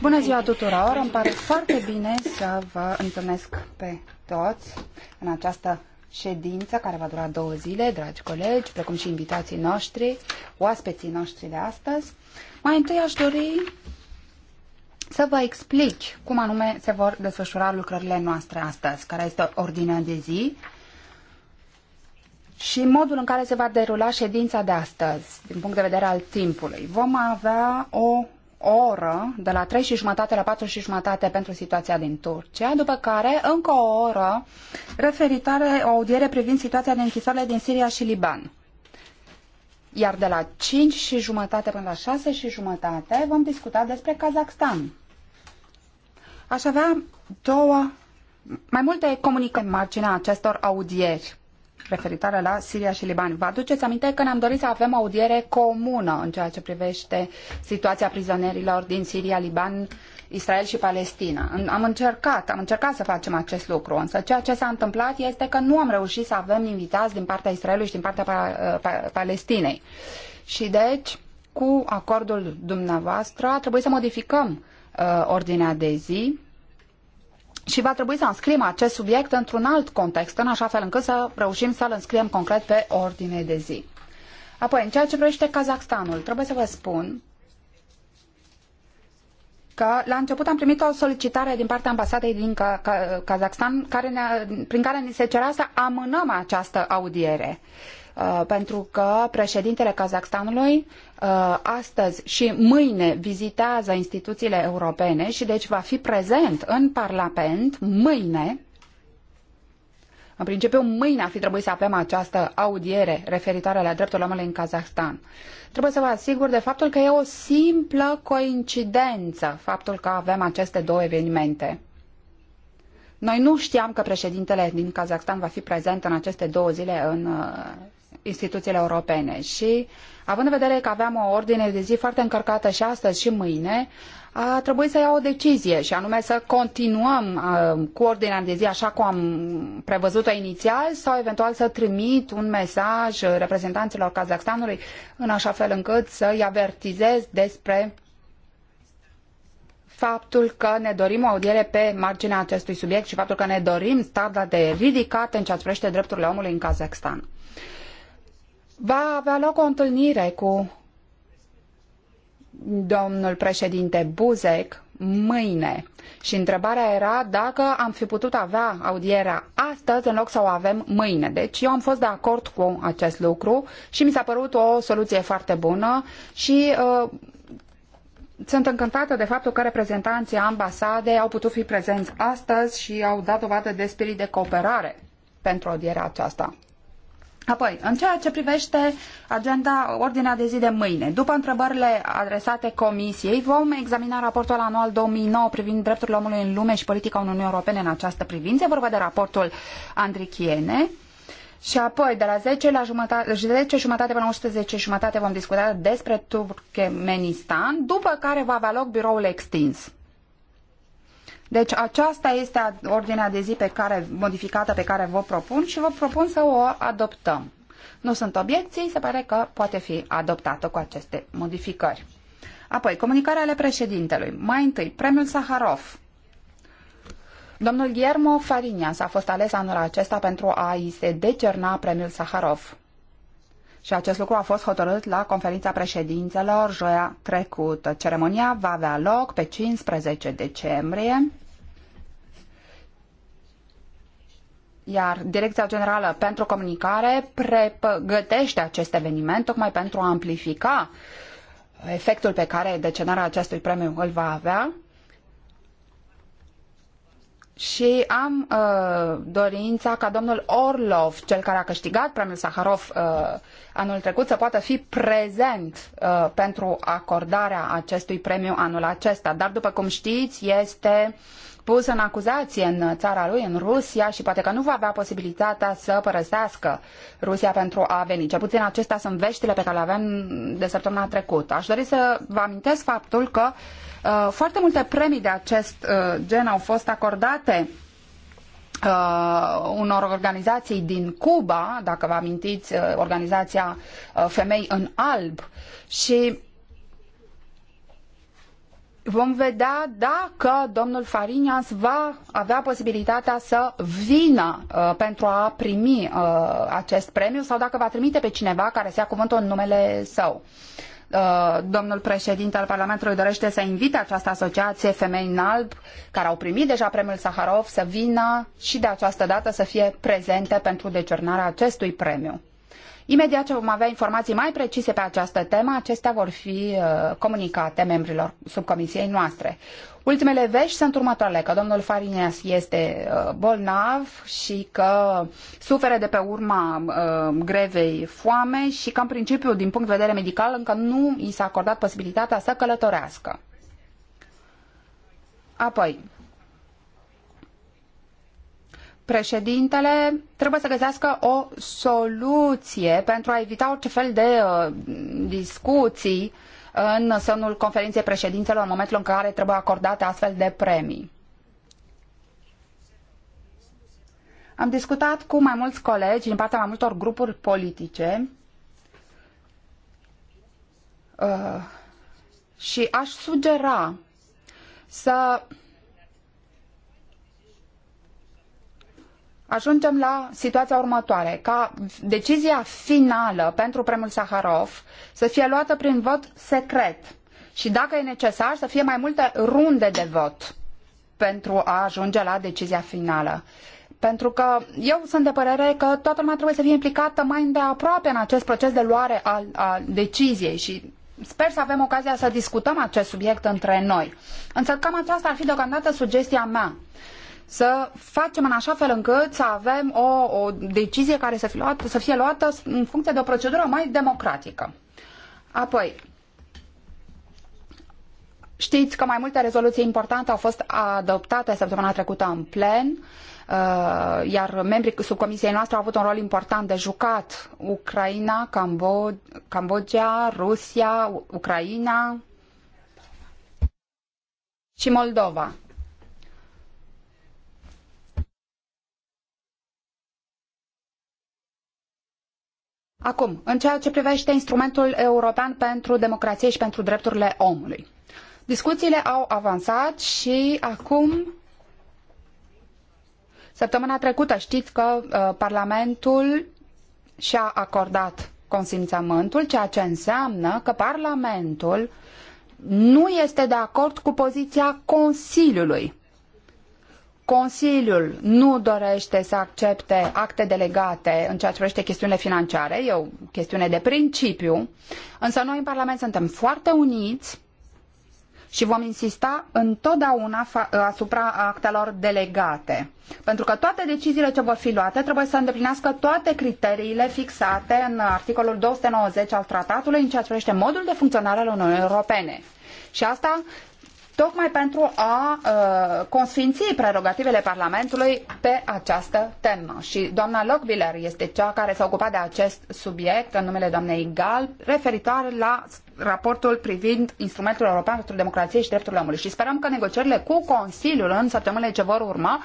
Bună ziua tuturor! Îmi pare foarte bine să vă întâlnesc pe toți în această ședință care va dura două zile, dragi colegi, precum și invitații noștri, oaspeții noștri de astăzi. Mai întâi aș dori să vă explic cum anume se vor desfășura lucrările noastre astăzi, care este ordinea de zi și modul în care se va derula ședința de astăzi, din punct de vedere al timpului. Vom avea o oră, de la 3 și jumătate la 4 și jumătate pentru situația din Turcia, după care încă o oră referitoare o audiere privind situația de închisoare din Siria și Liban. Iar de la 5 și jumătate până la 6 și jumătate vom discuta despre Kazakhstan. Aș avea două, mai multe comunicări în marginea acestor audieri referitoare la Siria și Liban. Vă aduceți aminte că ne-am dorit să avem o audiere comună în ceea ce privește situația prizonierilor din Siria, Liban, Israel și Palestina. Am încercat, am încercat să facem acest lucru, însă ceea ce s-a întâmplat este că nu am reușit să avem invitați din partea Israelului și din partea pa uh, pa Palestinei. Și deci, cu acordul dumneavoastră, a trebuit să modificăm uh, ordinea de zi și va trebui să înscriem acest subiect într-un alt context, în așa fel încât să reușim să-l înscriem concret pe ordine de zi. Apoi, în ceea ce privește Kazakhstanul, trebuie să vă spun că la început am primit o solicitare din partea ambasadei din Kazakhstan care ne, prin care ni se cerea să amânăm această audiere. Uh, pentru că președintele Kazakhstanului Uh, astăzi și mâine vizitează instituțiile europene și deci va fi prezent în Parlament mâine. În principiu, mâine ar fi trebuit să avem această audiere referitoare la dreptul omului în Kazahstan. Trebuie să vă asigur de faptul că e o simplă coincidență faptul că avem aceste două evenimente. Noi nu știam că președintele din Kazahstan va fi prezent în aceste două zile în uh, instituțiile europene și, având în vedere că aveam o ordine de zi foarte încărcată și astăzi și mâine, a trebuit să iau o decizie și anume să continuăm uh, cu ordinea de zi așa cum am prevăzut-o inițial sau eventual să trimit un mesaj reprezentanților Kazakhstanului în așa fel încât să-i avertizez despre faptul că ne dorim o audiere pe marginea acestui subiect și faptul că ne dorim standarde ridicate în ceea ce privește drepturile omului în Kazakhstan va avea loc o întâlnire cu domnul președinte Buzek mâine. Și întrebarea era dacă am fi putut avea audierea astăzi în loc să o avem mâine. Deci eu am fost de acord cu acest lucru și mi s-a părut o soluție foarte bună și uh, sunt încântată de faptul că reprezentanții ambasadei au putut fi prezenți astăzi și au dat dovadă de spirit de cooperare pentru audierea aceasta. Apoi, în ceea ce privește agenda, ordinea de zi de mâine, după întrebările adresate Comisiei, vom examina raportul anual 2009 privind drepturile omului în lume și politica Uniunii Europene în această privință. E vorba de raportul Andrichiene. Și apoi, de la 10 la jumătate, 10 jumătate până la 11 jumătate vom discuta despre Turkmenistan, după care va avea loc biroul extins. Deci aceasta este ordinea de zi pe care, modificată pe care vă propun și vă propun să o adoptăm. Nu sunt obiecții, se pare că poate fi adoptată cu aceste modificări. Apoi, comunicarea ale președintelui. Mai întâi, premiul Saharov. Domnul Guillermo Farinias a fost ales anul acesta pentru a i se decerna premiul Saharov. Și acest lucru a fost hotărât la conferința președințelor joia trecută. Ceremonia va avea loc pe 15 decembrie. Iar Direcția Generală pentru Comunicare pregătește acest eveniment tocmai pentru a amplifica efectul pe care decenarea acestui premiu îl va avea și am uh, dorința ca domnul Orlov, cel care a câștigat premiul Saharov uh, anul trecut, să poată fi prezent uh, pentru acordarea acestui premiu anul acesta. Dar, după cum știți, este pus în acuzație în țara lui, în Rusia, și poate că nu va avea posibilitatea să părăsească Rusia pentru a veni. Cel puțin acestea sunt veștile pe care le avem de săptămâna trecută. Aș dori să vă amintesc faptul că uh, Uh, foarte multe premii de acest uh, gen au fost acordate uh, unor organizații din Cuba, dacă vă amintiți, uh, organizația uh, Femei în Alb și vom vedea dacă domnul Farinias va avea posibilitatea să vină uh, pentru a primi uh, acest premiu sau dacă va trimite pe cineva care să ia cuvântul în numele său. Uh, Uh, domnul președinte al Parlamentului dorește să invite această asociație Femei în Alb, care au primit deja premiul Saharov, să vină și de această dată să fie prezente pentru decernarea acestui premiu. Imediat ce vom avea informații mai precise pe această temă, acestea vor fi uh, comunicate membrilor subcomisiei noastre. Ultimele vești sunt următoarele, că domnul Farinias este uh, bolnav și că suferă de pe urma uh, grevei foame și că, în principiu, din punct de vedere medical, încă nu i s-a acordat posibilitatea să călătorească. Apoi, președintele trebuie să găsească o soluție pentru a evita orice fel de uh, discuții în sânul conferinței președințelor în momentul în care trebuie acordate astfel de premii. Am discutat cu mai mulți colegi din partea mai multor grupuri politice uh, și aș sugera să ajungem la situația următoare, ca decizia finală pentru premiul Saharov să fie luată prin vot secret și, dacă e necesar, să fie mai multe runde de vot pentru a ajunge la decizia finală. Pentru că eu sunt de părere că toată lumea trebuie să fie implicată mai îndeaproape în acest proces de luare a, a deciziei și Sper să avem ocazia să discutăm acest subiect între noi. Însă cam aceasta ar fi deocamdată sugestia mea să facem în așa fel încât să avem o, o decizie care să fie, luată, să fie luată în funcție de o procedură mai democratică. Apoi, știți că mai multe rezoluții importante au fost adoptate săptămâna trecută în plen, uh, iar membrii subcomisiei noastre au avut un rol important de jucat. Ucraina, Cambodgia, Rusia, Ucraina și Moldova. Acum, în ceea ce privește instrumentul european pentru democrație și pentru drepturile omului. Discuțiile au avansat și acum, săptămâna trecută, știți că uh, Parlamentul și-a acordat consimțământul, ceea ce înseamnă că Parlamentul nu este de acord cu poziția Consiliului Consiliul nu dorește să accepte acte delegate în ceea ce privește chestiunile financiare, e o chestiune de principiu, însă noi în Parlament suntem foarte uniți și vom insista întotdeauna asupra actelor delegate. Pentru că toate deciziile ce vor fi luate trebuie să îndeplinească toate criteriile fixate în articolul 290 al tratatului în ceea ce privește modul de funcționare al Uniunii Europene. Și asta tocmai pentru a uh, consfinți prerogativele Parlamentului pe această temă. Și doamna Lockbiller este cea care s-a ocupat de acest subiect în numele doamnei Gal, referitoare la raportul privind instrumentul european pentru democrație și drepturile omului. Și sperăm că negocierile cu Consiliul în săptămânile ce vor urma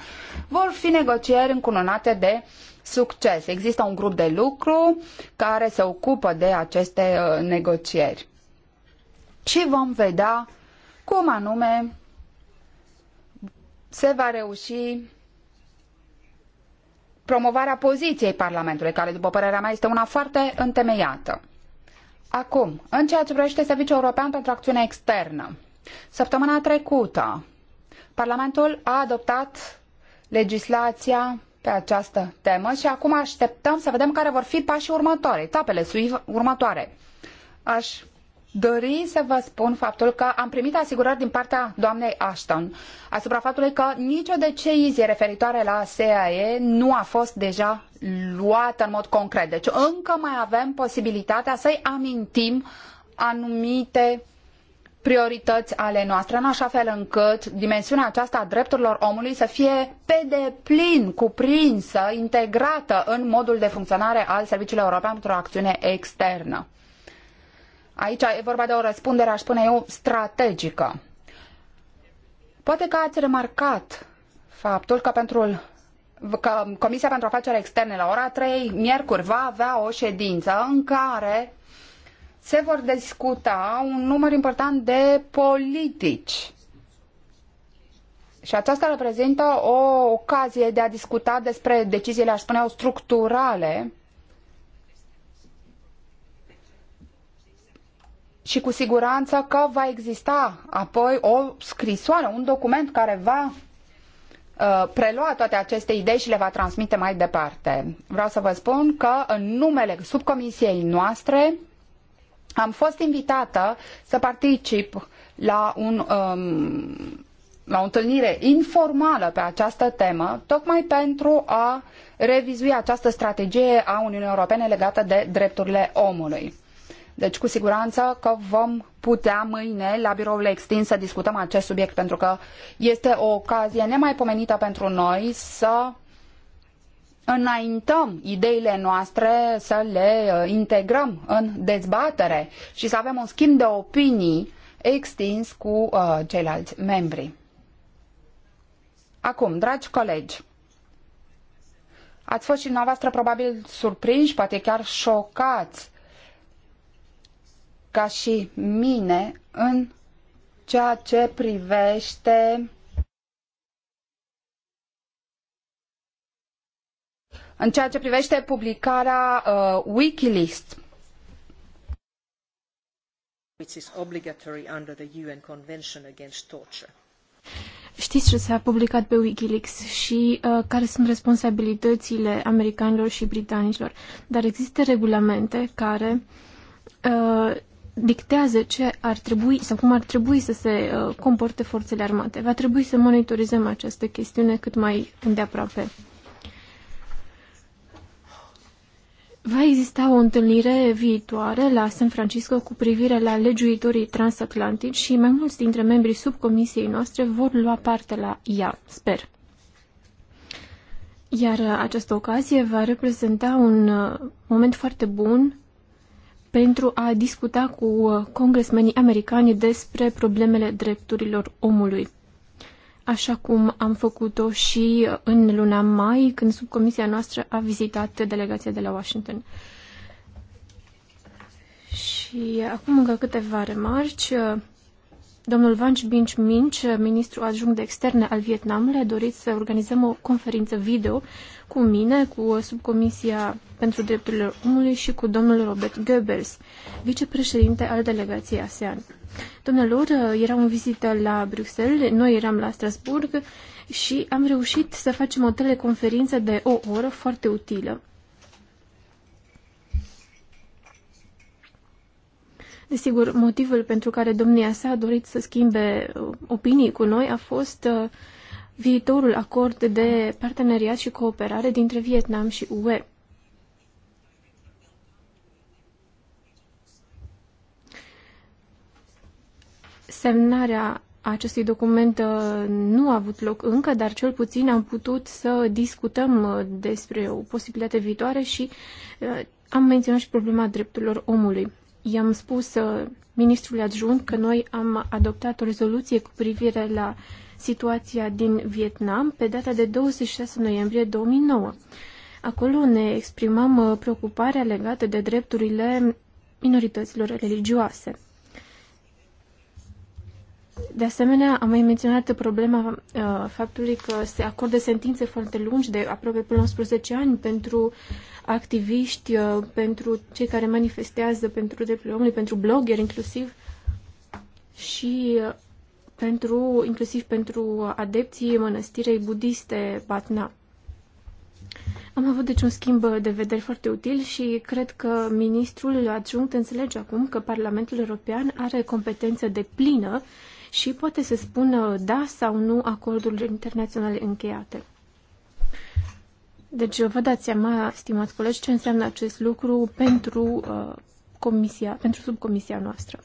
vor fi negocieri încununate de succes. Există un grup de lucru care se ocupă de aceste uh, negocieri. Și vom vedea cum anume se va reuși promovarea poziției Parlamentului, care, după părerea mea, este una foarte întemeiată. Acum, în ceea ce privește Serviciul European pentru Acțiune Externă, săptămâna trecută, Parlamentul a adoptat legislația pe această temă și acum așteptăm să vedem care vor fi pașii următori, etapele următoare. Aș dori să vă spun faptul că am primit asigurări din partea doamnei Ashton asupra faptului că nicio decizie referitoare la SAE nu a fost deja luată în mod concret. Deci încă mai avem posibilitatea să-i amintim anumite priorități ale noastre, în așa fel încât dimensiunea aceasta a drepturilor omului să fie pe deplin cuprinsă, integrată în modul de funcționare al Serviciului European pentru Acțiune Externă. Aici e vorba de o răspundere, aș spune eu, strategică. Poate că ați remarcat faptul că pentru că Comisia pentru Afaceri Externe la ora 3, miercuri, va avea o ședință în care se vor discuta un număr important de politici. Și aceasta reprezintă o ocazie de a discuta despre deciziile, aș spune eu, structurale și cu siguranță că va exista apoi o scrisoare, un document care va uh, prelua toate aceste idei și le va transmite mai departe. Vreau să vă spun că în numele subcomisiei noastre am fost invitată să particip la, un, um, la o întâlnire informală pe această temă, tocmai pentru a revizui această strategie a Uniunii Europene legată de drepturile omului. Deci, cu siguranță că vom putea mâine, la biroul extins, să discutăm acest subiect, pentru că este o ocazie nemaipomenită pentru noi să înaintăm ideile noastre, să le uh, integrăm în dezbatere și să avem un schimb de opinii extins cu uh, ceilalți membri. Acum, dragi colegi, ați fost și dumneavoastră probabil surprinși, poate chiar șocați ca și mine în ceea ce privește în ceea ce privește publicarea uh, Wikileaks. Which is obligatory under the UN Convention against torture. Știți ce s-a publicat pe Wikileaks și uh, care sunt responsabilitățile americanilor și britanicilor, dar există regulamente care uh, dictează ce ar trebui sau cum ar trebui să se uh, comporte forțele armate. Va trebui să monitorizăm această chestiune cât mai îndeaproape. Va exista o întâlnire viitoare la San Francisco cu privire la legiuitorii transatlantici și mai mulți dintre membrii subcomisiei noastre vor lua parte la ea, sper. Iar această ocazie va reprezenta un uh, moment foarte bun pentru a discuta cu uh, congresmenii americani despre problemele drepturilor omului. Așa cum am făcut-o și în luna mai, când subcomisia noastră a vizitat delegația de la Washington. Și acum încă câteva remarci. Domnul Van Binh Minch, ministru adjunct de externe al Vietnamului, a dorit să organizăm o conferință video cu mine, cu Subcomisia pentru Drepturile Omului și cu domnul Robert Goebbels, vicepreședinte al delegației ASEAN. Domnilor, era în vizită la Bruxelles, noi eram la Strasburg și am reușit să facem o teleconferință de o oră foarte utilă. Desigur, motivul pentru care domnia sa a dorit să schimbe uh, opinii cu noi a fost uh, viitorul acord de parteneriat și cooperare dintre Vietnam și UE. Semnarea acestui document uh, nu a avut loc încă, dar cel puțin am putut să discutăm despre o posibilitate viitoare și am menționat și problema drepturilor omului i-am spus uh, ministrului adjunct că noi am adoptat o rezoluție cu privire la situația din Vietnam pe data de 26 noiembrie 2009. Acolo ne exprimam uh, preocuparea legată de drepturile minorităților religioase. De asemenea, am mai menționat problema uh, faptului că se acordă sentințe foarte lungi, de aproape până la 11 ani, pentru activiști, uh, pentru cei care manifestează pentru drepturile omului, pentru blogger inclusiv și uh, pentru, inclusiv pentru adepții mănăstirei budiste Batna. Am avut deci un schimb de vedere foarte util și cred că ministrul adjunct înțelege acum că Parlamentul European are competență de plină uh, și poate să spună da sau nu acordurile internaționale încheiate. Deci vă dați seama, stimați colegi, ce înseamnă acest lucru pentru, uh, comisia, pentru subcomisia noastră.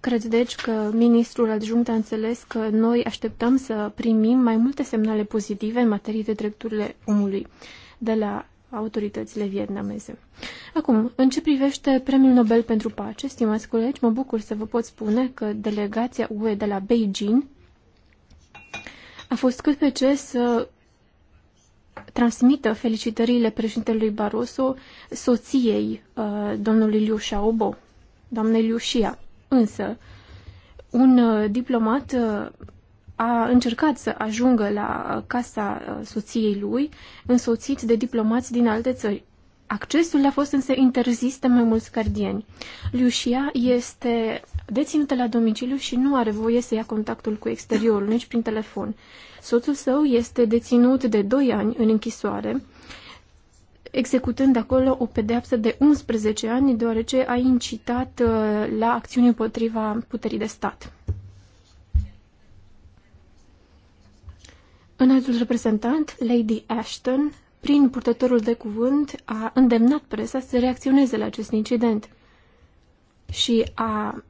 Cred deci că ministrul adjunct a înțeles că noi așteptăm să primim mai multe semnale pozitive în materie de drepturile omului de la autoritățile vietnameze. Acum, în ce privește Premiul Nobel pentru Pace, stimați colegi, mă bucur să vă pot spune că delegația UE de la Beijing a fost cât pe ce să transmită felicitările președintelui Barroso soției uh, domnului Liu Xiaobo, doamnei Liu Xia. Însă, un uh, diplomat uh, a încercat să ajungă la casa uh, soției lui, însoțit de diplomați din alte țări. Accesul le-a fost însă interzis de mai mulți gardieni. Liușia este deținută la domiciliu și nu are voie să ia contactul cu exteriorul, nici prin telefon. Soțul său este deținut de 2 ani în închisoare, executând acolo o pedeapsă de 11 ani, deoarece a incitat uh, la acțiuni împotriva puterii de stat. Înaltul reprezentant, Lady Ashton, prin purtătorul de cuvânt, a îndemnat presa să reacționeze la acest incident și a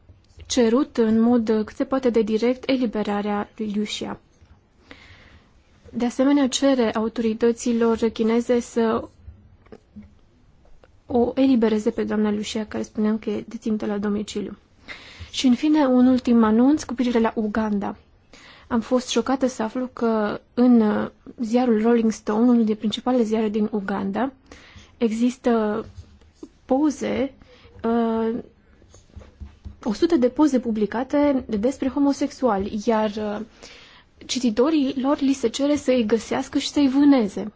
cerut în mod cât se poate de direct eliberarea lui Liușia. De asemenea, cere autorităților chineze să o elibereze pe doamna Lucia, care spuneam că e deținută la domiciliu. Și, în fine, un ultim anunț cu privire la Uganda. Am fost șocată să aflu că în uh, ziarul Rolling Stone, unul dintre principalele ziare din Uganda, există poze, uh, 100 de poze publicate despre homosexuali, iar uh, cititorii lor li se cere să îi găsească și să-i vâneze.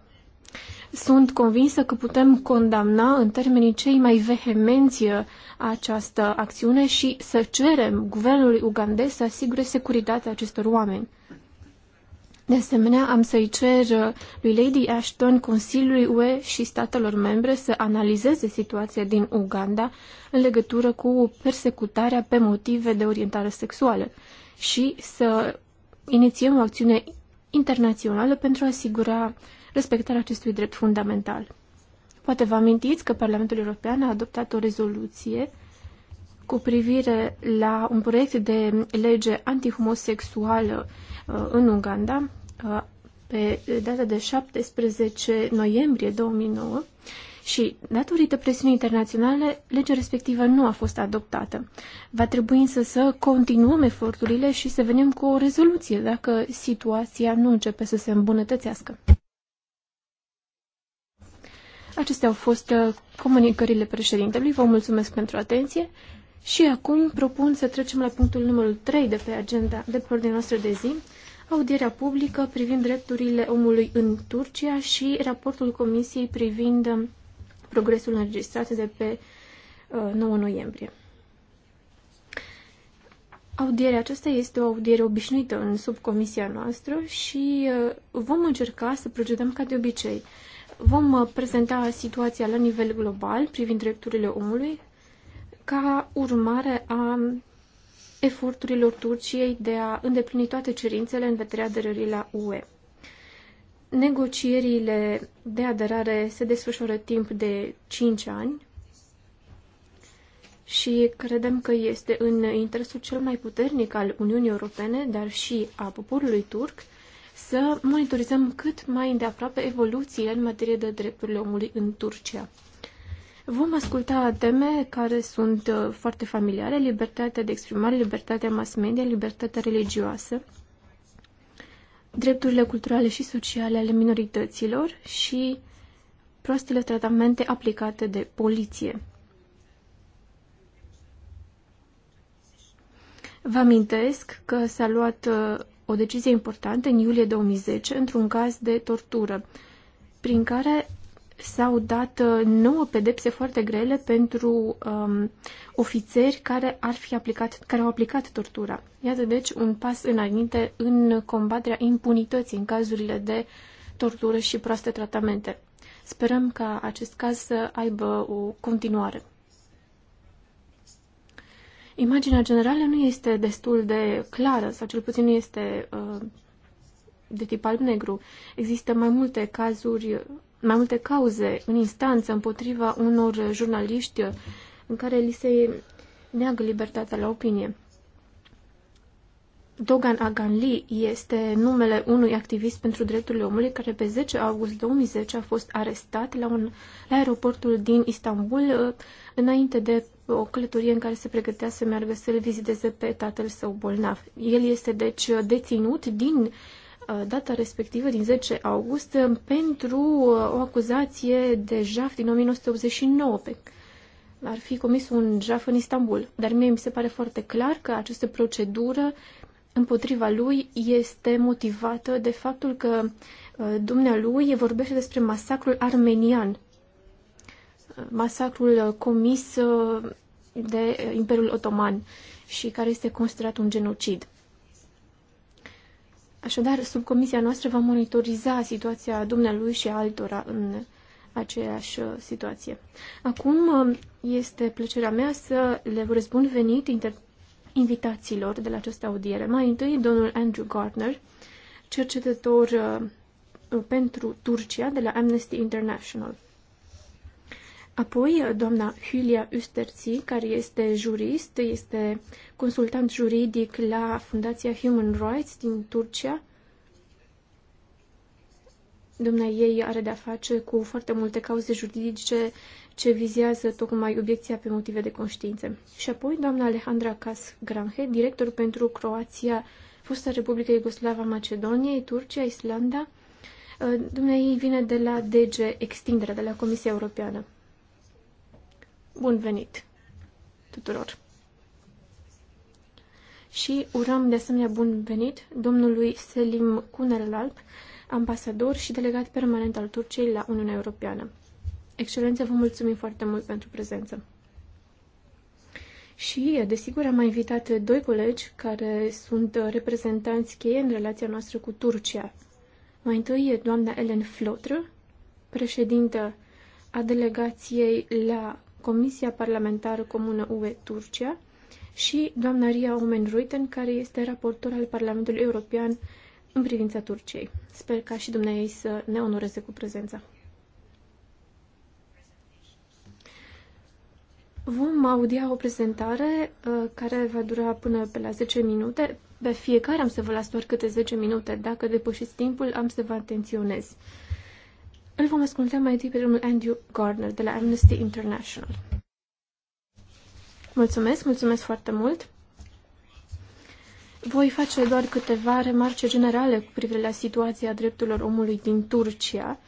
Sunt convinsă că putem condamna în termenii cei mai vehemenți uh, această acțiune și să cerem guvernului ugandez să asigure securitatea acestor oameni. De asemenea, am să-i cer uh, lui Lady Ashton, Consiliului UE și statelor membre să analizeze situația din Uganda în legătură cu persecutarea pe motive de orientare sexuală și să inițiem o acțiune internațională pentru a asigura respectarea acestui drept fundamental. Poate vă amintiți că Parlamentul European a adoptat o rezoluție cu privire la un proiect de lege antihomosexuală uh, în Uganda uh, pe data de 17 noiembrie 2009 și, datorită presiunii internaționale, legea respectivă nu a fost adoptată. Va trebui însă să continuăm eforturile și să venim cu o rezoluție dacă situația nu începe să se îmbunătățească. Acestea au fost uh, comunicările președintelui. Vă mulțumesc pentru atenție și acum propun să trecem la punctul numărul 3 de pe agenda de pe ordinea noastră de zi, audierea publică privind drepturile omului în Turcia și raportul Comisiei privind um, progresul înregistrat de pe 9 uh, noiembrie. Audierea aceasta este o audiere obișnuită în subcomisia noastră și uh, vom încerca să procedăm ca de obicei. Vom uh, prezenta situația la nivel global privind drepturile omului ca urmare a eforturilor Turciei de a îndeplini toate cerințele în vederea aderării la UE. Negocierile de aderare se desfășoară timp de 5 ani și credem că este în interesul cel mai puternic al Uniunii Europene, dar și a poporului turc, să monitorizăm cât mai îndeaproape evoluțiile în materie de drepturile omului în Turcia. Vom asculta teme care sunt uh, foarte familiare, libertatea de exprimare, libertatea mass media, libertatea religioasă, drepturile culturale și sociale ale minorităților și proastele tratamente aplicate de poliție. Vă amintesc că s-a luat uh, o decizie importantă în iulie 2010 într-un caz de tortură, prin care s-au dat uh, nouă pedepse foarte grele pentru um, ofițeri care ar fi aplicat, care au aplicat tortura. Iată deci un pas înainte în combaterea impunității în cazurile de tortură și proaste tratamente. Sperăm ca acest caz să aibă o continuare imaginea generală nu este destul de clară, sau cel puțin nu este uh, de tip alb-negru. Există mai multe cazuri, mai multe cauze în instanță împotriva unor jurnaliști în care li se neagă libertatea la opinie. Dogan Aganli este numele unui activist pentru drepturile omului care pe 10 august 2010 a fost arestat la, un, la aeroportul din Istanbul uh, înainte de o călătorie în care se pregătea să meargă să-l viziteze pe tatăl său bolnav. El este deci deținut din uh, data respectivă, din 10 august, pentru uh, o acuzație de jaf din 1989. Ar fi comis un jaf în Istanbul. Dar mie mi se pare foarte clar că această procedură împotriva lui este motivată de faptul că uh, dumnealui vorbește despre masacrul armenian masacrul comis uh, de uh, Imperiul Otoman și care este considerat un genocid. Așadar, sub comisia noastră va monitoriza situația dumnealui și altora în aceeași uh, situație. Acum este plăcerea mea să le vorbesc bun venit invitațiilor de la această audiere. Mai întâi, domnul Andrew Gardner, cercetător pentru Turcia de la Amnesty International. Apoi, doamna Julia Usterzi, care este jurist, este consultant juridic la Fundația Human Rights din Turcia. Doamna ei are de-a face cu foarte multe cauze juridice ce vizează tocmai obiecția pe motive de conștiință. Și apoi, doamna Alejandra Cas Granhe, director pentru Croația, fosta Republică Iugoslava Macedoniei, Turcia, Islanda. Dumnezeu ei vine de la DG Extindere, de la Comisia Europeană. Bun venit tuturor! Și urăm de asemenea bun venit domnului Selim Kunerlalp, ambasador și delegat permanent al Turciei la Uniunea Europeană. Excelență, vă mulțumim foarte mult pentru prezență. Și, desigur, am invitat doi colegi care sunt reprezentanți cheie în relația noastră cu Turcia. Mai întâi e doamna Ellen Flotră, președintă a delegației la Comisia Parlamentară Comună UE-Turcia și doamna Ria Omen-Ruiten, care este raportor al Parlamentului European în privința Turciei. Sper ca și ei să ne onoreze cu prezența. Vom audia o prezentare uh, care va dura până pe la 10 minute. Pe fiecare am să vă las doar câte 10 minute. Dacă depășiți timpul, am să vă atenționez. Uh, îl vom asculta mai întâi pe domnul Andrew Gardner de la Amnesty International. Mulțumesc, mulțumesc foarte mult. Voi face doar câteva remarce generale cu privire la situația drepturilor omului din Turcia.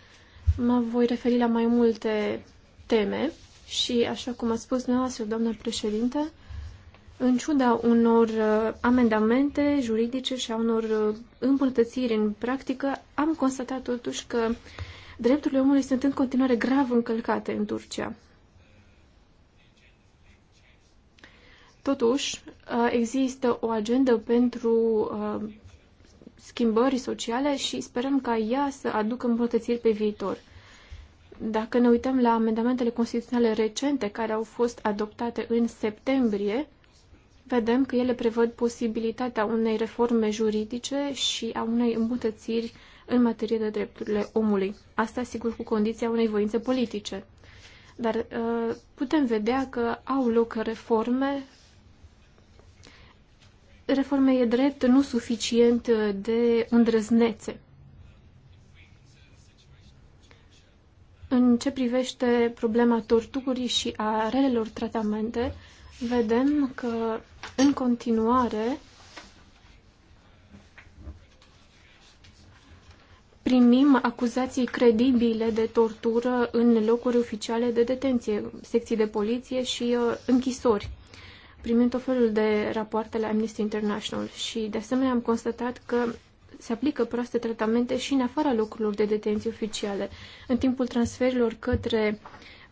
Mă voi referi la mai multe teme și, așa cum a spus dumneavoastră, doamna președinte, în ciuda unor uh, amendamente juridice și a unor uh, îmbunătățiri în practică, am constatat totuși că drepturile omului sunt în continuare grav încălcate în Turcia. Totuși, uh, există o agendă pentru uh, schimbări sociale și sperăm ca ea să aducă îmbunătățiri pe viitor. Dacă ne uităm la amendamentele constituționale recente care au fost adoptate în septembrie, vedem că ele prevăd posibilitatea unei reforme juridice și a unei îmbunătățiri în materie de drepturile omului. Asta, sigur, cu condiția unei voințe politice. Dar uh, putem vedea că au loc reforme. Reforme e drept, nu suficient uh, de îndrăznețe. În ce privește problema torturii și a relelor tratamente, vedem că în continuare primim acuzații credibile de tortură în locuri oficiale de detenție, secții de poliție și uh, închisori. Primim tot felul de rapoarte la Amnesty International și, de asemenea, am constatat că se aplică proaste tratamente și în afara locurilor de detenție oficiale, în timpul transferilor către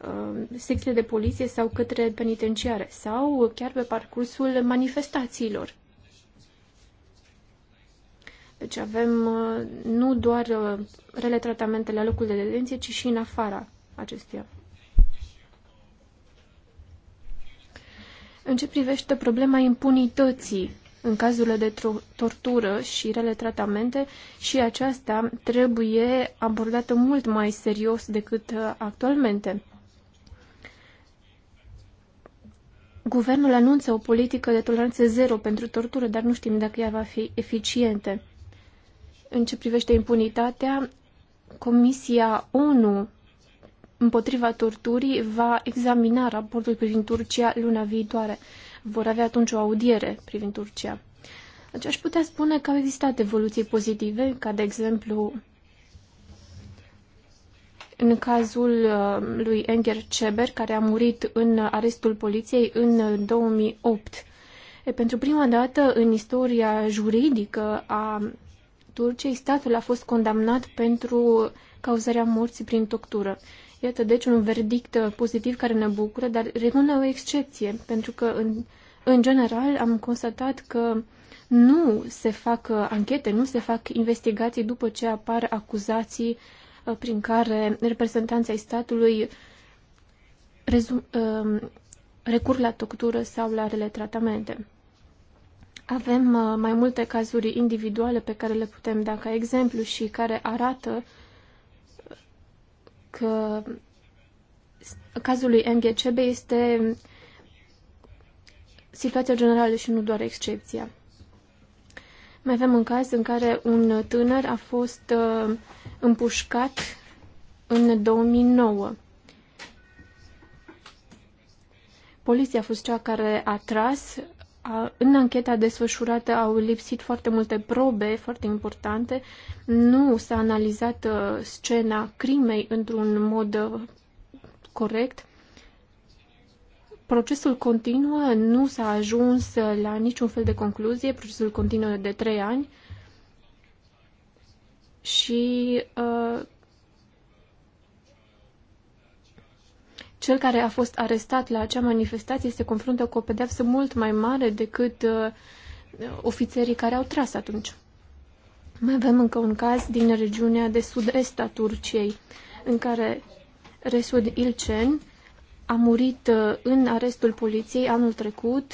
uh, secțiile de poliție sau către penitenciare sau chiar pe parcursul manifestațiilor. Deci avem uh, nu doar uh, rele tratamente la locul de detenție, ci și în afara acestuia. În ce privește problema impunității în cazurile de tortură și rele tratamente, și aceasta trebuie abordată mult mai serios decât uh, actualmente. Guvernul anunță o politică de toleranță zero pentru tortură, dar nu știm dacă ea va fi eficientă. În ce privește impunitatea, Comisia ONU împotriva torturii va examina raportul privind Turcia luna viitoare. Vor avea atunci o audiere privind Turcia. Deci aș putea spune că au existat evoluții pozitive, ca de exemplu în cazul uh, lui Enger Ceber, care a murit în arestul poliției în 2008. E, pentru prima dată în istoria juridică a Turciei, statul a fost condamnat pentru cauzarea morții prin tortură. Iată, deci, un verdict uh, pozitiv care ne bucură, dar rămâne o excepție, pentru că, în, în general, am constatat că nu se fac uh, anchete, nu se fac investigații după ce apar acuzații uh, prin care reprezentanții statului rezum, recur la tortură sau la rele tratamente. Avem uh, mai multe cazuri individuale pe care le putem da ca exemplu și care arată că cazul lui NGCB este situația generală și nu doar excepția. Mai avem un caz în care un tânăr a fost uh, împușcat în 2009. Poliția a fost cea care a tras în ancheta desfășurată au lipsit foarte multe probe foarte importante. Nu s-a analizat uh, scena crimei într-un mod uh, corect. Procesul continuă, nu s-a ajuns uh, la niciun fel de concluzie, procesul continuă de trei ani și uh, cel care a fost arestat la acea manifestație se confruntă cu o pedeapsă mult mai mare decât uh, ofițerii care au tras atunci. Mai avem încă un caz din regiunea de sud-est a Turciei, în care Resud Ilcen a murit uh, în arestul poliției anul trecut.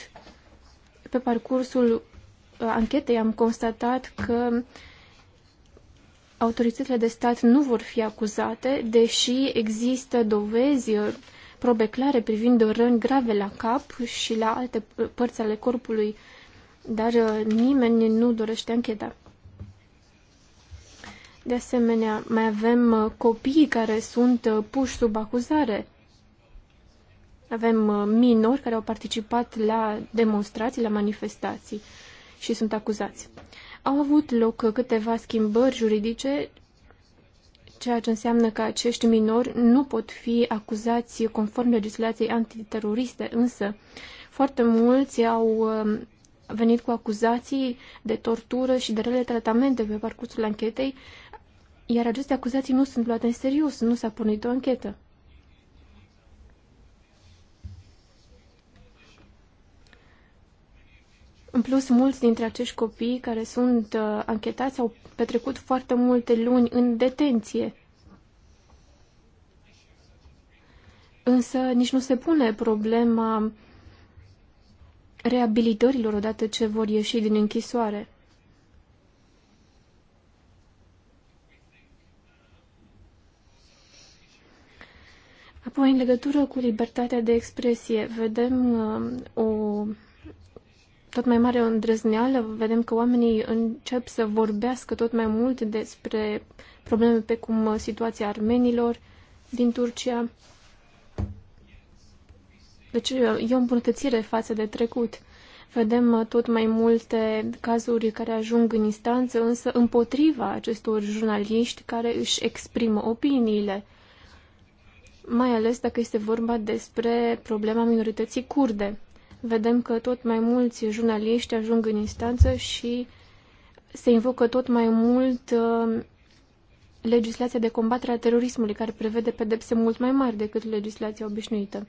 Pe parcursul uh, anchetei am constatat că autoritățile de stat nu vor fi acuzate, deși există dovezi probe clare privind răni grave la cap și la alte părți ale corpului, dar uh, nimeni nu dorește ancheta. De asemenea, mai avem uh, copii care sunt uh, puși sub acuzare. Avem minori care au participat la demonstrații, la manifestații și sunt acuzați. Au avut loc câteva schimbări juridice ceea ce înseamnă că acești minori nu pot fi acuzați conform legislației antiteroriste, însă foarte mulți au um, venit cu acuzații de tortură și de rele tratamente pe parcursul anchetei, iar aceste acuzații nu sunt luate în serios, nu s-a pornit o anchetă. În plus, mulți dintre acești copii care sunt uh, anchetați au petrecut foarte multe luni în detenție. Însă nici nu se pune problema reabilitărilor odată ce vor ieși din închisoare. Apoi, în legătură cu libertatea de expresie, vedem uh, o tot mai mare îndrăzneală, vedem că oamenii încep să vorbească tot mai mult despre probleme pe cum uh, situația armenilor din Turcia. Deci uh, e o îmbunătățire față de trecut. Vedem uh, tot mai multe cazuri care ajung în instanță, însă împotriva acestor jurnaliști care își exprimă opiniile, mai ales dacă este vorba despre problema minorității curde vedem că tot mai mulți jurnaliști ajung în instanță și se invocă tot mai mult uh, legislația de combatere a terorismului, care prevede pedepse mult mai mari decât legislația obișnuită.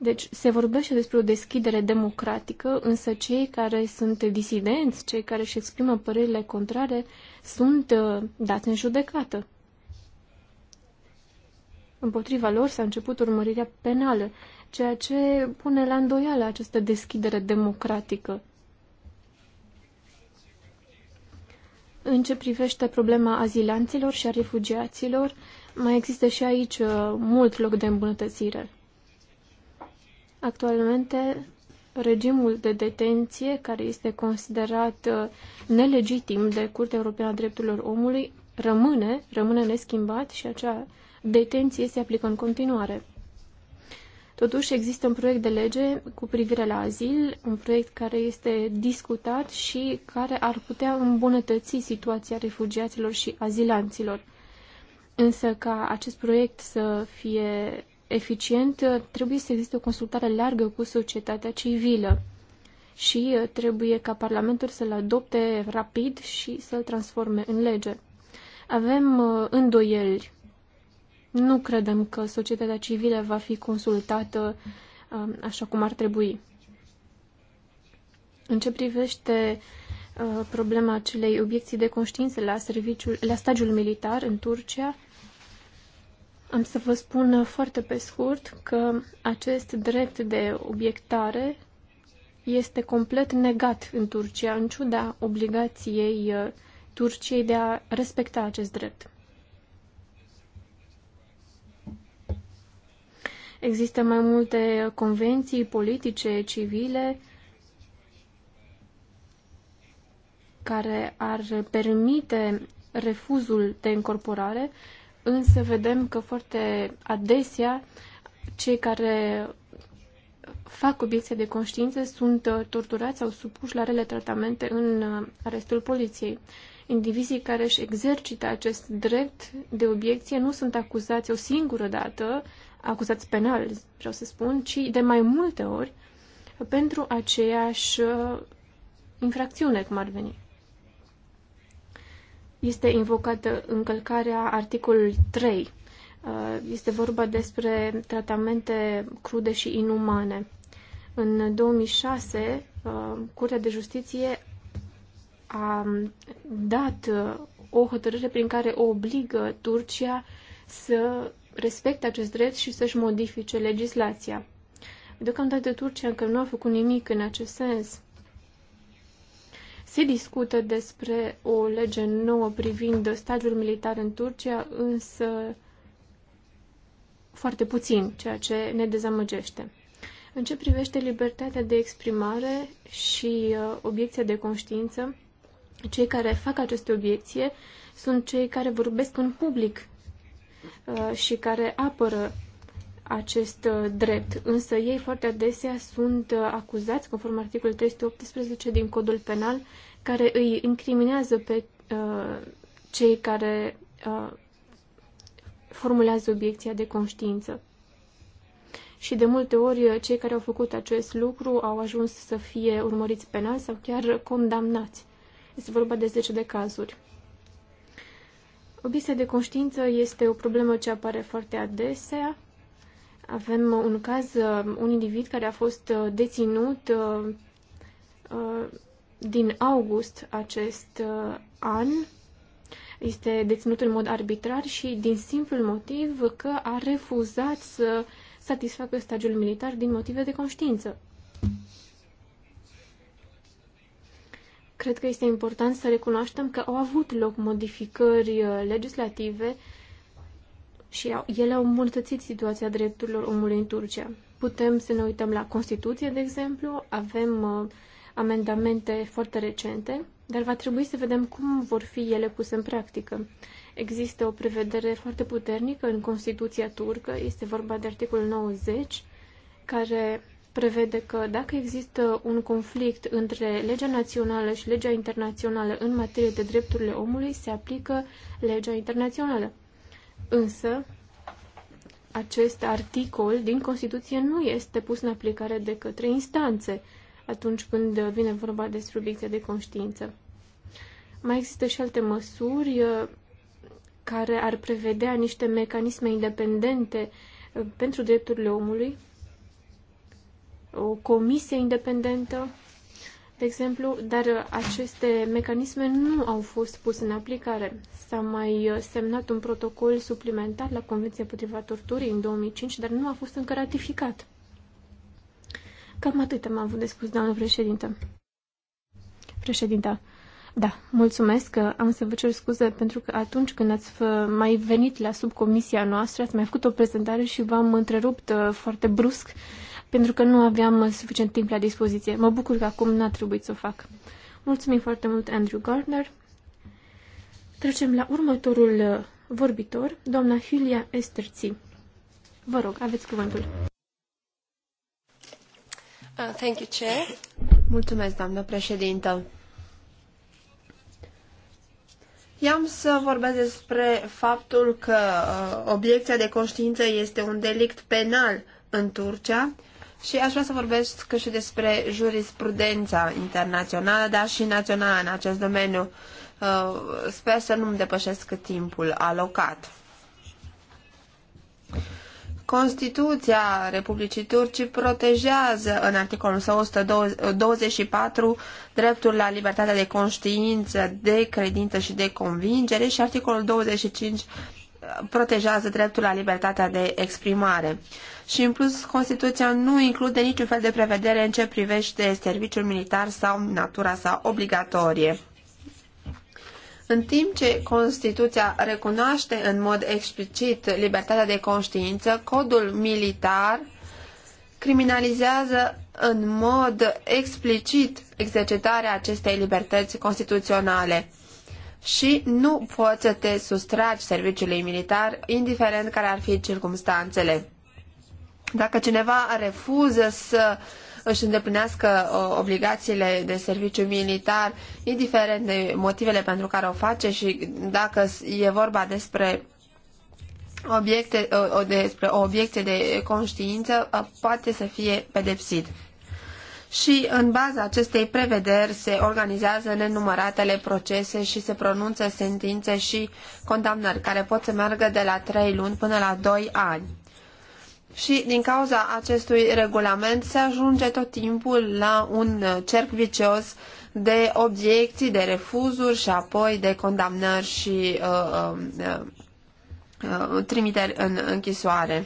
Deci se vorbește despre o deschidere democratică, însă cei care sunt disidenți, cei care își exprimă părerile contrare, sunt uh, dați în judecată. Împotriva lor s-a început urmărirea penală ceea ce pune la îndoială această deschidere democratică. În ce privește problema azilanților și a refugiaților, mai există și aici uh, mult loc de îmbunătățire. Actualmente, regimul de detenție, care este considerat uh, nelegitim de Curtea Europeană a Drepturilor Omului, rămâne, rămâne neschimbat și acea detenție se aplică în continuare. Totuși există un proiect de lege cu privire la azil, un proiect care este discutat și care ar putea îmbunătăți situația refugiaților și azilanților. Însă ca acest proiect să fie eficient, trebuie să existe o consultare largă cu societatea civilă și uh, trebuie ca Parlamentul să-l adopte rapid și să-l transforme în lege. Avem uh, îndoieli nu credem că societatea civilă va fi consultată um, așa cum ar trebui. În ce privește uh, problema acelei obiecții de conștiință la, serviciul, la stagiul militar în Turcia, am să vă spun foarte pe scurt că acest drept de obiectare este complet negat în Turcia, în ciuda obligației uh, Turciei de a respecta acest drept. Există mai multe convenții politice, civile, care ar permite refuzul de incorporare, însă vedem că foarte adesea cei care fac obiecție de conștiință sunt torturați sau supuși la rele tratamente în uh, arestul poliției. Indivizii care își exercită acest drept de obiecție nu sunt acuzați o singură dată, acuzați penal, vreau să spun, ci de mai multe ori pentru aceeași uh, infracțiune, cum ar veni. Este invocată încălcarea articolului 3. Uh, este vorba despre tratamente crude și inumane. În 2006, uh, Curtea de Justiție a dat o hotărâre prin care o obligă Turcia să respecte acest drept și să-și modifice legislația. Deocamdată Turcia încă nu a făcut nimic în acest sens. Se discută despre o lege nouă privind stagiul militar în Turcia, însă foarte puțin, ceea ce ne dezamăgește. În ce privește libertatea de exprimare și uh, obiecția de conștiință, cei care fac aceste obiecție sunt cei care vorbesc în public Uh, și care apără acest uh, drept, însă ei foarte adesea sunt uh, acuzați, conform articolul 318 din Codul Penal, care îi incriminează pe cei care formulează obiecția de conștiință. Și de multe ori cei care au făcut acest lucru au ajuns să fie urmăriți penal sau chiar condamnați. Este vorba de 10 de cazuri. Obisa de conștiință este o problemă ce apare foarte adesea. Avem un caz, uh, un individ care a fost uh, deținut uh, din august acest an. Este deținut în mod arbitrar și din simplul motiv că a refuzat să satisfacă stagiul militar din motive de conștiință. Cred că este important să recunoaștem că au avut loc modificări uh, legislative și ele au îmbunătățit situația drepturilor omului în Turcia. Putem să ne uităm la Constituție, de exemplu, avem uh, amendamente foarte recente, dar va trebui să vedem cum vor fi ele puse în practică. Există o prevedere foarte puternică în Constituția turcă, este vorba de articolul 90, care prevede că dacă există un conflict între legea națională și legea internațională în materie de drepturile omului, se aplică legea internațională. Însă, acest articol din Constituție nu este pus în aplicare de către instanțe atunci când vine vorba de subiecte de conștiință. Mai există și alte măsuri uh, care ar prevedea niște mecanisme independente uh, pentru drepturile omului, o comisie independentă, de exemplu, dar aceste mecanisme nu au fost puse în aplicare. S-a mai semnat un protocol suplimentar la Convenția împotriva torturii în 2005, dar nu a fost încă ratificat. Cam atât am avut de spus, doamnă președintă. Președinta, da, mulțumesc că am să vă cer scuze pentru că atunci când ați mai venit la subcomisia noastră, ați mai făcut o prezentare și v-am întrerupt uh, foarte brusc pentru că nu aveam suficient timp la dispoziție. Mă bucur că acum n-a trebuit să o fac. Mulțumim foarte mult, Andrew Gardner. Trecem la următorul uh, vorbitor, doamna Hilia Esterții. Vă rog, aveți cuvântul. Uh, thank you, Chair. Mulțumesc, doamnă președintă. I-am să vorbesc despre faptul că uh, obiecția de conștiință este un delict penal în Turcia și aș vrea să vorbesc și despre jurisprudența internațională, dar și națională în acest domeniu. Uh, sper să nu-mi depășesc timpul alocat. Constituția Republicii Turcii protejează în articolul 124 dreptul la libertatea de conștiință, de credință și de convingere și articolul 25 protejează dreptul la libertatea de exprimare și, în plus, Constituția nu include niciun fel de prevedere în ce privește serviciul militar sau natura sa obligatorie. În timp ce Constituția recunoaște în mod explicit libertatea de conștiință, codul militar criminalizează în mod explicit exercitarea acestei libertăți constituționale și nu poți să te sustragi serviciului militar, indiferent care ar fi circumstanțele. Dacă cineva refuză să își îndeplinească uh, obligațiile de serviciu militar, indiferent de motivele pentru care o face și dacă e vorba despre obiecte, uh, despre o de conștiință, uh, poate să fie pedepsit. Și în baza acestei prevederi se organizează nenumăratele procese și se pronunță sentințe și condamnări care pot să meargă de la 3 luni până la 2 ani și din cauza acestui regulament se ajunge tot timpul la un cerc vicios de obiecții, de refuzuri și apoi de condamnări și uh, uh, uh, uh trimiteri în închisoare.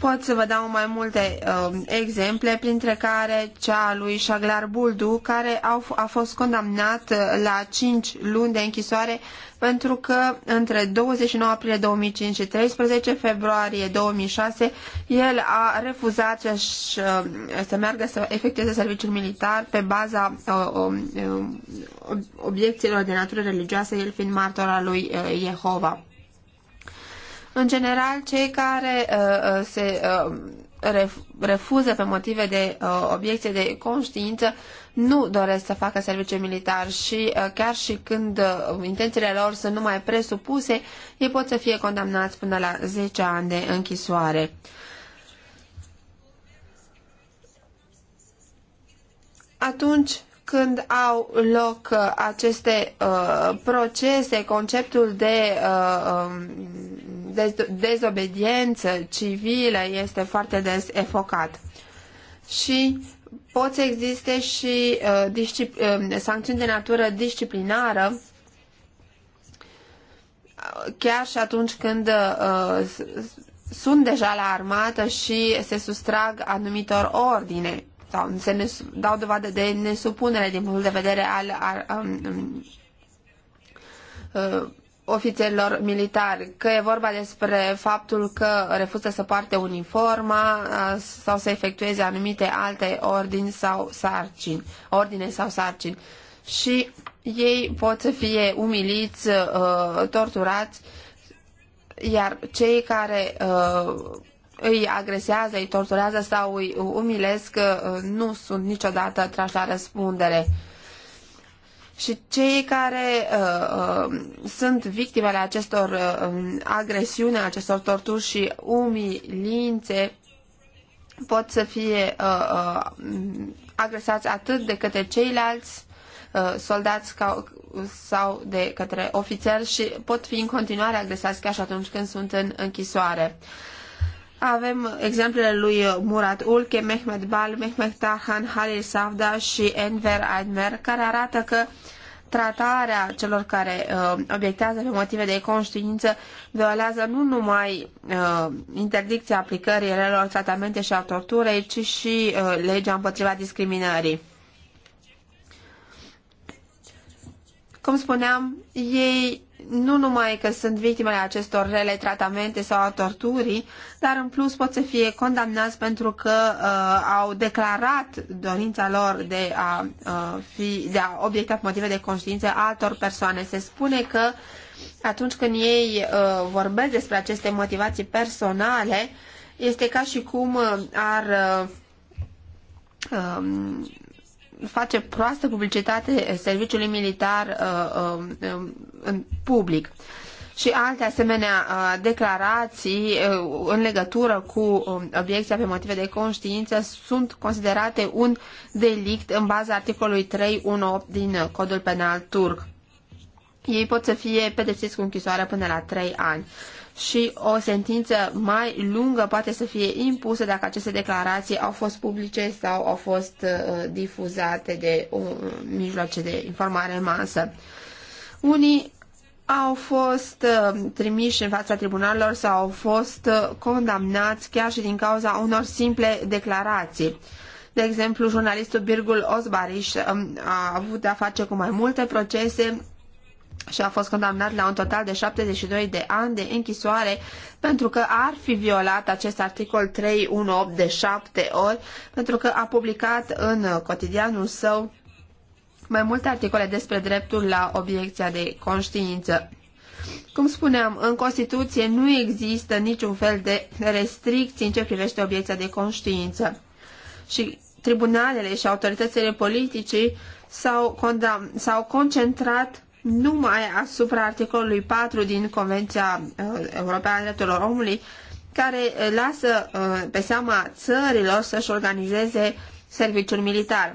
Pot să vă dau mai multe uh, exemple, printre care cea a lui Shaglar Buldu, care au, a fost condamnat uh, la 5 luni de închisoare pentru că între 29 aprilie 2005 și 13 februarie 2006 el a refuzat să, uh, să meargă să efectueze serviciul militar pe baza uh, uh, obiecțiilor de natură religioasă, el fiind martor al lui uh, Jehova. În general, cei care uh, uh se uh, refuză pe motive de uh, obiecție de conștiință nu doresc să facă serviciu militar și uh, chiar și când uh, intențiile lor sunt numai presupuse, ei pot să fie condamnați până la 10 ani de închisoare. Atunci când au loc uh, aceste uh, procese, conceptul de uh, um, de dezobediență civilă este foarte des efocat. Și pot să existe și uh, uh, sancțiuni de natură disciplinară chiar și atunci când uh, sunt deja la armată și se sustrag anumitor ordine sau se ne, dau dovadă de nesupunere din punctul de vedere al, um, uh, ofițerilor militari, că e vorba despre faptul că refuză să poarte uniforma sau să efectueze anumite alte ordini sau sarcini, ordine sau sarcini. Și ei pot să fie umiliți, torturați, iar cei care îi agresează, îi torturează sau îi umilesc nu sunt niciodată trași la răspundere și cei care uh, uh, sunt victimele acestor uh, um, agresiuni, acestor torturi și umilințe pot să fie uh, uh, agresați atât de către ceilalți uh, soldați ca, sau de către ofițeri și pot fi în continuare agresați chiar și atunci când sunt în închisoare. Uh, avem exemplele lui Murat Ulke, Mehmet Bal, Mehmet Tahan, Halil Savda și Enver Aydmer, care arată că tratarea celor care uh, obiectează pe motive de conștiință violează nu numai uh, interdicția aplicării relor tratamente și a torturei, ci și uh, legea împotriva discriminării. Cum spuneam, ei nu numai că sunt victimele acestor rele tratamente sau a torturii, dar în plus pot să fie condamnați pentru că uh, au declarat dorința lor de a, uh, fi, de a obiecta motive de conștiință altor persoane. Se spune că atunci când ei uh, vorbesc despre aceste motivații personale, este ca și cum uh, ar uh, um, face proastă publicitate serviciului militar uh, uh, um, în public și alte asemenea uh, declarații în legătură cu um, obiecția pe motive de conștiință sunt considerate un delict în baza articolului 318 din Codul Penal turc. Ei pot să fie pedepsiți cu închisoare până la 3 ani și o sentință mai lungă poate să fie impusă dacă aceste declarații au fost publice sau au fost uh, difuzate de uh, mijloace de informare în masă. Unii au fost uh, trimiși în fața tribunalelor sau au fost uh, condamnați chiar și din cauza unor simple declarații. De exemplu, jurnalistul Birgul Osbariș um, a avut de-a face cu mai multe procese și a fost condamnat la un total de 72 de ani de închisoare pentru că ar fi violat acest articol 318 de 7 ori, pentru că a publicat în cotidianul său mai multe articole despre dreptul la obiecția de conștiință. Cum spuneam, în Constituție nu există niciun fel de restricții în ce privește obiecția de conștiință. Și tribunalele și autoritățile politice s-au, condam- concentrat numai asupra articolului 4 din Convenția uh, Europeană a Drepturilor Omului, care uh, lasă uh, pe seama țărilor să-și organizeze serviciul militar.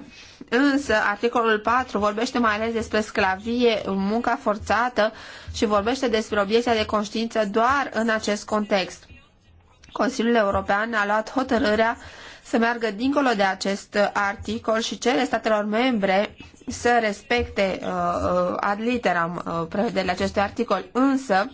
Însă, articolul 4 vorbește mai ales despre sclavie, munca forțată și vorbește despre obiecția de conștiință doar în acest context. Consiliul European a luat hotărârea să meargă dincolo de acest articol și cere statelor membre să respecte uh, uh, ad literam uh, prevederile acestui articol, însă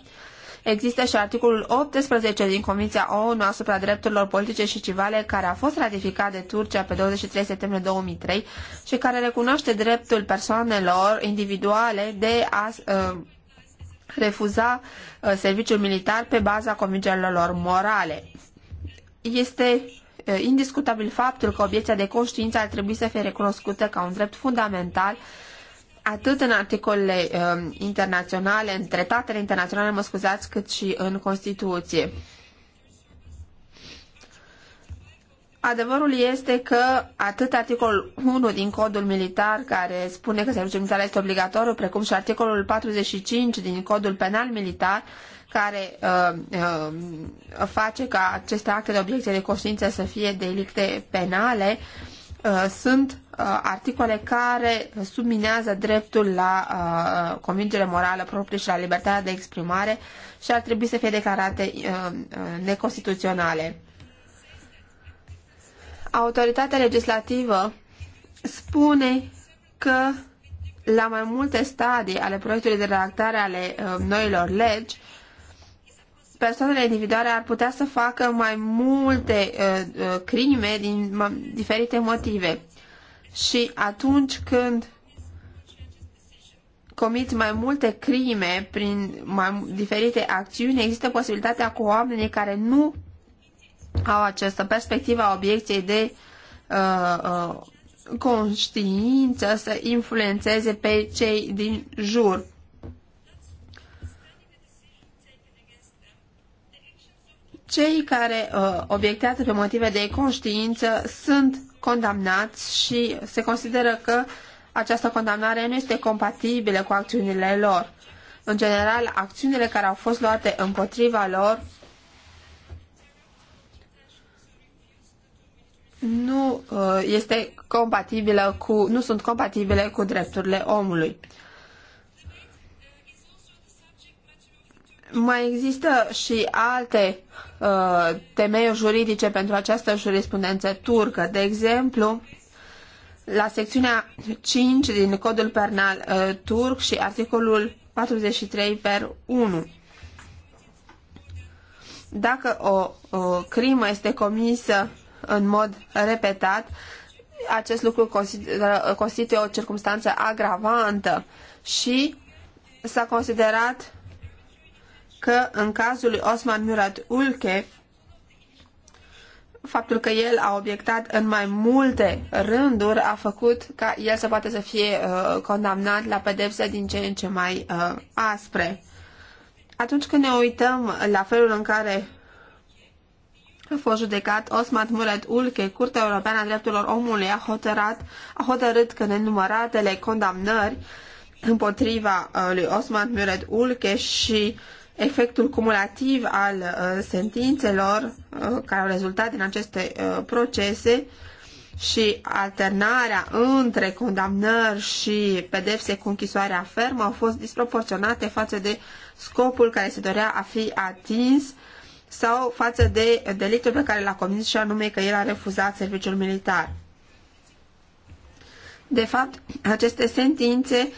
există și articolul 18 din Comisia ONU asupra drepturilor politice și civile care a fost ratificat de Turcia pe 23 septembrie 2003 și care recunoaște dreptul persoanelor individuale de a uh, refuza uh, serviciul militar pe baza convingerilor lor morale. Este indiscutabil faptul că obiecția de conștiință ar trebui să fie recunoscută ca un drept fundamental atât în articolele uh, internaționale, în tratatele internaționale, mă scuzați, cât și în Constituție. Adevărul este că atât articolul 1 din codul militar care spune că serviciul militar este obligatoriu, precum și articolul 45 din codul penal militar, uh, care uh, uh, face ca aceste acte de obiecție de conștiință să fie delicte penale uh, sunt uh, articole care subminează dreptul la uh, convingere morală proprie și la libertatea de exprimare și ar trebui să fie declarate uh, uh neconstituționale. Autoritatea legislativă spune că la mai multe stadii ale proiectului de redactare ale uh, noilor legi, persoanele individuale ar putea să facă mai multe uh, uh crime din diferite motive. Și atunci când comit mai multe crime prin mai diferite acțiuni, există posibilitatea cu oamenii care nu au această perspectivă a obiecției de uh, uh, conștiință să influențeze pe cei din jur. Cei care uh, obiectează pe motive de conștiință sunt condamnați și se consideră că această condamnare nu este compatibilă cu acțiunile lor. În general, acțiunile care au fost luate împotriva lor nu uh, este compatibilă cu, nu sunt compatibile cu drepturile omului. Mai există și alte uh, temeiuri juridice pentru această jurisprudență turcă. De exemplu, la secțiunea 5 din codul penal uh, turc și articolul 43 per 1. Dacă o, o crimă este comisă în mod repetat, acest lucru constituie o circunstanță agravantă și s-a considerat că în cazul lui Osman Murat Ulke, faptul că el a obiectat în mai multe rânduri a făcut ca el să poată să fie uh, condamnat la pedepse din ce în ce mai uh, aspre. Atunci când ne uităm la felul în care a fost judecat Osman Murat Ulke, Curtea Europeană a Drepturilor Omului a hotărat, a hotărât că nenumăratele condamnări împotriva uh, lui Osman Murat Ulke și efectul cumulativ al uh, sentințelor uh, care au rezultat din aceste uh, procese și alternarea între condamnări și pedepse cu închisoarea fermă au fost disproporționate față de scopul care se dorea a fi atins sau față de delictul pe care l-a comis și anume că el a refuzat serviciul militar. De fapt, aceste sentințe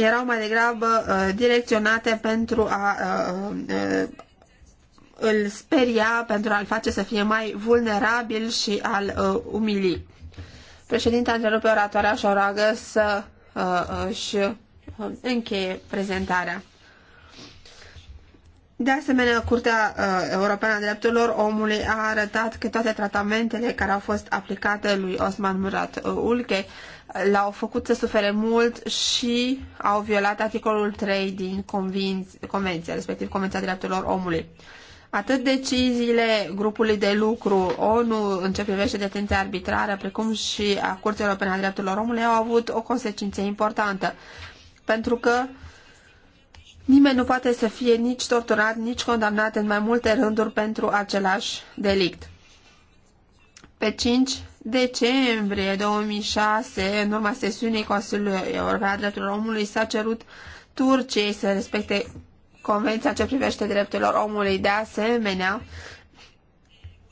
erau mai degrabă uh, direcționate pentru a uh, uh, îl speria, pentru a-l face să fie mai vulnerabil și a-l umili. Președinte întrerupe oratoarea și o roagă să își încheie prezentarea. De asemenea, Curtea Europeană a Drepturilor Omului a arătat că toate tratamentele care au fost aplicate lui Osman Murat Ulke l-au făcut să sufere mult și au violat articolul 3 din Convenția, respectiv Convenția Drepturilor Omului. Atât deciziile grupului de lucru ONU în ce privește detenția arbitrară, precum și a Curții Europene a Drepturilor Omului, au avut o consecință importantă, pentru că nimeni nu poate să fie nici torturat, nici condamnat în mai multe rânduri pentru același delict. Pe 5 decembrie 2006, în urma sesiunii Consiliului European al Drepturilor Omului, s-a cerut Turciei să respecte Convenția ce privește drepturile omului. De asemenea,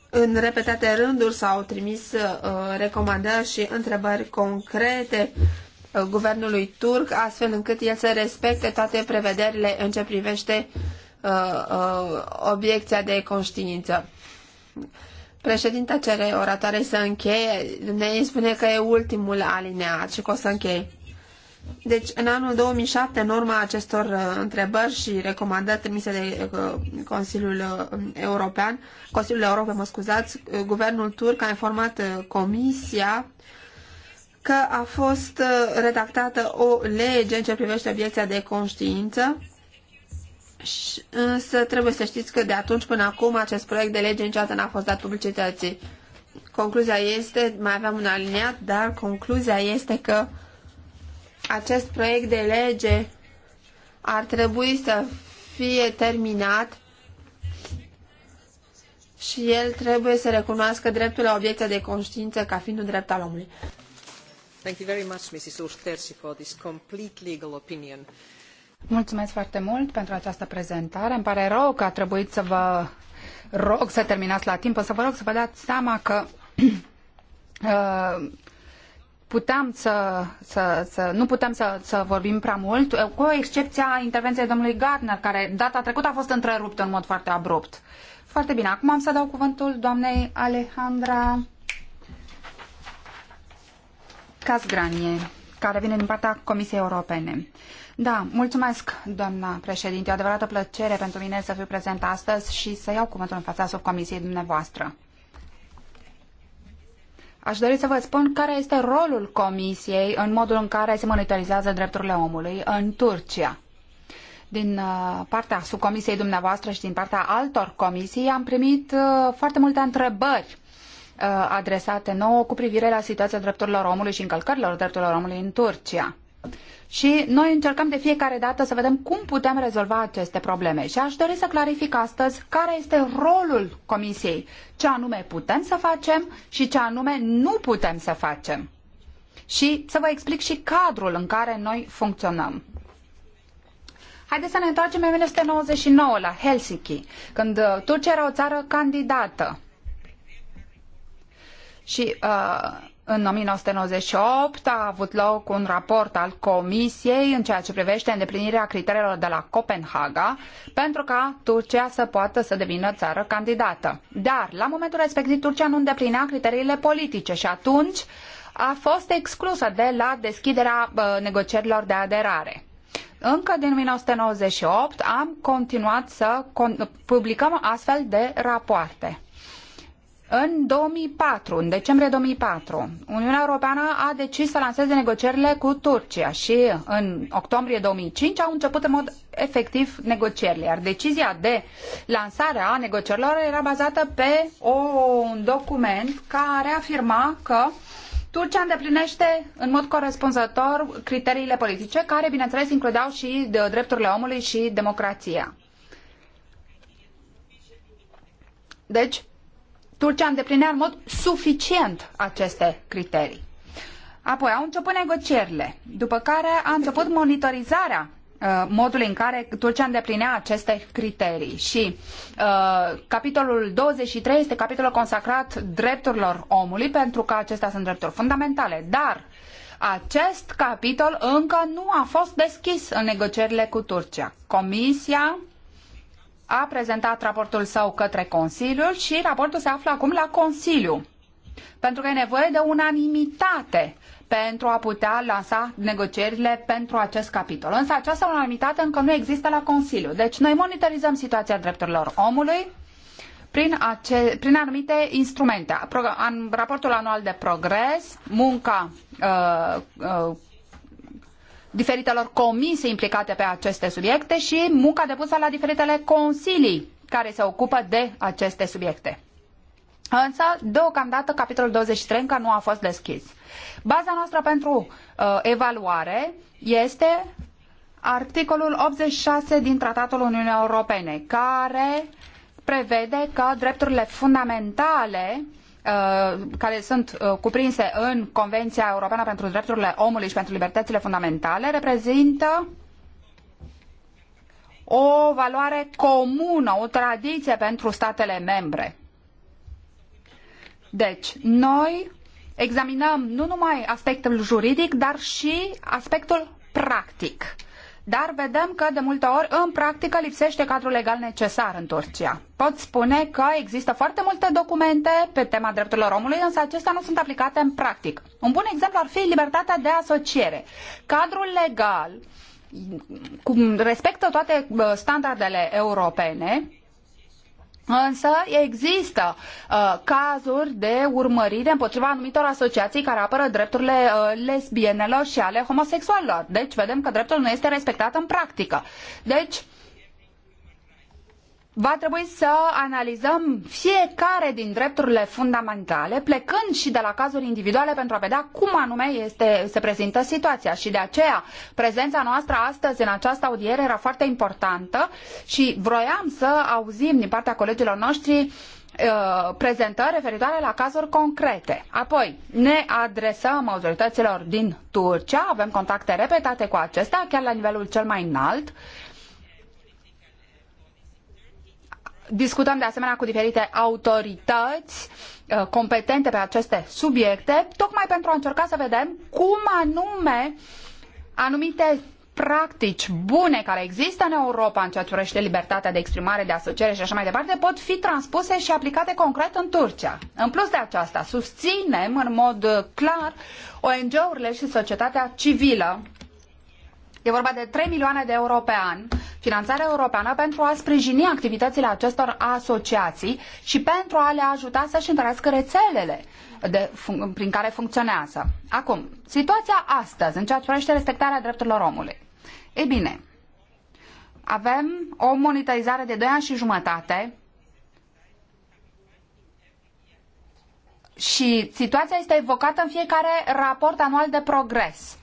în repetate rânduri s-au trimis uh, recomandări și întrebări concrete uh, guvernului turc, astfel încât el să respecte toate prevederile în ce privește uh, uh obiecția de conștiință. Președinta cere oratoarei să încheie. ne spune că e ultimul alineat și că o să încheie. Deci, în anul 2007, în urma acestor uh, întrebări și recomandări trimise de uh, Consiliul uh, European, Consiliul Europei, mă scuzați, uh, guvernul turc a informat uh, Comisia că a fost uh, redactată o lege în ce privește obiecția de conștiință Însă trebuie să știți că de atunci până acum acest proiect de lege niciodată n-a fost dat publicității. Concluzia este, mai aveam un aliniat, dar concluzia este că acest proiect de lege ar trebui să fie terminat și el trebuie să recunoască dreptul la obiecția de conștiință ca fiind un drept al omului. Thank you very much, Mrs. Urstersi, for this complete legal opinion. Mulțumesc foarte mult pentru această prezentare. Îmi pare rău că a trebuit să vă rog să terminați la timp, o să vă rog să vă dați seama că uh, puteam să, să, să, nu putem să, să vorbim prea mult, uh, cu excepția intervenției domnului Gardner, care data trecută a fost întreruptă în mod foarte abrupt. Foarte bine, acum am să dau cuvântul doamnei Alejandra Casgranie, care vine din partea Comisiei Europene. Da, mulțumesc, doamna președinte. O adevărată plăcere pentru mine să fiu prezent astăzi și să iau cuvântul în fața subcomisiei dumneavoastră. Aș dori să vă spun care este rolul Comisiei în modul în care se monitorizează drepturile omului în Turcia. Din uh, partea subcomisiei dumneavoastră și din partea altor comisii am primit uh, foarte multe întrebări uh, adresate nouă cu privire la situația drepturilor omului și încălcărilor drepturilor omului în Turcia și noi încercăm de fiecare dată să vedem cum putem rezolva aceste probleme. Și aș dori să clarific astăzi care este rolul Comisiei, ce anume putem să facem și ce anume nu putem să facem. Și să vă explic și cadrul în care noi funcționăm. Haideți să ne întoarcem în 1999 la Helsinki, când uh, Turcia era o țară candidată. Și uh, în 1998 a avut loc un raport al Comisiei în ceea ce privește îndeplinirea criteriilor de la Copenhaga pentru ca Turcia să poată să devină țară candidată. Dar, la momentul respectiv, Turcia nu îndeplinea criteriile politice și atunci a fost exclusă de la deschiderea negocierilor de aderare. Încă din 1998 am continuat să publicăm astfel de rapoarte. În 2004, în decembrie 2004, Uniunea Europeană a decis să lanseze negocierile cu Turcia și în octombrie 2005 au început în mod efectiv negocierile, iar decizia de lansare a negocierilor era bazată pe o, un document care afirma că Turcia îndeplinește în mod corespunzător criteriile politice, care, bineînțeles, includeau și de uh, drepturile omului și democrația. Deci, Turcia îndeplinea în mod suficient aceste criterii. Apoi au început negocierile, după care a început monitorizarea uh, modul în care Turcia îndeplinea aceste criterii. Și uh, capitolul 23 este capitolul consacrat drepturilor omului, pentru că acestea sunt drepturi fundamentale. Dar acest capitol încă nu a fost deschis în negocierile cu Turcia. Comisia a prezentat raportul său către Consiliul și raportul se află acum la Consiliu. Pentru că e nevoie de unanimitate pentru a putea lansa negocierile pentru acest capitol. Însă această unanimitate încă nu există la Consiliu. Deci noi monitorizăm situația drepturilor omului prin, ace- prin anumite instrumente. Pro- an- raportul anual de progres, munca uh, uh, diferitelor comisii implicate pe aceste subiecte și munca depusă la diferitele consilii care se ocupă de aceste subiecte. Însă, deocamdată, capitolul 23 încă nu a fost deschis. Baza noastră pentru uh, evaluare este articolul 86 din Tratatul Uniunii Europene, care prevede că drepturile fundamentale uh, Uh, care sunt uh, cuprinse în Convenția Europeană pentru Drepturile Omului și pentru Libertățile Fundamentale reprezintă o valoare comună, o tradiție pentru statele membre. Deci, noi examinăm nu numai aspectul juridic, dar și aspectul practic dar vedem că de multe ori în practică lipsește cadrul legal necesar în Turcia. Pot spune că există foarte multe documente pe tema drepturilor omului, însă acestea nu sunt aplicate în practic. Un bun exemplu ar fi libertatea de asociere. Cadrul legal respectă toate uh, standardele europene, Însă există uh, cazuri de urmărire împotriva anumitor asociații care apără drepturile uh, lesbienelor și ale homosexualilor. Deci vedem că dreptul nu este respectat în practică. Deci va trebui să analizăm fiecare din drepturile fundamentale, plecând și de la cazuri individuale pentru a vedea cum anume este, se prezintă situația. Și de aceea, prezența noastră astăzi în această audiere era foarte importantă și vroiam să auzim din partea colegilor noștri uh, prezentări referitoare la cazuri concrete. Apoi ne adresăm autorităților din Turcia, avem contacte repetate cu acestea, chiar la nivelul cel mai înalt, uh, Discutăm de asemenea cu diferite autorități uh, competente pe aceste subiecte, tocmai pentru a încerca să vedem cum anume anumite practici bune care există în Europa în ceea ce privește libertatea de exprimare, de asociere și așa mai departe, pot fi transpuse și aplicate concret în Turcia. În plus de aceasta, susținem în mod clar ONG-urile și societatea civilă E vorba de 3 milioane de euro pe an, finanțare europeană pentru a sprijini activitățile acestor asociații și pentru a le ajuta să-și întărească rețelele de, prin care funcționează. Acum, situația astăzi în ceea ce privește respectarea drepturilor omului. Ei bine, avem o monitorizare de 2 ani și jumătate și situația este evocată în fiecare raport anual de progres.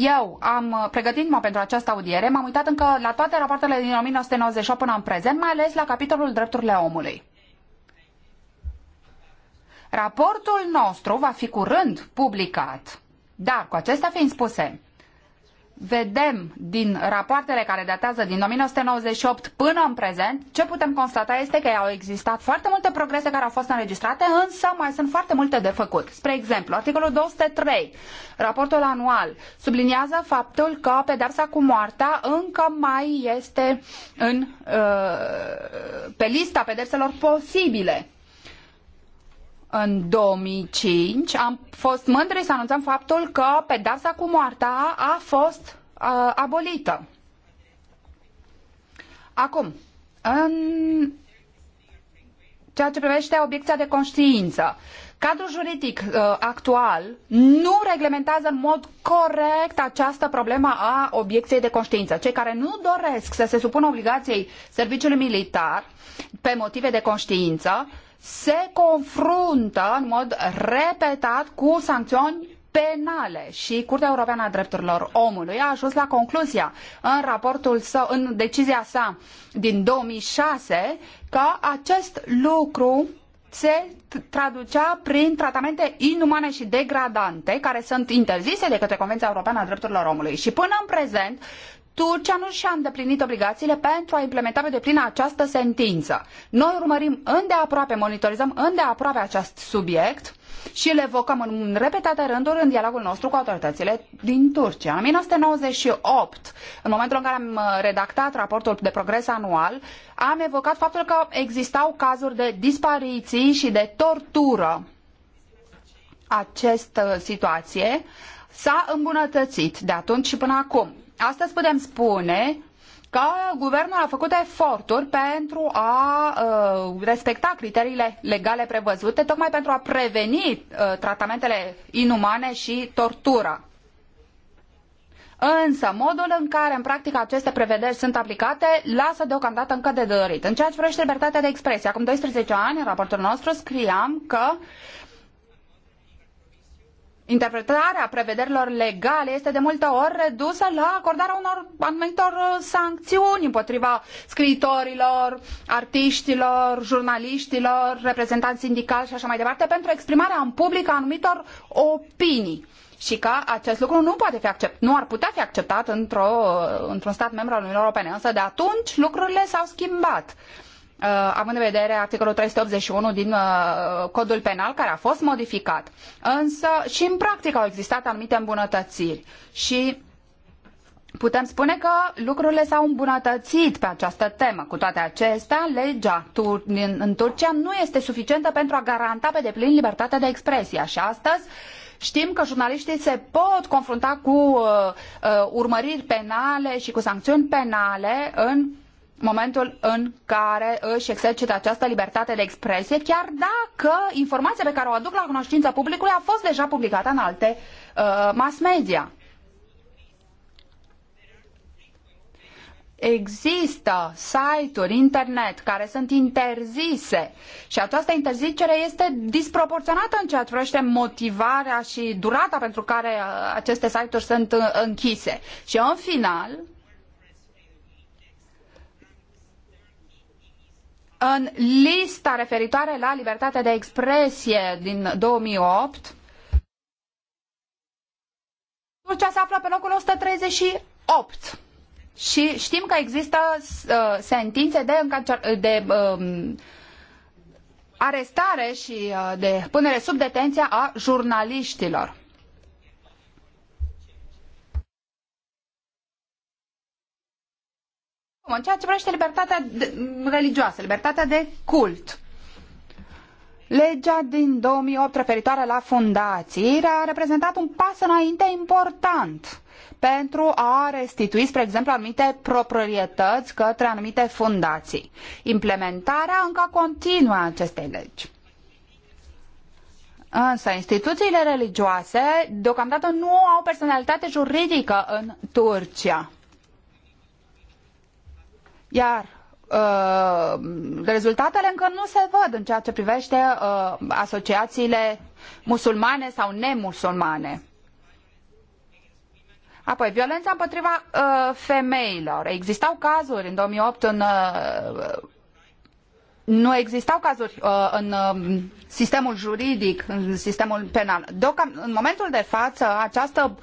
Eu am uh, pregătit mă pentru această audiere, m-am uitat încă la toate rapoartele din 1998 până în prezent, mai ales la capitolul drepturile omului. Raportul nostru va fi curând publicat, dar cu acestea fiind spuse, vedem din rapoartele care datează din 1998 până în prezent, ce putem constata este că au existat foarte multe progrese care au fost înregistrate, însă mai sunt foarte multe de făcut. Spre exemplu, articolul 203, raportul anual, subliniază faptul că pedepsa cu moartea încă mai este în, uh, pe lista pedepselor posibile în 2005, am fost mândri să anunțăm faptul că pedapsa cu moartea a fost uh, abolită. Acum, în ceea ce privește obiecția de conștiință, cadrul juridic uh, actual nu reglementează în mod corect această problemă a obiecției de conștiință. Cei care nu doresc să se supună obligației serviciului militar pe motive de conștiință, uh, se confruntă în mod repetat cu sancțiuni penale și Curtea Europeană a Drepturilor Omului a ajuns la concluzia în raportul său, în decizia sa din 2006 că acest lucru se traducea prin tratamente inumane și degradante care sunt interzise de către Convenția Europeană a Drepturilor Omului. Și până în prezent, Turcia nu și-a îndeplinit obligațiile pentru a implementa pe deplin această sentință. Noi urmărim îndeaproape, monitorizăm îndeaproape acest subiect și îl evocăm în repetate rânduri în dialogul nostru cu autoritățile din Turcia. În 1998, în momentul în care am uh, redactat raportul de progres anual, am evocat faptul că existau cazuri de dispariții și de tortură. Această situație s-a îmbunătățit de atunci și până acum astăzi putem spune că guvernul a făcut eforturi pentru a uh, respecta criteriile legale prevăzute, tocmai pentru a preveni uh, tratamentele inumane și tortura. Însă, modul în care în practică aceste prevederi sunt aplicate lasă deocamdată încă de dorit. În ceea ce privește libertatea de expresie, acum 12 ani, în raportul nostru scriam că interpretarea prevederilor legale este de multe ori redusă la acordarea unor anumitor uh, sancțiuni împotriva scriitorilor, artiștilor, jurnaliștilor, reprezentanți sindicali și așa mai departe, pentru exprimarea în public a anumitor opinii și că acest lucru nu poate fi acceptat, nu ar putea fi acceptat uh, într-un într stat membru al Uniunii Europene. Însă de atunci lucrurile s-au schimbat. Uh, având în vedere articolul 381 din uh, codul penal care a fost modificat. Însă și în practică au existat anumite îmbunătățiri și Putem spune că lucrurile s-au îmbunătățit pe această temă. Cu toate acestea, legea Tur în Turcia nu este suficientă pentru a garanta pe deplin libertatea de expresie. Și astăzi știm că jurnaliștii se pot confrunta cu uh, uh, urmăriri penale și cu sancțiuni penale în momentul în care își exercită această libertate de expresie, chiar dacă informația pe care o aduc la cunoștința publicului a fost deja publicată în alte uh, mass media. Există site-uri internet care sunt interzise și această interzicere este disproporționată în ceea ce privește motivarea și durata pentru care uh, aceste site-uri sunt uh, închise. Și în final, în lista referitoare la libertatea de expresie din 2008, Turcia se află pe locul 138. Și știm că există uh, sentințe de, încarcer- de uh, arestare și uh, de punere sub detenție a jurnaliștilor. în ceea ce privește libertatea de, religioasă, libertatea de cult. Legea din 2008 referitoare la fundații a reprezentat un pas înainte important pentru a restitui, spre exemplu, anumite proprietăți către anumite fundații. Implementarea încă continuă a acestei legi. Însă, instituțiile religioase deocamdată nu au personalitate juridică în Turcia. Iar uh, rezultatele încă nu se văd în ceea ce privește uh, asociațiile musulmane sau nemusulmane. Apoi, violența împotriva uh, femeilor. Existau cazuri în 2008 în. Uh, nu existau cazuri uh, în uh, sistemul juridic, în sistemul penal. Deocam, în momentul de față, această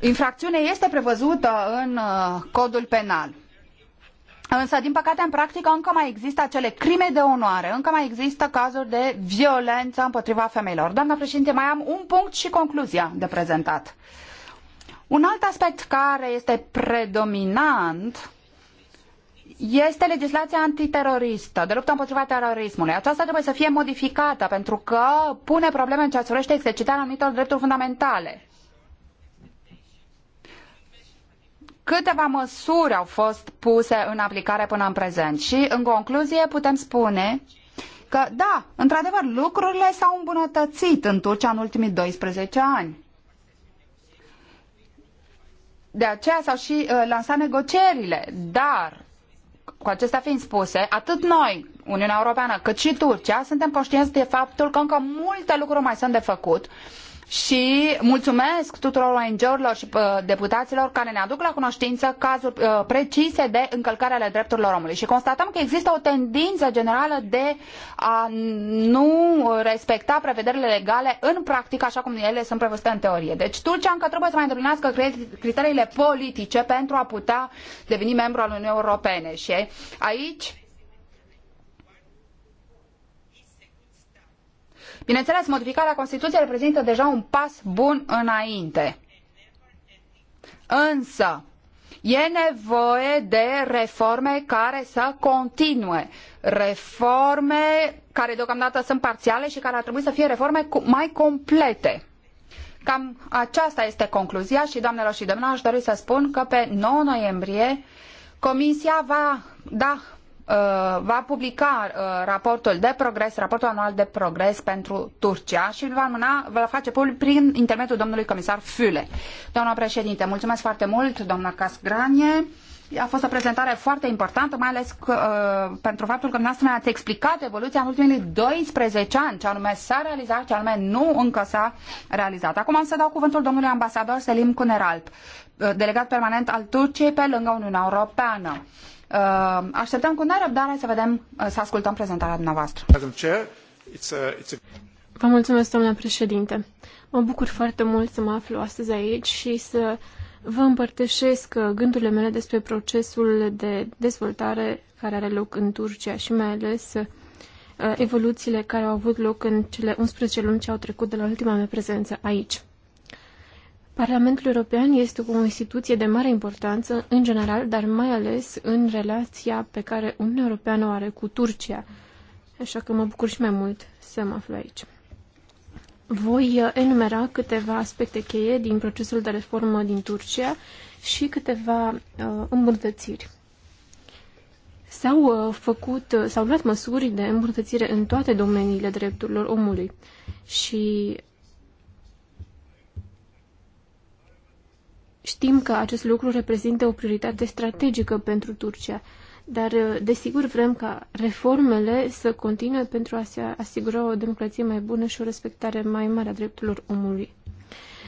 infracțiune este prevăzută în uh, codul penal. Însă, din păcate, în practică încă mai există acele crime de onoare, încă mai există cazuri de violență împotriva femeilor. Doamna președinte, mai am un punct și concluzia de prezentat. Un alt aspect care este predominant este legislația antiteroristă, de luptă împotriva terorismului. Aceasta trebuie să fie modificată pentru că pune probleme în ceea ce urește exercitarea anumitor drepturi fundamentale. Câteva măsuri au fost puse în aplicare până în prezent și, în concluzie, putem spune că, da, într-adevăr, lucrurile s-au îmbunătățit în Turcia în ultimii 12 ani. De aceea s-au și uh, lansat negocierile, dar cu acestea fiind spuse, atât noi, Uniunea Europeană, cât și Turcia, suntem conștienți de faptul că încă multe lucruri mai sunt de făcut și mulțumesc tuturor ONG-urilor și uh, deputaților care ne aduc la cunoștință cazuri uh, precise de încălcare ale drepturilor omului. Și constatăm că există o tendință generală de a nu respecta prevederile legale în practică așa cum ele sunt prevăzute în teorie. Deci Turcia încă trebuie să mai îndeplinească criteriile politice pentru a putea deveni membru al Uniunii Europene. Și aici Bineînțeles, modificarea Constituției reprezintă deja un pas bun înainte. Însă, e nevoie de reforme care să continue. Reforme care deocamdată sunt parțiale și care ar trebui să fie reforme mai complete. Cam aceasta este concluzia și, doamnelor și domnilor, aș dori să spun că pe 9 noiembrie Comisia va da Uh, va publica uh, raportul de progres, raportul anual de progres pentru Turcia și îl va, mâna, va face public prin intermediul domnului comisar Füle. Doamna președinte, mulțumesc foarte mult, doamna Casgranie. A fost o prezentare foarte importantă, mai ales că, uh, pentru faptul că dumneavoastră ne-ați explicat evoluția în ultimii 12 ani, ce anume s-a realizat, ce anume nu încă s-a realizat. Acum am să dau cuvântul domnului ambasador Selim Kuneralp, uh, delegat permanent al Turciei pe lângă Uniunea Europeană. Uh, așteptăm cu nerăbdare să vedem, uh, să ascultăm prezentarea dumneavoastră. Vă mulțumesc, doamna președinte. Mă bucur foarte mult să mă aflu astăzi aici și să vă împărtășesc uh, gândurile mele despre procesul de dezvoltare care are loc în Turcia și mai ales evoluțiile care au avut loc în cele 11 luni ce au trecut de la ultima mea prezență aici. Parlamentul European este o instituție de mare importanță în general, dar mai ales în relația pe care Uniunea Europeană o are cu Turcia. Așa că mă bucur și mai mult să mă aflu aici. Voi enumera câteva aspecte cheie din procesul de reformă din Turcia și câteva uh, îmbunătățiri. S-au uh, făcut, uh, s-au luat măsuri de îmbunătățire în toate domeniile drepturilor omului și Știm că acest lucru reprezintă o prioritate strategică pentru Turcia, dar uh, desigur vrem ca reformele să continue pentru a se asigura o democrație mai bună și o respectare mai mare a drepturilor omului.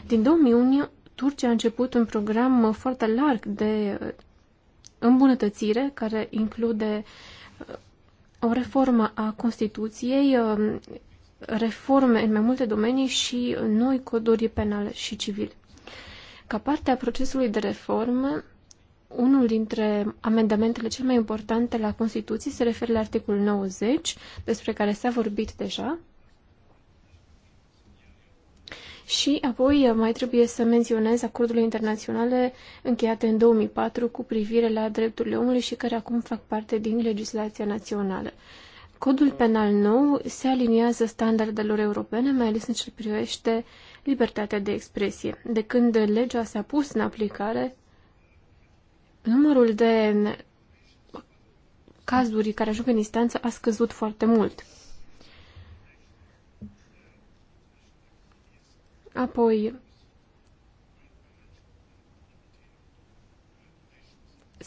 Din 2001, Turcia a început un program foarte larg de uh, îmbunătățire care include uh, o reformă a Constituției, reforme în mai multe domenii și noi coduri penale și civile. Ca parte a procesului de reformă, unul dintre amendamentele cel mai importante la Constituție se referă la articolul 90, despre care s-a vorbit deja. Și apoi uh, mai trebuie să menționez acordurile internaționale încheiate în 2004 cu privire la drepturile omului și care acum fac parte din legislația națională. Codul penal nou se aliniază standardelor europene, mai ales în ce privește uh, libertatea de expresie. De când legea s-a pus în aplicare, numărul de cazuri care ajung în instanță a scăzut foarte mult. Apoi,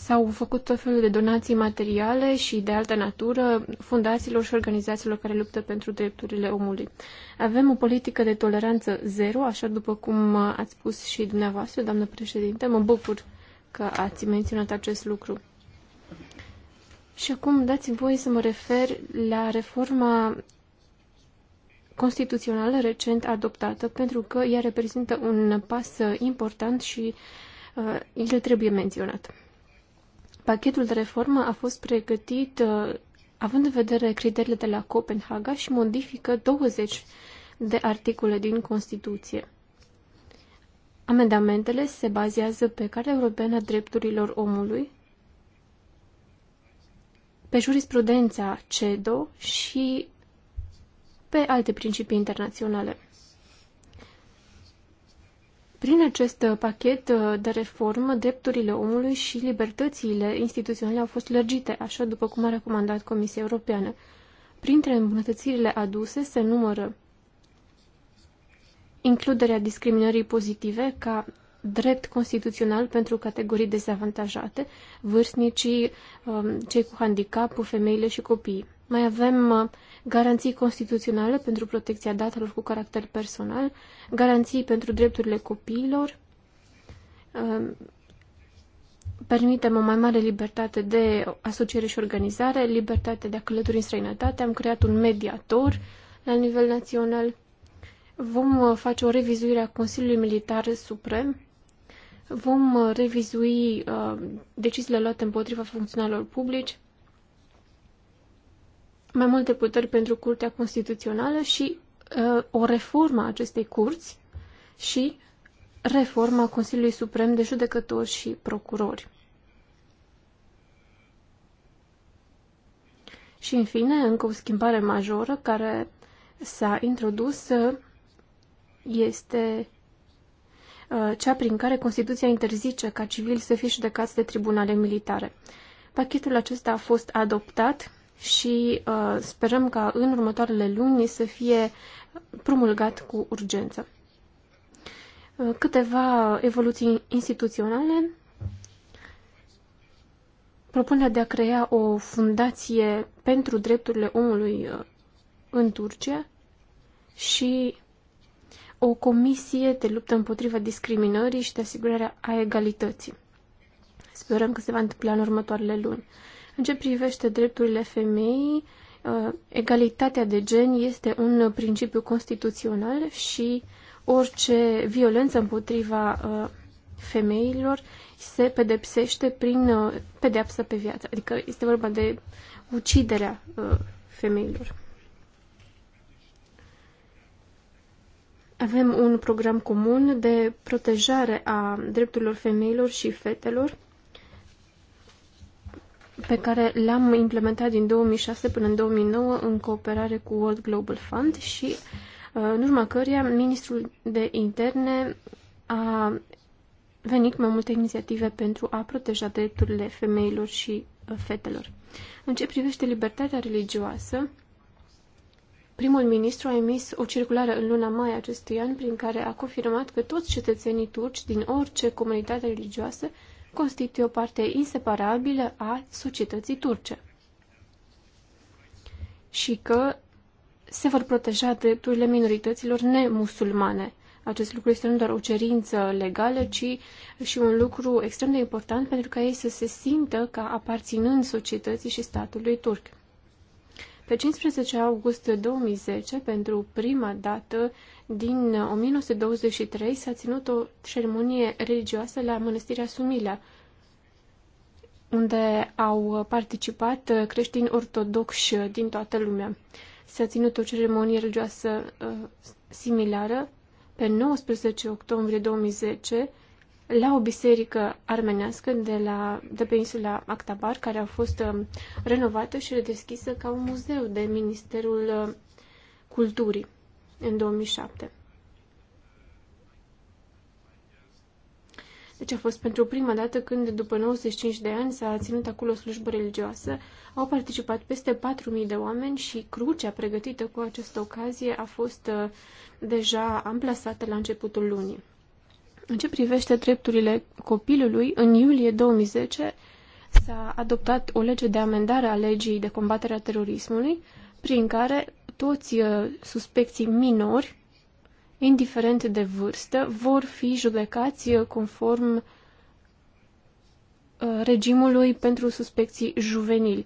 S-au făcut tot felul de donații materiale și de altă natură fundațiilor și organizațiilor care luptă pentru drepturile omului. Avem o politică de toleranță zero, așa după cum ați spus și dumneavoastră, doamnă președinte. Mă bucur că ați menționat acest lucru. Și acum dați voi să mă refer la reforma constituțională recent adoptată, pentru că ea reprezintă un pas important și uh, el trebuie menționat. Pachetul de reformă a fost pregătit uh, având în vedere criteriile de la Copenhaga și modifică 20 de articole din Constituție. Amendamentele se bazează pe Cartea Europeană a Drepturilor Omului, pe jurisprudența CEDO și pe alte principii internaționale. Prin acest uh, pachet uh, de reformă, drepturile omului și libertățile instituționale au fost lărgite, așa după cum a recomandat Comisia Europeană. Printre îmbunătățirile aduse se numără includerea discriminării pozitive ca drept constituțional pentru categorii dezavantajate, vârstnicii, um, cei cu handicap, femeile și copiii. Mai avem uh, garanții constituționale pentru protecția datelor cu caracter personal, garanții pentru drepturile copiilor, um, permitem o mai mare libertate de asociere și organizare, libertate de a călători în străinătate, am creat un mediator la nivel național, vom uh, face o revizuire a Consiliului Militar Suprem, vom uh, revizui uh, deciziile luate împotriva funcționarilor publici, mai multe puteri pentru Curtea Constituțională și uh, o reformă a acestei curți și reforma Consiliului Suprem de Judecători și Procurori. Și, în fine, încă o schimbare majoră care s-a introdus uh, este uh, cea prin care Constituția interzice ca civili să fie judecați de tribunale militare. Pachetul acesta a fost adoptat și uh, sperăm ca în următoarele luni să fie promulgat cu urgență. Uh, câteva evoluții instituționale. Propunerea de a crea o fundație pentru drepturile omului uh, în Turcia și o comisie de luptă împotriva discriminării și de asigurarea a egalității. Sperăm că se va întâmpla în următoarele luni. În ce privește drepturile femeii, uh, egalitatea de gen este un principiu constituțional și orice violență împotriva uh, femeilor se pedepsește prin uh, pedeapsă pe viață. Adică este vorba de uciderea femeilor. Avem un program comun de protejare a drepturilor femeilor și fetelor pe care l-am implementat din 2006 până în 2009 în cooperare cu World Global Fund și uh, în urma căreia ministrul de interne a venit mai multe inițiative pentru a proteja drepturile femeilor și uh, fetelor. În ce privește libertatea religioasă, primul ministru a emis o circulară în luna mai acestui an prin care a confirmat că toți cetățenii turci din orice comunitate religioasă constituie o parte inseparabilă a societății turce și că se vor proteja drepturile minorităților nemusulmane. Acest lucru este nu doar o cerință legală, ci și un lucru extrem de important pentru ca ei să se simtă ca aparținând societății și statului turc. Pe 15 august 2010, pentru prima dată din 1923, s-a ținut o ceremonie religioasă la Mănăstirea Sumila, unde au participat creștini ortodoxi din toată lumea. S-a ținut o ceremonie religioasă uh, similară pe 19 octombrie 2010 la o biserică armenească de, la, de pe insula Actabar, care a fost um, renovată și redeschisă ca un muzeu de Ministerul um, Culturii în 2007. Deci a fost pentru prima dată când, după 95 de ani, s-a ținut acolo o slujbă religioasă. Au participat peste 4.000 de oameni și crucea pregătită cu această ocazie a fost uh, deja amplasată la începutul lunii. În ce privește drepturile copilului, în iulie 2010 s-a adoptat o lege de amendare a legii de combatere a terorismului, prin care toți uh, suspecții minori, indiferent de vârstă, vor fi judecați uh, conform uh, regimului pentru suspecții juvenili.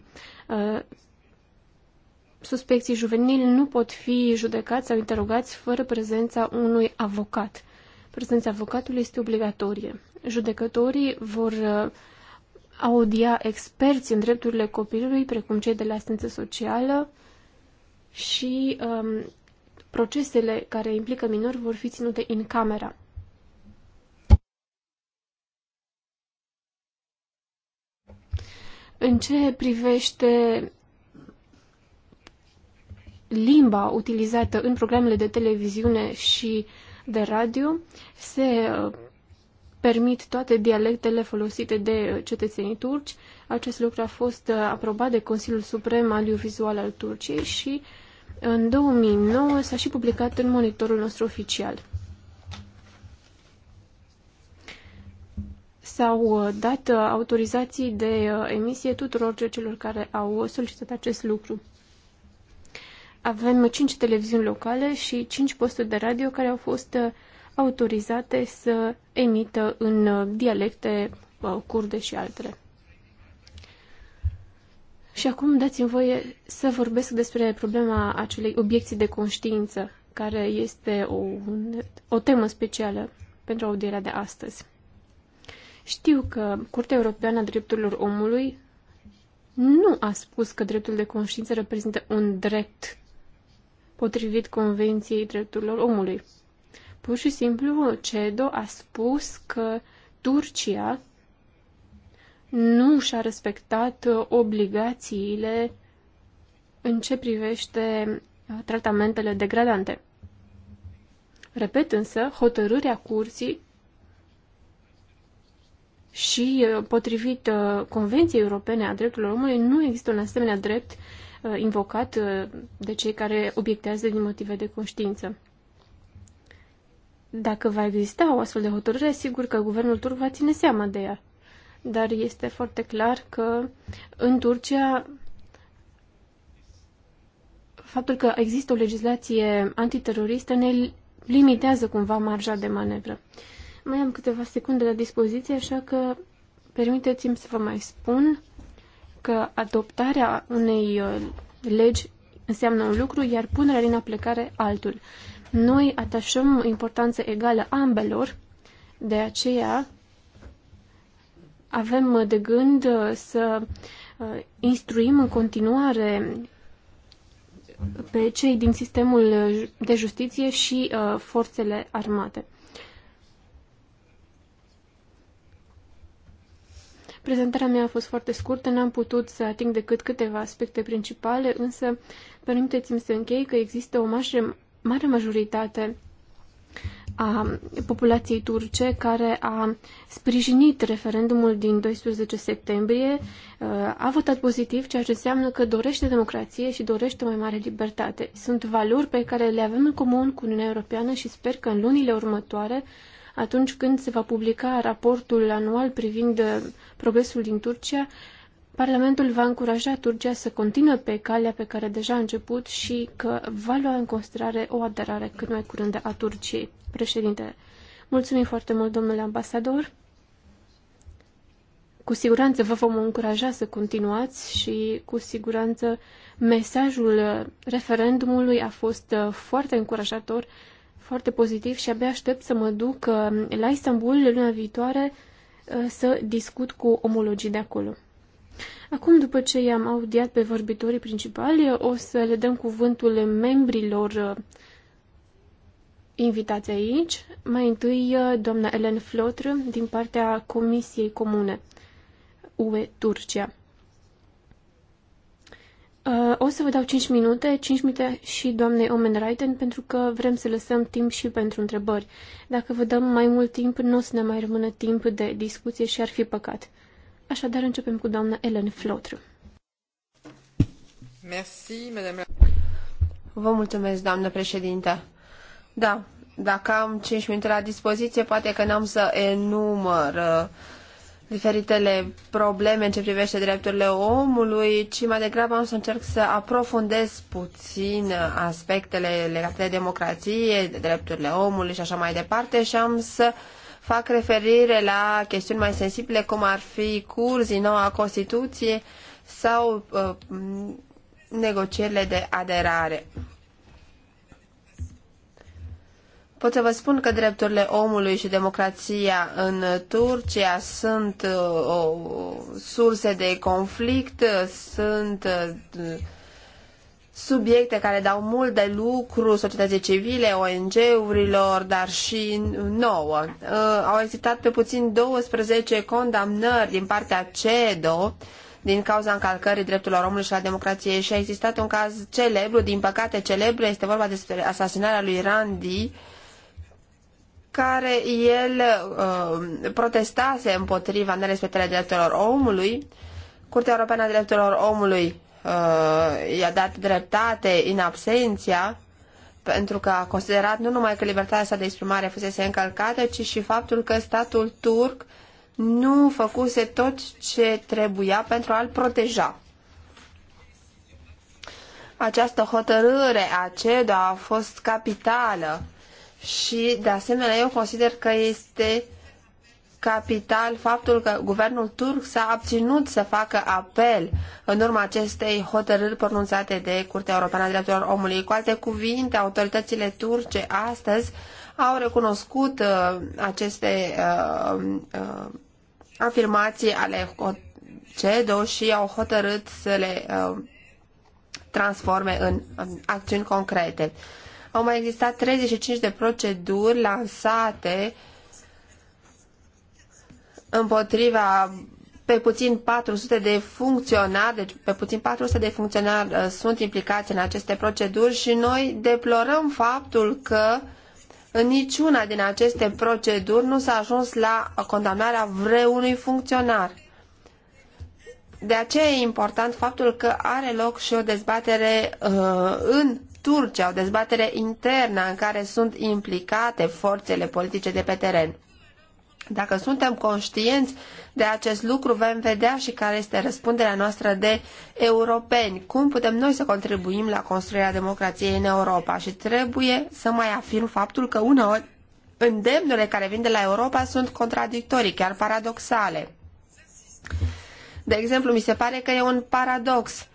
Suspecții juvenili nu pot fi judecați sau interogați fără prezența unui avocat prezența avocatului este obligatorie. Judecătorii vor uh, audia experți în drepturile copilului, precum cei de la asistență socială și um, procesele care implică minori vor fi ținute în camera. În ce privește limba utilizată în programele de televiziune și uh, de radio, se uh, permit toate dialectele folosite de uh, cetățenii turci. Acest lucru a fost uh, aprobat de Consiliul Suprem Audiovizual al Turciei și în 2009 s-a și publicat în monitorul nostru oficial. S-au dat autorizații de emisie tuturor celor care au solicitat acest lucru. Avem cinci televiziuni locale și cinci posturi de radio care au fost uh, autorizate să emită în uh, dialecte uh, curde și altele. Și acum dați-mi voie să vorbesc despre problema acelei obiecții de conștiință, care este o, o temă specială pentru audierea de astăzi. Știu că Curtea Europeană a Drepturilor Omului nu a spus că dreptul de conștiință reprezintă un drept potrivit Convenției Drepturilor Omului. Pur și simplu, CEDO a spus că Turcia nu și-a respectat obligațiile în ce privește uh, tratamentele degradante. Repet însă, hotărârea curții și uh, potrivit uh, Convenției Europene a Drepturilor Omului nu există un asemenea drept Uh, invocat uh, de cei care obiectează din motive de conștiință. Dacă va exista o astfel de hotărâre, sigur că guvernul turc va ține seama de ea. Dar este foarte clar că în Turcia faptul că există o legislație antiteroristă ne limitează cumva marja de manevră. Mai am câteva secunde la dispoziție, așa că permiteți-mi să vă mai spun că adoptarea unei uh, legi înseamnă un lucru, iar punerea în aplicare altul. Noi atașăm importanță egală ambelor, de aceea avem de gând uh, să uh, instruim în continuare pe cei din sistemul de justiție și forțele armate. Prezentarea mea a fost foarte scurtă, n-am putut să ating decât câteva aspecte principale, însă permiteți-mi să închei că există o mare, mare majoritate a populației turce care a sprijinit referendumul din 12 septembrie, a votat pozitiv, ceea ce înseamnă că dorește democrație și dorește mai mare libertate. Sunt valori pe care le avem în comun cu Uniunea Europeană și sper că în lunile următoare atunci când se va publica raportul anual privind uh, progresul din Turcia, Parlamentul va încuraja Turcia să continue pe calea pe care deja a început și că va lua în considerare o aderare cât mai curând a Turciei. Președinte, mulțumim foarte mult, domnule ambasador. Cu siguranță vă vom încuraja să continuați și cu siguranță mesajul referendumului a fost uh, foarte încurajator foarte pozitiv și abia aștept să mă duc uh, la Istanbul luna viitoare uh, să discut cu omologii de acolo. Acum, după ce i-am audiat pe vorbitorii principali, uh, o să le dăm cuvântul membrilor invitați aici. Mai întâi, doamna Ellen Flotr, din partea Comisiei Comune UE Turcia. Uh, o să vă dau 5 minute, 5 minute și doamnei Omenreiten, pentru că vrem să lăsăm timp și pentru întrebări. Dacă vă dăm mai mult timp, nu o să ne mai rămână timp de discuție și ar fi păcat. Așadar, începem cu doamna Ellen Flotru. Merci, madame. Vă mulțumesc, doamnă președinte. Da, dacă am 5 minute la dispoziție, poate că n-am să enumăr uh, diferitele probleme în ce privește drepturile omului, ci mai degrabă am să încerc să aprofundez puțin aspectele legate de democrație, de drepturile omului și așa mai departe și am să fac referire la chestiuni mai sensibile cum ar fi curzii, noua Constituție sau uh, negocierile de aderare. Pot să vă spun că drepturile omului și democrația în Turcia sunt uh, o surse de conflict, sunt uh, subiecte care dau mult de lucru societății civile, ONG-urilor, dar și nouă. Uh, au existat pe puțin 12 condamnări din partea CEDO din cauza încălcării drepturilor omului și la democrație și a existat un caz celebru, din păcate celebru, este vorba despre asasinarea lui Randi, care el uh, protestase împotriva nerespectării drepturilor omului. Curtea Europeană a Drepturilor Omului uh, i-a dat dreptate în absenția, pentru că a considerat nu numai că libertatea sa de exprimare fusese încălcată, ci și faptul că statul turc nu făcuse tot ce trebuia pentru a-l proteja. Această hotărâre a CEDO a fost capitală și, de asemenea, eu consider că este capital faptul că guvernul turc s-a abținut să facă apel în urma acestei hotărâri pronunțate de Curtea Europeană a Drepturilor Omului. Cu alte cuvinte, autoritățile turce astăzi au recunoscut uh, aceste uh, uh, afirmații ale CEDO și au hotărât să le uh, transforme în, în acțiuni concrete. Au mai existat 35 de proceduri lansate împotriva pe puțin 400 de funcționari, deci pe puțin 400 de funcționari uh, sunt implicați în aceste proceduri și noi deplorăm faptul că în niciuna din aceste proceduri nu s-a ajuns la condamnarea vreunui funcționar. De aceea e important faptul că are loc și o dezbatere uh, în Turcia, o dezbatere internă în care sunt implicate forțele politice de pe teren. Dacă suntem conștienți de acest lucru, vom vedea și care este răspunderea noastră de europeni. Cum putem noi să contribuim la construirea democrației în Europa? Și trebuie să mai afirm faptul că uneori îndemnurile care vin de la Europa sunt contradictorii, chiar paradoxale. De exemplu, mi se pare că e un paradox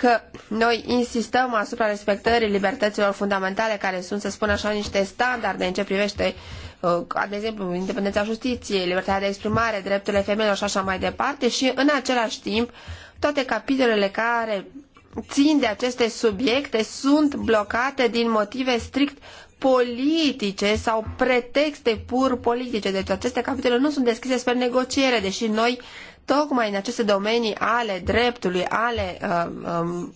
că noi insistăm asupra respectării libertăților fundamentale care sunt, să spun așa, niște standarde în ce privește, uh, de exemplu, independența justiției, libertatea de exprimare, drepturile femeilor și așa mai departe și în același timp toate capitolele care țin de aceste subiecte sunt blocate din motive strict politice sau pretexte pur politice. Deci aceste capitole nu sunt deschise spre negociere, deși noi uh, tocmai în aceste domenii ale dreptului, ale uh, um,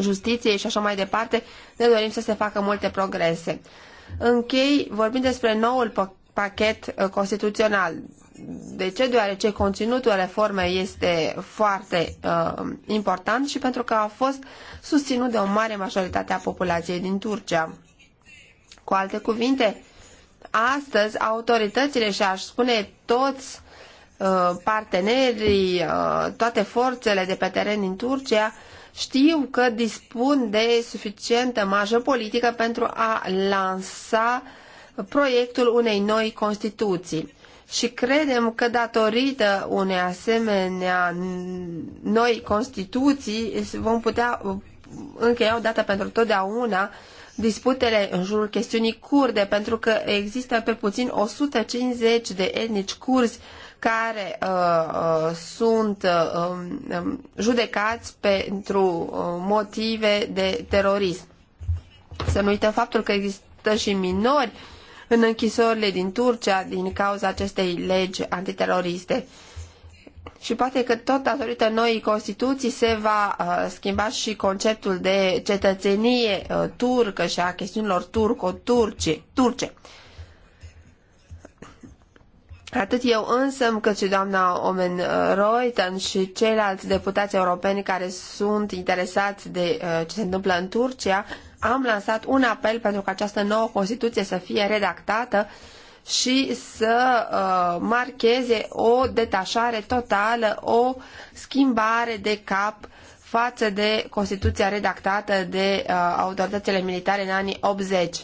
justiției și așa mai departe, ne dorim să se facă multe progrese. Închei vorbind despre noul pachet uh, constituțional. De ce? Deoarece conținutul reformei este foarte uh, important și pentru că a fost susținut de o mare majoritate a populației din Turcia. Cu alte cuvinte, astăzi autoritățile și aș spune toți Uh, partenerii, uh, toate forțele de pe teren din Turcia știu că dispun de suficientă marjă politică pentru a lansa proiectul unei noi Constituții. Și credem că datorită unei asemenea noi Constituții vom putea încheia o dată pentru totdeauna disputele în jurul chestiunii kurde, pentru că există pe puțin 150 de etnici curzi care uh, uh, sunt uh, um, um, judecați pentru uh, motive de terorism. Să nu uităm faptul că există și minori în închisorile din Turcia din cauza acestei legi antiteroriste. Și poate că tot datorită noii Constituții se va uh, schimba și conceptul de cetățenie uh, turcă și a chestiunilor turco-turce. Turce. turce. Atât eu însă, cât și doamna Omen Reuten și ceilalți deputați europeni care sunt interesați de uh, ce se întâmplă în Turcia, am lansat un apel pentru ca această nouă Constituție să fie redactată și să uh, marcheze o detașare totală, o schimbare de cap față de Constituția redactată de uh, autoritățile militare în anii 80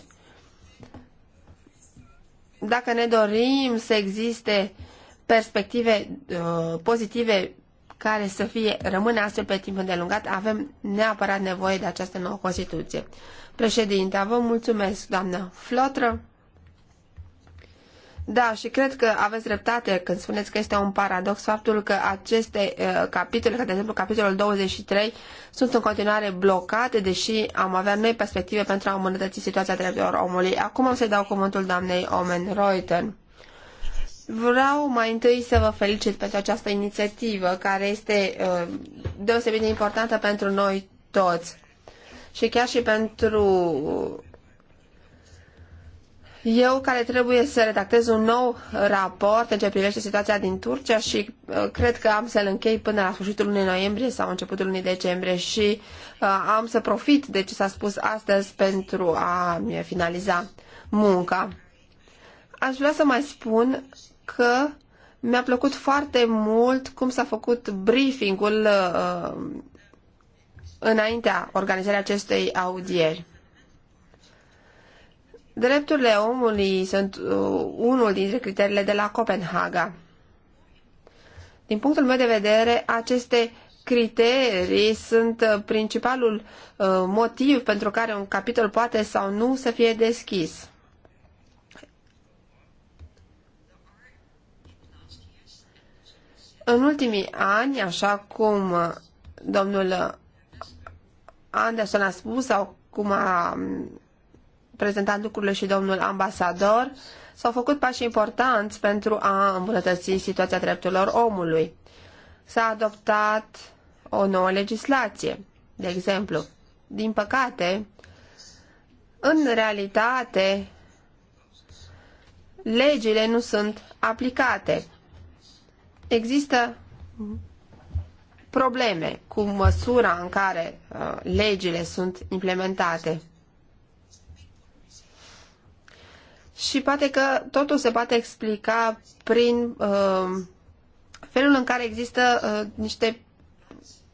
dacă ne dorim să existe perspective uh, pozitive care să fie rămâne astfel pe timp îndelungat, avem neapărat nevoie de această nouă Constituție. Președinte, vă mulțumesc, doamnă Flotră. Da, și cred că aveți dreptate când spuneți că este un paradox faptul că aceste uh, capitole, ca de exemplu capitolul 23, sunt în continuare blocate, deși am avea noi perspective pentru a îmbunătăți situația drepturilor omului. Acum o să-i dau cuvântul doamnei Omen Reuten. Vreau mai întâi să vă felicit pentru această inițiativă, care este uh, deosebit de importantă pentru noi toți și chiar și pentru eu care trebuie să redactez un nou raport în ce privește situația din Turcia și uh, cred că am să-l închei până la sfârșitul lunii noiembrie sau începutul lunii decembrie și uh, am să profit de ce s-a spus astăzi pentru a finaliza munca. Aș vrea să mai spun că mi-a plăcut foarte mult cum s-a făcut briefingul uh, înaintea organizării acestei audieri. Drepturile omului sunt uh, unul dintre criteriile de la Copenhaga. Din punctul meu de vedere, aceste criterii sunt uh, principalul uh, motiv pentru care un capitol poate sau nu să fie deschis. În ultimii ani, așa cum uh, domnul Anderson a spus sau cum a um, prezentat lucrurile și domnul ambasador, s-au făcut pași importanți pentru a îmbunătăți situația drepturilor omului. S-a adoptat o nouă legislație, de exemplu. Din păcate, în realitate, legile nu sunt aplicate. Există probleme cu măsura în care uh, legile sunt implementate. și poate că totul se poate explica prin uh, felul în care există uh, niște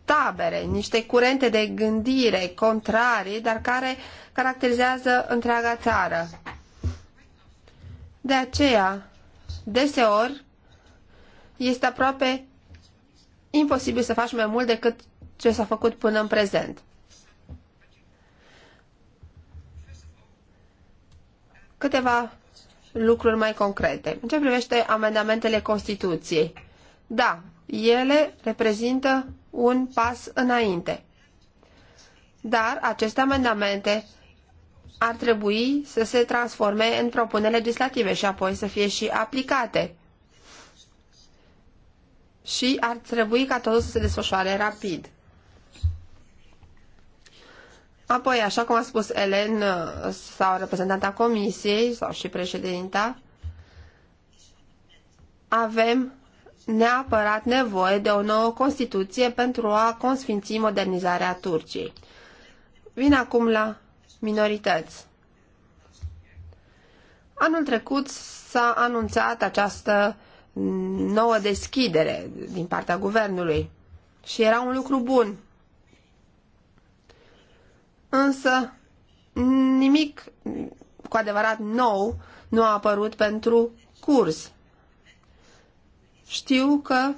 tabere, niște curente de gândire contrarii, dar care caracterizează întreaga țară. De aceea, deseori, este aproape imposibil să faci mai mult decât ce s-a făcut până în prezent. Câteva lucruri mai concrete. În ce privește amendamentele Constituției? Da, ele reprezintă un pas înainte. Dar aceste amendamente ar trebui să se transforme în propuneri legislative și apoi să fie și aplicate. Și ar trebui ca totul să se desfășoare rapid. Apoi, așa cum a spus Elen uh, sau reprezentanta comisiei sau și președinta, avem neapărat nevoie de o nouă Constituție pentru a consfinți modernizarea Turciei. Vin acum la minorități. Anul trecut s-a anunțat această nouă deschidere din partea guvernului și era un lucru bun însă nimic cu adevărat nou nu a apărut pentru curs. Știu că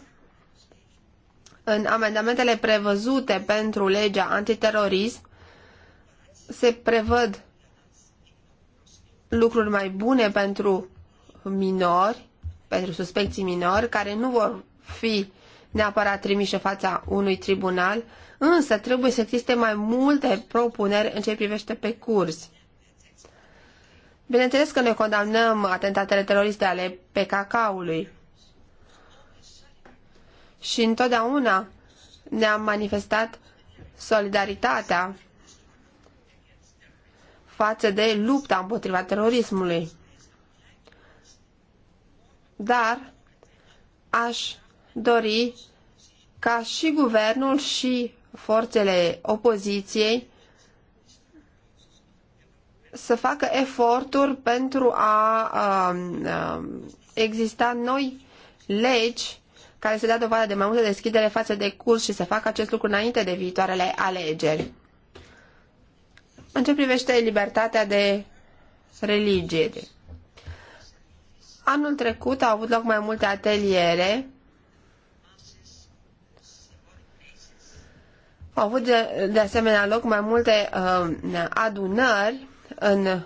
în amendamentele prevăzute pentru legea antiterorism se prevăd lucruri mai bune pentru minori, pentru suspecții minori, care nu vor fi neapărat trimiși în fața unui tribunal, însă trebuie să existe mai multe propuneri în ce privește pe curs. Bineînțeles că noi condamnăm atentatele teroriste ale PKK-ului și întotdeauna ne-am manifestat solidaritatea față de lupta împotriva terorismului. Dar aș dori ca și guvernul și forțele opoziției să facă eforturi pentru a, a, a exista noi legi care să dea dovadă de mai multă deschidere față de curs și să facă acest lucru înainte de viitoarele alegeri. În ce privește libertatea de religie? Anul trecut au avut loc mai multe ateliere Au avut de, de asemenea loc mai multe uh, adunări în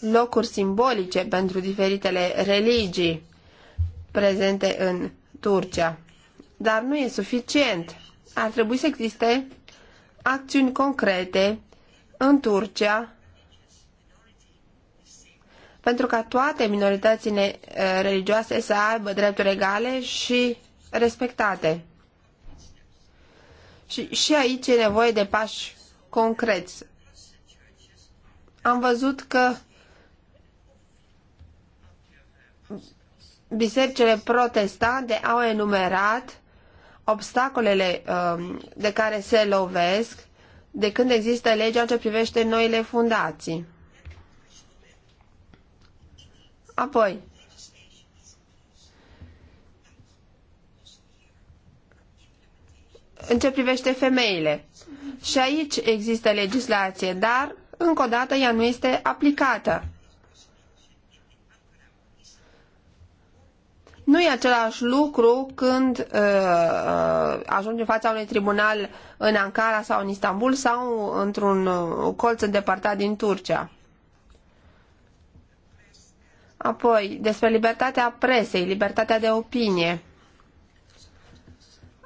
locuri simbolice pentru diferitele religii prezente în Turcia. Dar nu e suficient. Ar trebui să existe acțiuni concrete în Turcia pentru ca toate minoritățile uh, religioase să aibă drepturi egale și respectate. Și, și aici e nevoie de pași concreți. Am văzut că bisericile protestante au enumerat obstacolele um, de care se lovesc de când există legea ce privește noile fundații. Apoi, în ce privește femeile. Și aici există legislație, dar, încă o dată, ea nu este aplicată. Nu e același lucru când uh, uh ajungi în fața unui tribunal în Ankara sau în Istanbul sau într-un uh, colț îndepărtat din Turcia. Apoi, despre libertatea presei, libertatea de opinie.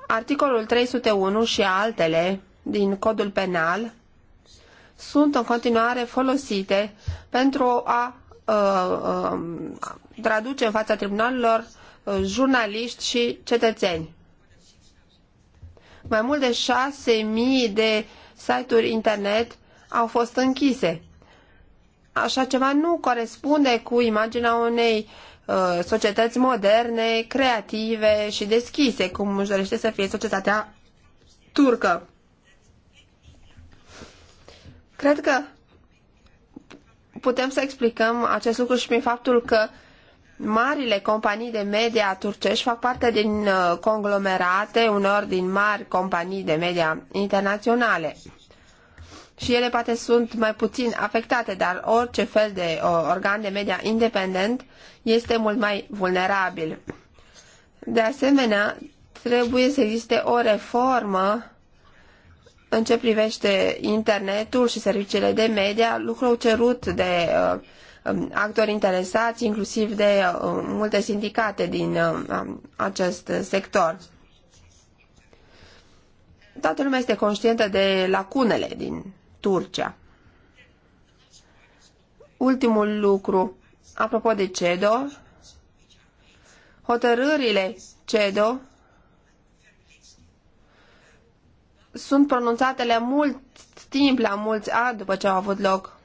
Articolul 301 și altele din codul penal sunt în continuare folosite pentru a uh, um, traduce în fața tribunalelor uh, jurnaliști și cetățeni. Mai mult de 6.000 de site-uri internet au fost închise. Așa ceva nu corespunde cu imaginea unei Uh, societăți moderne, creative și deschise, cum își dorește să fie societatea turcă. Cred că putem să explicăm acest lucru și prin faptul că marile companii de media turcești fac parte din uh, conglomerate, unor din mari companii de media internaționale și ele poate sunt mai puțin afectate, dar orice fel de organ de media independent este mult mai vulnerabil. De asemenea, trebuie să existe o reformă în ce privește internetul și serviciile de media, lucru cerut de uh, um, actori interesați, inclusiv de uh, multe sindicate din uh, um, acest sector. Toată lumea este conștientă de lacunele din Turcia. Ultimul lucru, apropo de CEDO, hotărârile CEDO sunt pronunțate la mult timp, la mulți ani după ce au avut loc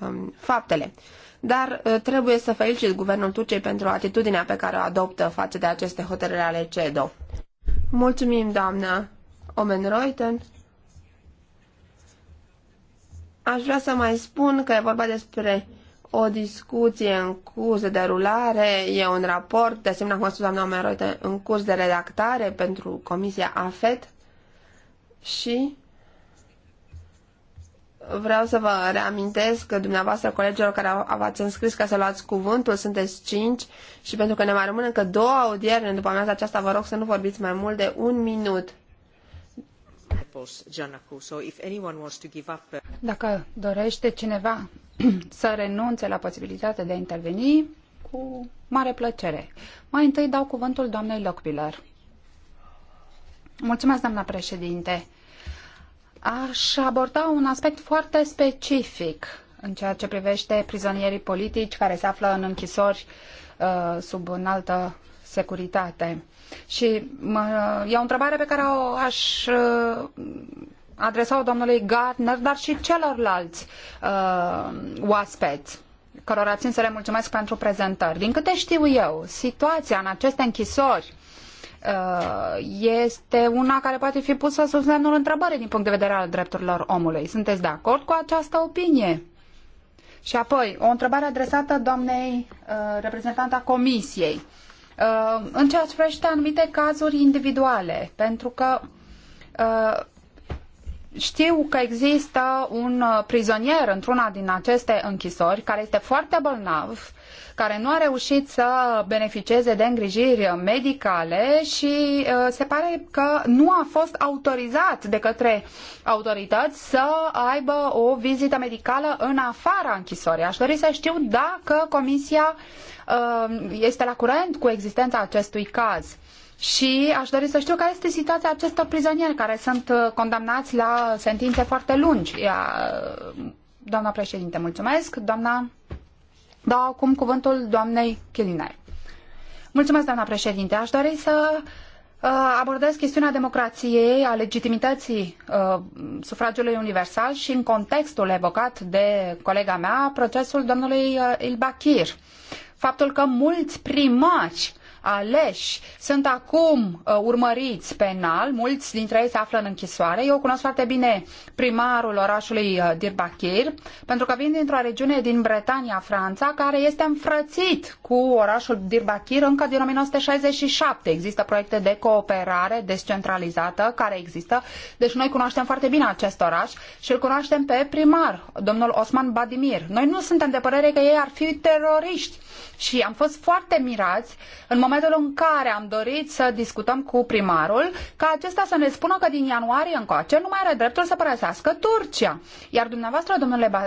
um, faptele. Dar uh, trebuie să felicit guvernul Turciei pentru atitudinea pe care o adoptă față de aceste hotărâri ale CEDO. Mulțumim, doamnă Omen Reuten. Aș vrea să mai spun că e vorba despre o discuție în curs de derulare, e un raport, de asemenea, cum a spus doamna Meroite, în curs de redactare pentru Comisia AFET și vreau să vă reamintesc că dumneavoastră, colegilor care v-ați înscris ca să luați cuvântul, sunteți cinci și pentru că ne mai rămân încă două audieri după amiază aceasta, vă rog să nu vorbiți mai mult de un minut. Uh, Dacă dorește cineva să renunțe la posibilitatea de a interveni, cu mare plăcere. Mai întâi dau cuvântul doamnei Lockbiller. Mulțumesc, doamna președinte. Aș aborda un aspect foarte specific în ceea ce privește prizonierii politici care se află în închisori uh, sub înaltă securitate. Și mă, e o întrebare pe care o aș uh, adresa-o domnului Gardner, dar și celorlalți uh, oaspeți cărora țin să le mulțumesc pentru prezentări. Din câte știu eu, situația în aceste închisori uh, este una care poate fi pusă sub semnul întrebării din punct de vedere al drepturilor omului. Sunteți de acord cu această opinie? Și apoi, o întrebare adresată doamnei uh, reprezentanta Comisiei. Uh, în ceea ce privește anumite cazuri individuale, pentru că uh, știu că există un uh, prizonier într-una din aceste închisori care este foarte bolnav, care nu a reușit să beneficieze de îngrijiri medicale și se pare că nu a fost autorizat de către autorități să aibă o vizită medicală în afara închisorii. Aș dori să știu dacă Comisia uh, Um, este la curent cu existența acestui caz. Și aș dori să știu care este situația acestor prizonieri care sunt uh, condamnați la sentințe foarte lungi. Uh, doamna președinte, mulțumesc. Doamna, dau acum cuvântul doamnei Chiliner. Mulțumesc, doamna președinte. Aș dori să uh, abordez chestiunea democrației, a legitimității uh, sufragiului universal și în contextul evocat de colega mea, procesul domnului Ilbachir faptul că mulți primari uh, aleși sunt acum urmăriti uh, urmăriți penal, mulți dintre ei se află în închisoare. Eu cunosc foarte bine primarul orașului uh, Dirbachir, pentru că vin dintr-o regiune din Bretania, Franța, care este înfrățit cu orașul Dirbachir încă din 1967. Există proiecte de cooperare descentralizată care există, deci noi cunoaștem foarte bine acest oraș și îl cunoaștem pe primar, domnul Osman Badimir. Noi nu suntem de părere că ei ar fi teroriști și am fost foarte mirați în momentul momentul în care am dorit să discutăm cu primarul, ca acesta să ne spună că din ianuarie încoace nu mai are dreptul să părăsească Turcia. Iar dumneavoastră, domnule uh,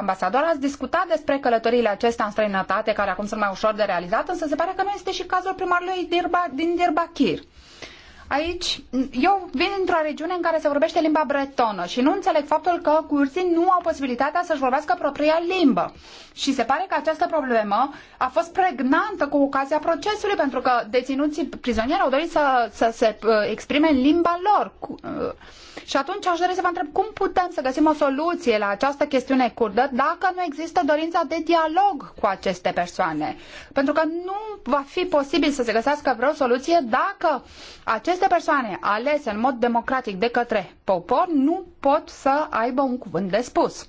ambasador, ați discutat despre călătoriile acestea în străinătate, care acum sunt mai ușor de realizat, însă se pare că nu este și cazul primarului din Dirbakir. Aici, eu vin dintr-o regiune în care se vorbește limba bretonă și nu înțeleg faptul că curții nu au posibilitatea să-și vorbească propria limbă. Și se pare că această problemă a fost pregnantă cu ocazia procesului, pentru că deținuții prizonieri au dorit să, să se uh, exprime în limba lor. Uh, și atunci aș dori să vă întreb cum putem să găsim o soluție la această chestiune curdă dacă nu există dorința de dialog cu aceste persoane. Pentru că nu va fi posibil să se găsească vreo soluție dacă aceste aceste persoane alese în mod democratic de către popor nu pot să aibă un cuvânt de spus.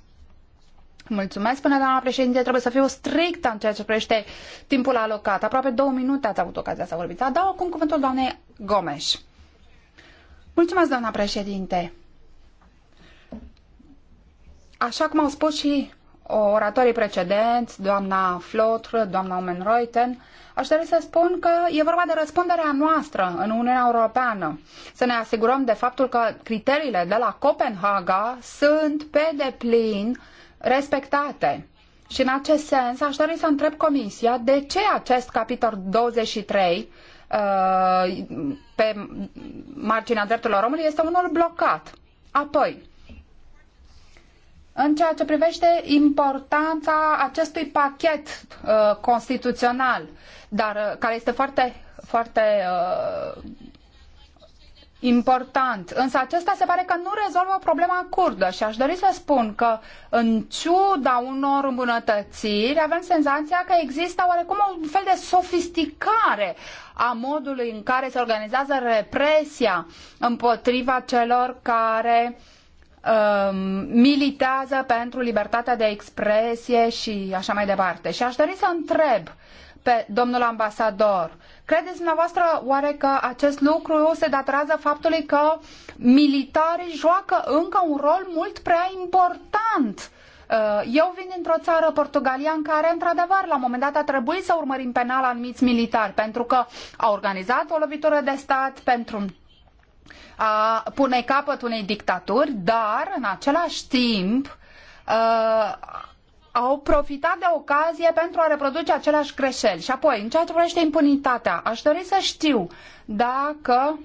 Mulțumesc, până doamna președinte, trebuie să fiu strictă în ceea ce privește timpul alocat. Aproape două minute ați avut ocazia să vorbiți. Adau acum cuvântul doamnei Gomes. Mulțumesc, doamna președinte. Așa cum au spus și oratorii precedenți, doamna Flotr, doamna Omen Reuten, aș dori să spun că e vorba de răspunderea noastră în Uniunea Europeană. Să ne asigurăm de faptul că criteriile de la Copenhaga sunt pe deplin respectate. Și în acest sens aș dori să întreb Comisia de ce acest capitol 23 uh, pe marginea drepturilor omului este unul blocat. Apoi, în ceea ce privește importanța acestui pachet uh, constituțional, dar uh, care este foarte, foarte uh, important. Însă acesta se pare că nu rezolvă problema curdă și aș dori să spun că în ciuda unor îmbunătățiri avem senzația că există oarecum un fel de sofisticare a modului în care se organizează represia împotriva celor care uh, Um, militează pentru libertatea de expresie și așa mai departe. Și aș dori să întreb pe domnul ambasador, credeți dumneavoastră oare că acest lucru se datorează faptului că militarii joacă încă un rol mult prea important uh, eu vin dintr-o țară, Portugalia, în care, într-adevăr, la un moment dat a trebuit să urmărim penal anumiți militari, pentru că au organizat o lovitură de stat, pentru a pune capăt unei dictaturi, dar în același timp uh, au profitat de ocazie pentru a reproduce același greșeli. Și apoi, în ceea ce privește impunitatea, aș dori să știu dacă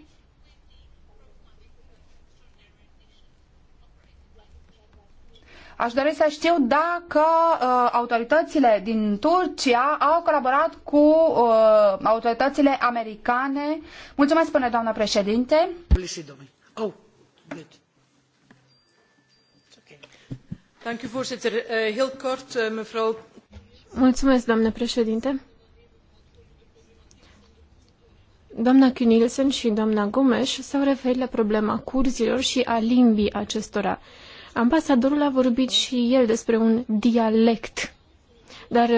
Aș dori să știu dacă uh, autoritățile din Turcia au colaborat cu uh, autoritățile americane. Mulțumesc, spune doamna președinte. Mulțumesc, good. voorzitter heel președinte doamna künilsen și doamna gomes s au referit la problema curzilor și a limbii acestora. Ambasadorul a vorbit și el despre un dialect, dar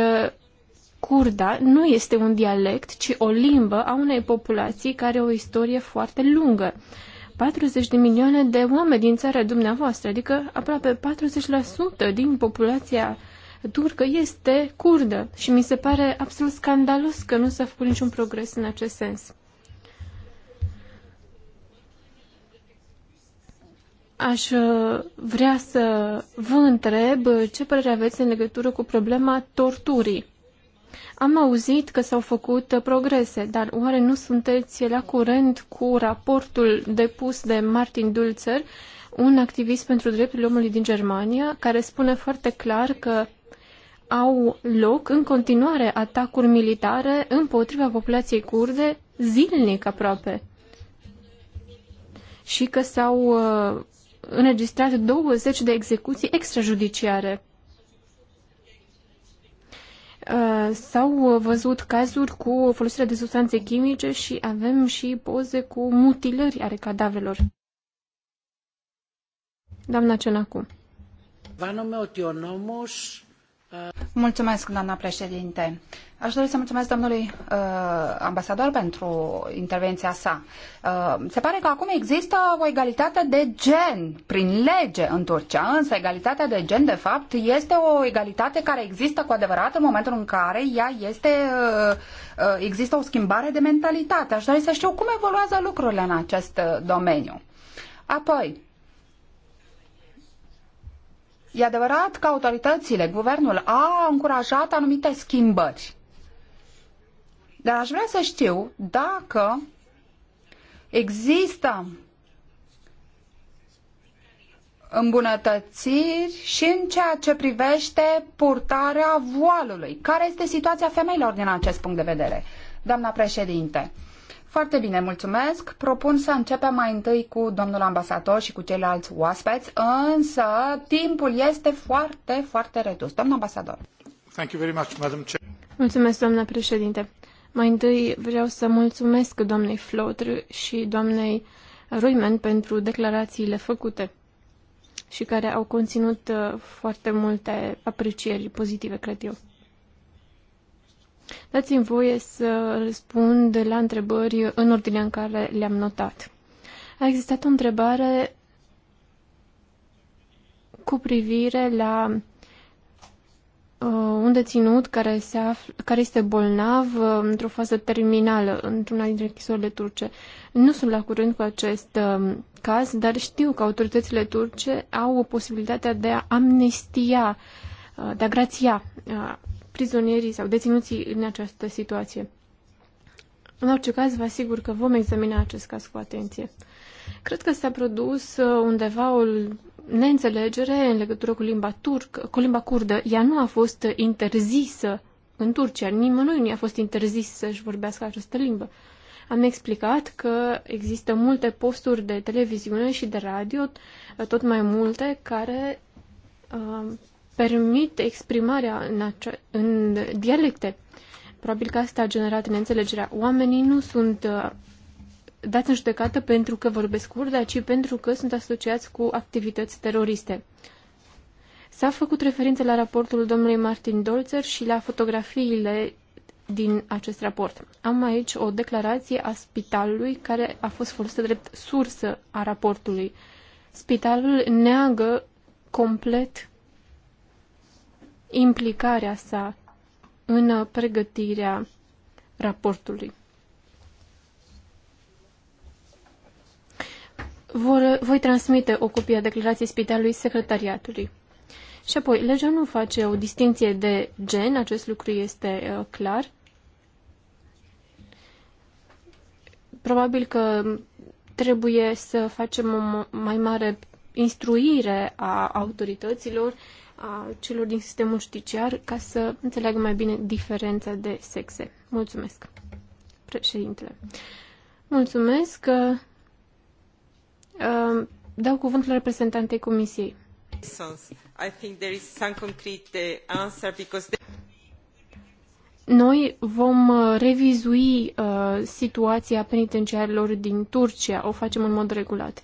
curda uh, nu este un dialect, ci o limbă a unei populații care are o istorie foarte lungă. 40 de milioane de oameni din țara dumneavoastră, adică aproape 40% din populația turcă este curdă și mi se pare absolut scandalos că nu s-a făcut niciun progres în acest sens. aș uh, vrea să vă întreb uh, ce părere aveți în legătură cu problema torturii. Am auzit că s-au făcut uh, progrese, dar oare nu sunteți la curent cu raportul depus de Martin Dulzer, un activist pentru drepturile omului din Germania, care spune foarte clar că au loc în continuare atacuri militare împotriva populației curde zilnic aproape și că s-au înregistrat 20 de execuții extrajudiciare. Uh, s-au văzut cazuri cu folosirea de substanțe chimice și avem și poze cu mutilări ale cadavrelor. Doamna Cenacu. Vanomme ότι ο νόμος Mulțumesc, președinte. Aș dori să mulțumesc domnului uh, ambasador pentru intervenția sa. Uh, se pare că acum există o egalitate de gen prin lege în Turcia, însă egalitatea de gen, de fapt, este o egalitate care există cu adevărat în momentul în care ea este, uh, uh, există o schimbare de mentalitate. Aș dori să știu cum evoluează lucrurile în acest uh, domeniu. Apoi, E adevărat că autoritățile, guvernul a încurajat anumite schimbări. Dar aș vrea să știu dacă există îmbunătățiri și în ceea ce privește purtarea voalului. Care este situația femeilor din acest punct de vedere? Doamna președinte, foarte bine, mulțumesc. Propun să începem mai întâi cu domnul ambasador și cu ceilalți oaspeți, însă timpul este foarte, foarte redus. Domnul ambasador. Thank you very much, Madam Chair. Mulțumesc, doamna președinte. Mai întâi vreau să mulțumesc doamnei Flotr și doamnei Ruimen pentru declarațiile făcute și care au conținut uh, foarte multe aprecieri pozitive, cred eu. Dați-mi voie să răspund la întrebări în ordinea în care le-am notat. A existat o întrebare cu privire la Uh, un deținut care, se afl, care este bolnav uh, într-o fază terminală într-una dintre închisorile turce. Nu sunt la curând cu acest um, caz, dar știu că autoritățile turce au o posibilitatea de a amnestia, uh, de a grația prizonierii sau deținuții în această situație. În orice caz, vă asigur că vom examina acest caz cu atenție. Cred că s-a produs undeva o neînțelegere în legătură cu limba turcă, cu limba curdă. Ea nu a fost interzisă în Turcia. Nimănui nu i-a fost interzis să-și vorbească această limbă. Am explicat că există multe posturi de televiziune și de radio, tot mai multe, care uh, permit exprimarea în, ace- în dialecte. Probabil că asta a generat neînțelegerea. Oamenii nu sunt uh, dați în judecată pentru că vorbesc urda, ci pentru că sunt asociați cu activități teroriste. S-a făcut referință la raportul domnului Martin Dolzer și la fotografiile din acest raport. Am aici o declarație a spitalului care a fost folosită drept sursă a raportului. Spitalul neagă complet implicarea sa în pregătirea raportului. vor, voi transmite o copie a declarației spitalului secretariatului. Și apoi, legea nu face o distinție de gen, acest lucru este uh, clar. Probabil că trebuie să facem o mai mare instruire a autorităților, a celor din sistemul judiciar, ca să înțeleagă mai bine diferența de sexe. Mulțumesc, președintele. Mulțumesc. Uh, Ehm, dau cuvântul reprezentantei Comisiei. Uh, Noi vom uh, revizui uh, situația penitenciarilor din Turcia, o facem în mod regulat.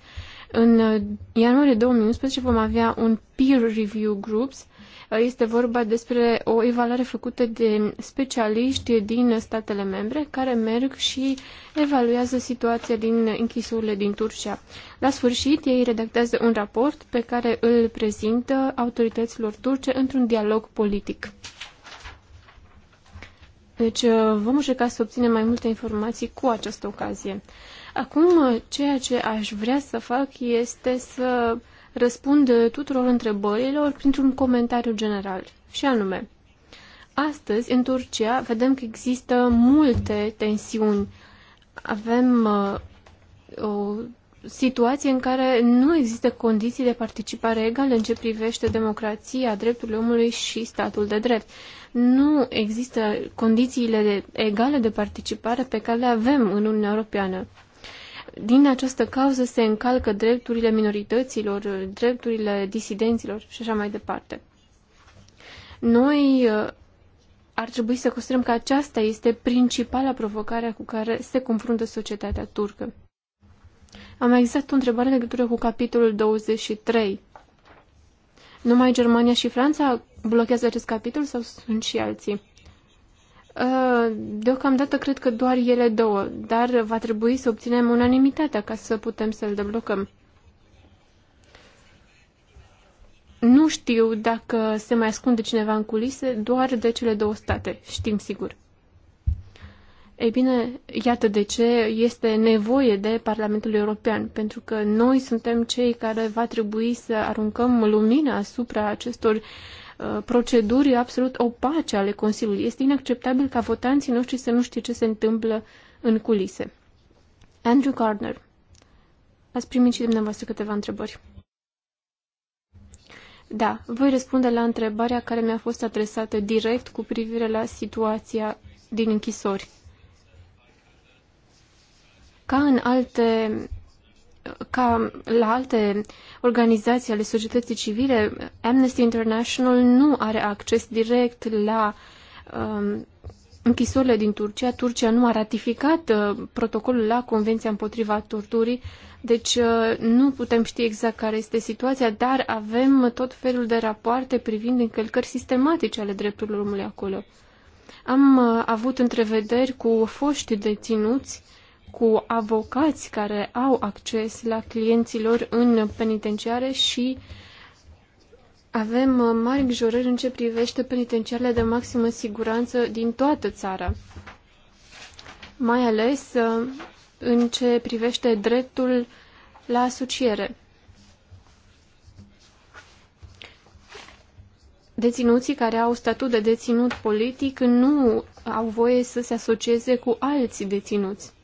În uh, ianuarie 2011 vom avea un peer review groups este vorba despre o evaluare făcută de specialiști din statele membre care merg și evaluează situația din închisurile din Turcia. La sfârșit, ei redactează un raport pe care îl prezintă autorităților turce într-un dialog politic. Deci uh, vom încerca să obținem mai multe informații cu această ocazie. Acum, ceea ce aș vrea să fac este să uh, răspund tuturor întrebărilor printr-un comentariu general, și anume, astăzi, în Turcia, vedem că există multe tensiuni. Avem uh, o situație în care nu există condiții de participare egale în ce privește democrația, drepturile omului și statul de drept. Nu există condițiile de, egale de participare pe care le avem în Uniunea Europeană din această cauză se încalcă drepturile minorităților, drepturile disidenților și așa mai departe. Noi uh, ar trebui să considerăm că aceasta este principala provocare cu care se confruntă societatea turcă. Am mai existat o întrebare în legătură cu capitolul 23. Numai Germania și Franța blochează acest capitol sau sunt și alții? Uh, deocamdată cred că doar ele două, dar va trebui să obținem unanimitatea ca să putem să-l deblocăm. Nu știu dacă se mai ascunde cineva în culise, doar de cele două state, știm sigur. Ei bine, iată de ce este nevoie de Parlamentul European, pentru că noi suntem cei care va trebui să aruncăm lumină asupra acestor Uh, proceduri absolut opace ale Consiliului. Este inacceptabil ca votanții noștri să nu știe ce se întâmplă în culise. Andrew Gardner, ați primit și dumneavoastră câteva întrebări. Da, voi răspunde la întrebarea care mi-a fost adresată direct cu privire la situația din închisori. Ca în alte ca la alte organizații ale societății civile, Amnesty International nu are acces direct la um, închisorile din Turcia. Turcia nu a ratificat uh, protocolul la Convenția împotriva torturii, deci uh, nu putem ști exact care este situația, dar avem tot felul de rapoarte privind încălcări sistematice ale drepturilor omului acolo. Am uh, avut întrevederi cu foști deținuți cu avocați care au acces la clienților în penitenciare și avem mari îngrijorări în ce privește penitenciarele de maximă siguranță din toată țara, mai ales uh, în ce privește dreptul la asociere. Deținuții care au statut de deținut politic nu au voie să se asocieze cu alți deținuți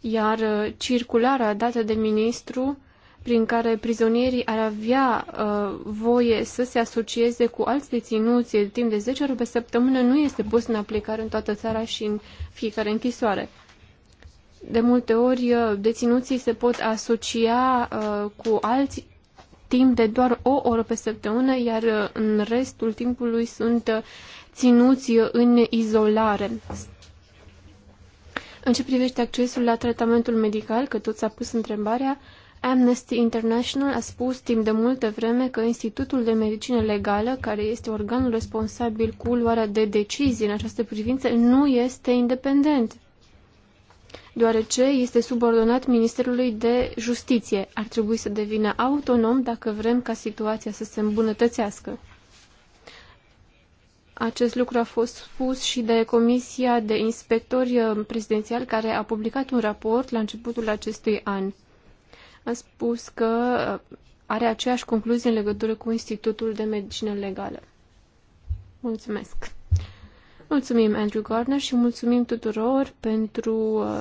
iar uh, circulara dată de ministru prin care prizonierii ar avea uh, voie să se asocieze cu alți deținuți timp de 10 ori pe săptămână nu este pus în aplicare în toată țara și în fiecare închisoare. De multe ori, uh, deținuții se pot asocia uh, cu alți timp de doar o oră pe săptămână, iar uh, în restul timpului sunt uh, ținuți în izolare. În ce privește accesul la tratamentul medical, că tot s-a pus întrebarea, Amnesty International a spus timp de multă vreme că Institutul de Medicină Legală, care este organul responsabil cu luarea de decizii în această privință, nu este independent, deoarece este subordonat Ministerului de Justiție. Ar trebui să devină autonom dacă vrem ca situația să se îmbunătățească. Acest lucru a fost spus și de Comisia de Inspectori uh, Prezidențiali care a publicat un raport la începutul acestui an. A spus că uh, are aceeași concluzie în legătură cu Institutul de Medicină Legală. Mulțumesc! Mulțumim, Andrew Gardner, și mulțumim tuturor pentru uh,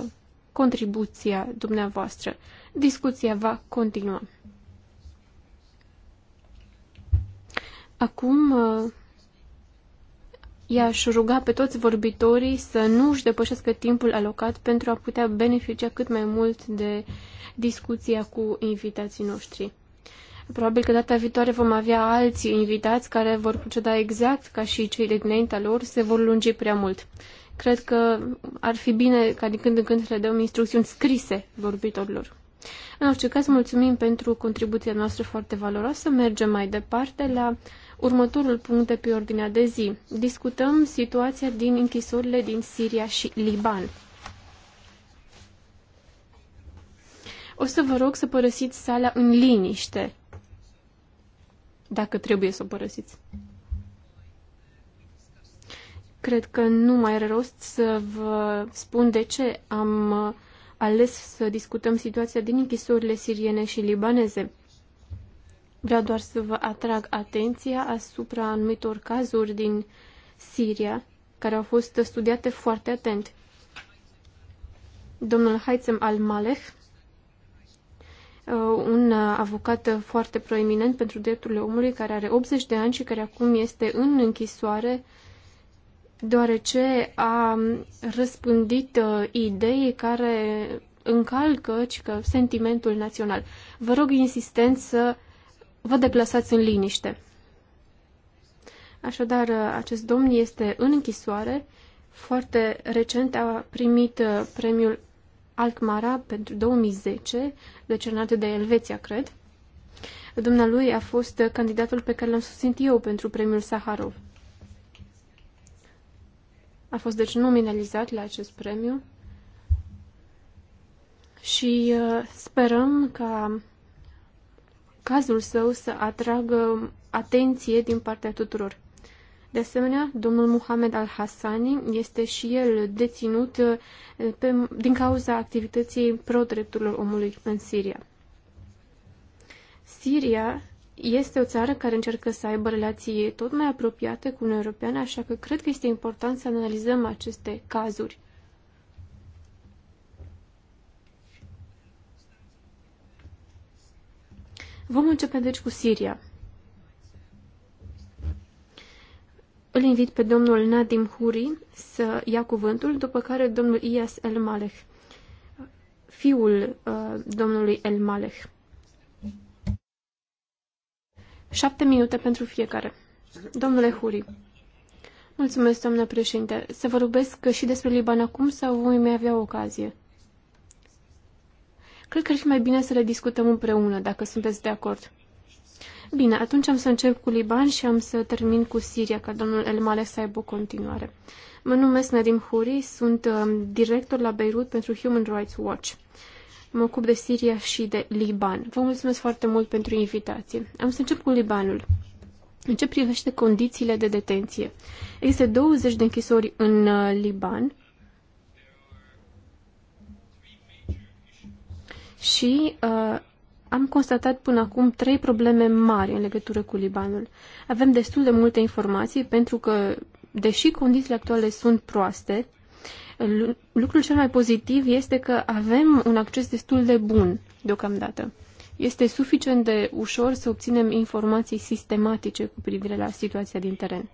contribuția dumneavoastră. Discuția va continua. Acum I-aș ruga pe toți vorbitorii să nu își depășească timpul alocat pentru a putea beneficia cât mai mult de discuția cu invitații noștri. Probabil că data viitoare vom avea alți invitați care vor proceda exact ca și cei de dinaintea lor, se vor lungi prea mult. Cred că ar fi bine ca din când în când să le dăm instrucțiuni scrise vorbitorilor. În orice caz, mulțumim pentru contribuția noastră foarte valoroasă. Mergem mai departe la Următorul punct de pe ordinea de zi. Discutăm situația din închisorile din Siria și Liban. O să vă rog să părăsiți sala în liniște, dacă trebuie să o părăsiți. Cred că nu mai are rost să vă spun de ce am ales să discutăm situația din închisorile siriene și libaneze. Vreau doar să vă atrag atenția asupra anumitor cazuri din Siria care au fost studiate foarte atent. Domnul Haitzem al malech uh, un avocat foarte proeminent pentru drepturile omului, care are 80 de ani și care acum este în închisoare, deoarece a răspândit uh, idei care încalcă că sentimentul național. Vă rog insistent să vă deplasați în liniște. Așadar, acest domn este în închisoare. Foarte recent a primit uh, premiul Alkmara pentru 2010, decernat de Elveția, cred. Dumnealui a fost uh, candidatul pe care l-am susținut eu pentru premiul Saharov. A fost deci nominalizat la acest premiu și uh, sperăm ca cazul său să atragă atenție din partea tuturor. De asemenea, domnul Mohamed al-Hassani este și el deținut eh, pe, din cauza activității pro-drepturilor omului în Siria. Siria este o țară care încearcă să aibă relații tot mai apropiate cu Uniunea Europeană, așa că cred că este important să analizăm aceste cazuri. Vom începe deci cu Siria. Îl invit pe domnul Nadim Huri să ia cuvântul, după care domnul Ias El Malech, fiul uh, domnului El Malech. Șapte minute pentru fiecare. Domnule Huri. Mulțumesc, domnule președinte. Să vorbesc și despre Liban acum sau voi mai avea ocazie? Cred că ar fi mai bine să le discutăm împreună, dacă sunteți de acord. Bine, atunci am să încep cu Liban și am să termin cu Siria, ca domnul Elmale să aibă o continuare. Mă numesc Nadim Huri, sunt um, director la Beirut pentru Human Rights Watch. Mă ocup de Siria și de Liban. Vă mulțumesc foarte mult pentru invitație. Am să încep cu Libanul. În ce privește condițiile de detenție? Există 20 de închisori în uh, Liban, și uh, am constatat până acum trei probleme mari în legătură cu Libanul. Avem destul de multe informații pentru că, deși condițiile actuale sunt proaste, lucrul cel mai pozitiv este că avem un acces destul de bun deocamdată. Este suficient de ușor să obținem informații sistematice cu privire la situația din teren.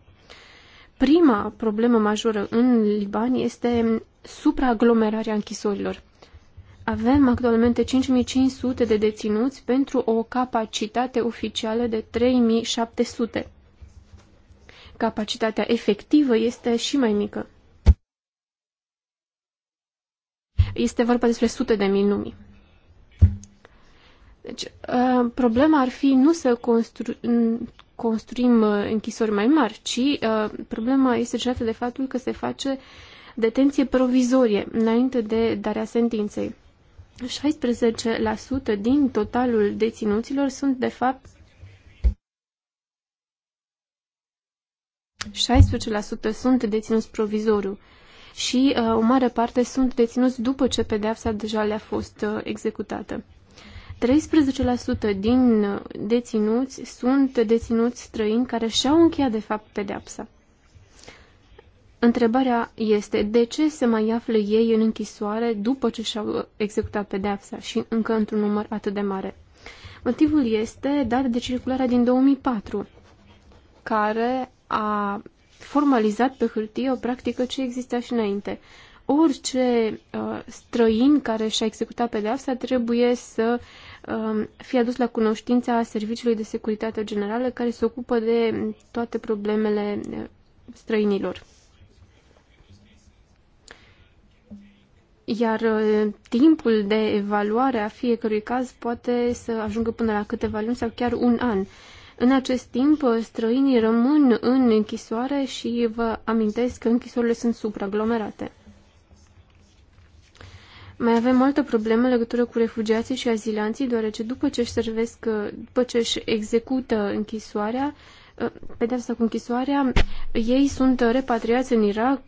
Prima problemă majoră în Liban este supraaglomerarea închisorilor. Avem actualmente 5500 de deținuți pentru o capacitate oficială de 3700. Capacitatea efectivă este și mai mică. Este vorba despre sute de mii numi. Deci, ă, problema ar fi nu să constru- construim ă, închisori mai mari, ci ă, problema este generată de faptul că se face detenție provizorie înainte de darea sentinței. 16% din totalul deținuților sunt de fapt 16% sunt deținuți provizoriu și uh, o mare parte sunt deținuți după ce pedeapsa deja le-a fost uh, executată. 13% din uh, deținuți sunt deținuți străini care și-au încheiat de fapt pedeapsa. Întrebarea este de ce se mai află ei în închisoare după ce și-au executat pedeapsa și încă într-un număr atât de mare. Motivul este dat de circularea din 2004, care a formalizat pe hârtie o practică ce exista și înainte. Orice uh, străin care și-a executat pedeapsa trebuie să uh, fie adus la cunoștința Serviciului de Securitate Generală care se ocupă de toate problemele uh, străinilor. iar uh, timpul de evaluare a fiecărui caz poate să ajungă până la câteva luni sau chiar un an. În acest timp, uh, străinii rămân în închisoare și vă amintesc că închisorile sunt supraaglomerate. Mai avem altă problemă în legătură cu refugiații și azilanții, deoarece după ce își servesc, uh, după ce își execută închisoarea, pedeapsa cu închisoarea, ei sunt repatriați în Irak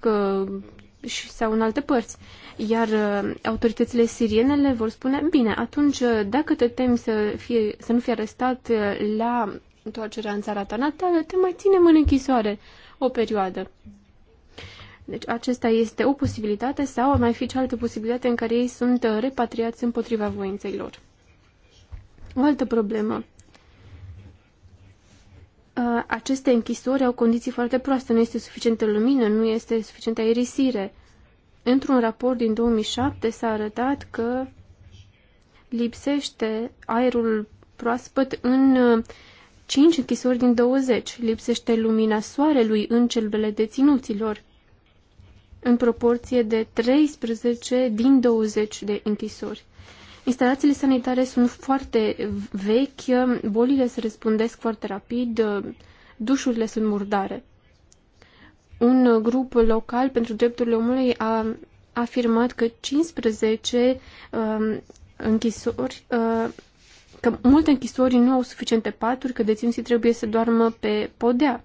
și sau în alte părți. Iar uh, autoritățile sirienele vor spune, bine, atunci uh, dacă te temi să, fie, să nu fii arestat uh, la întoarcerea în țara ta natală, te mai ținem în închisoare o perioadă. Deci acesta este o posibilitate sau mai fi cealaltă posibilitate în care ei sunt repatriați împotriva voinței lor. O altă problemă. Aceste închisori au condiții foarte proaste, nu este suficientă lumină, nu este suficientă aerisire. Într-un raport din 2007 s-a arătat că lipsește aerul proaspăt în 5 uh, închisori din 20, lipsește lumina soarelui în celulele deținuților, în proporție de 13 din 20 de închisori. Instalațiile sanitare sunt foarte vechi, bolile se răspundesc foarte rapid, uh, dușurile sunt murdare un grup local pentru drepturile omului a afirmat că 15 uh, um, închisori, uh, că multe închisori nu au suficiente paturi, că deținții trebuie să doarmă pe podea.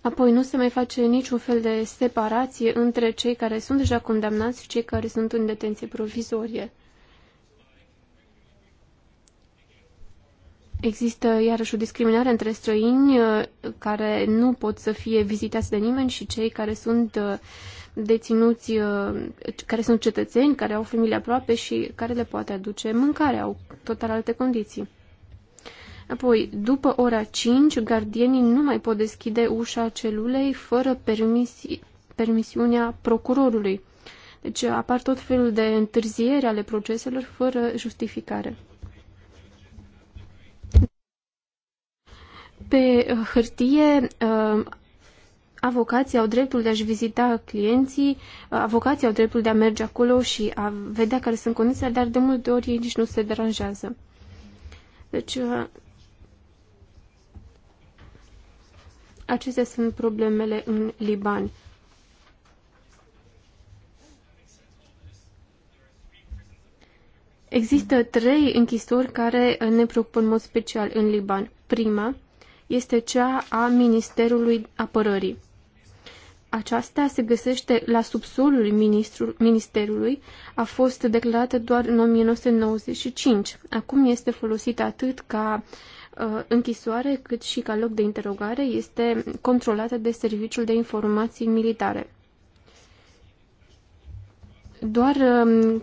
Apoi nu se mai face niciun fel de separație între cei care sunt deja condamnați și cei care sunt în detenție provizorie. Există iarăși o discriminare între străini uh, care nu pot să fie vizitați de nimeni și cei care sunt uh, deținuți, uh, care sunt cetățeni, care au familie aproape și care le poate aduce mâncare, au total alte condiții. Apoi, după ora 5, gardienii nu mai pot deschide ușa celulei fără permisi- permisiunea procurorului. Deci apar tot felul de întârzieri ale proceselor fără justificare. Pe uh, hârtie, uh, avocații au dreptul de a-și vizita clienții, uh, avocații au dreptul de a merge acolo și a vedea care sunt condițiile, dar de multe ori ei nici nu se deranjează. Deci, acestea sunt problemele în Liban. Există trei închisori care ne preocupă în mod special în Liban. Prima, este cea a Ministerului Apărării. Aceasta se găsește la subsolul ministerului, a fost declarată doar în 1995. Acum este folosită atât ca uh, închisoare cât și ca loc de interogare, este controlată de Serviciul de Informații Militare. Doar uh,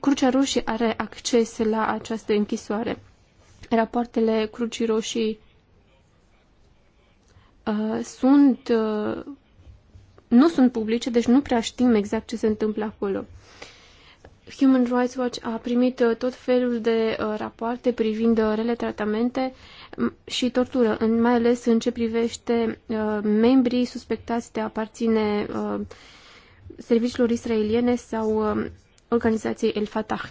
Crucea Roșie are acces la această închisoare. Rapoartele Crucii Roșii Uh, sunt, uh, nu sunt publice, deci nu prea știm exact ce se întâmplă acolo. Human Rights Watch a primit uh, tot felul de uh, rapoarte privind uh, rele tratamente și tortură, în, mai ales în ce privește uh, membrii suspectați de a aparține uh, serviciilor israeliene sau uh, organizației El Fatah.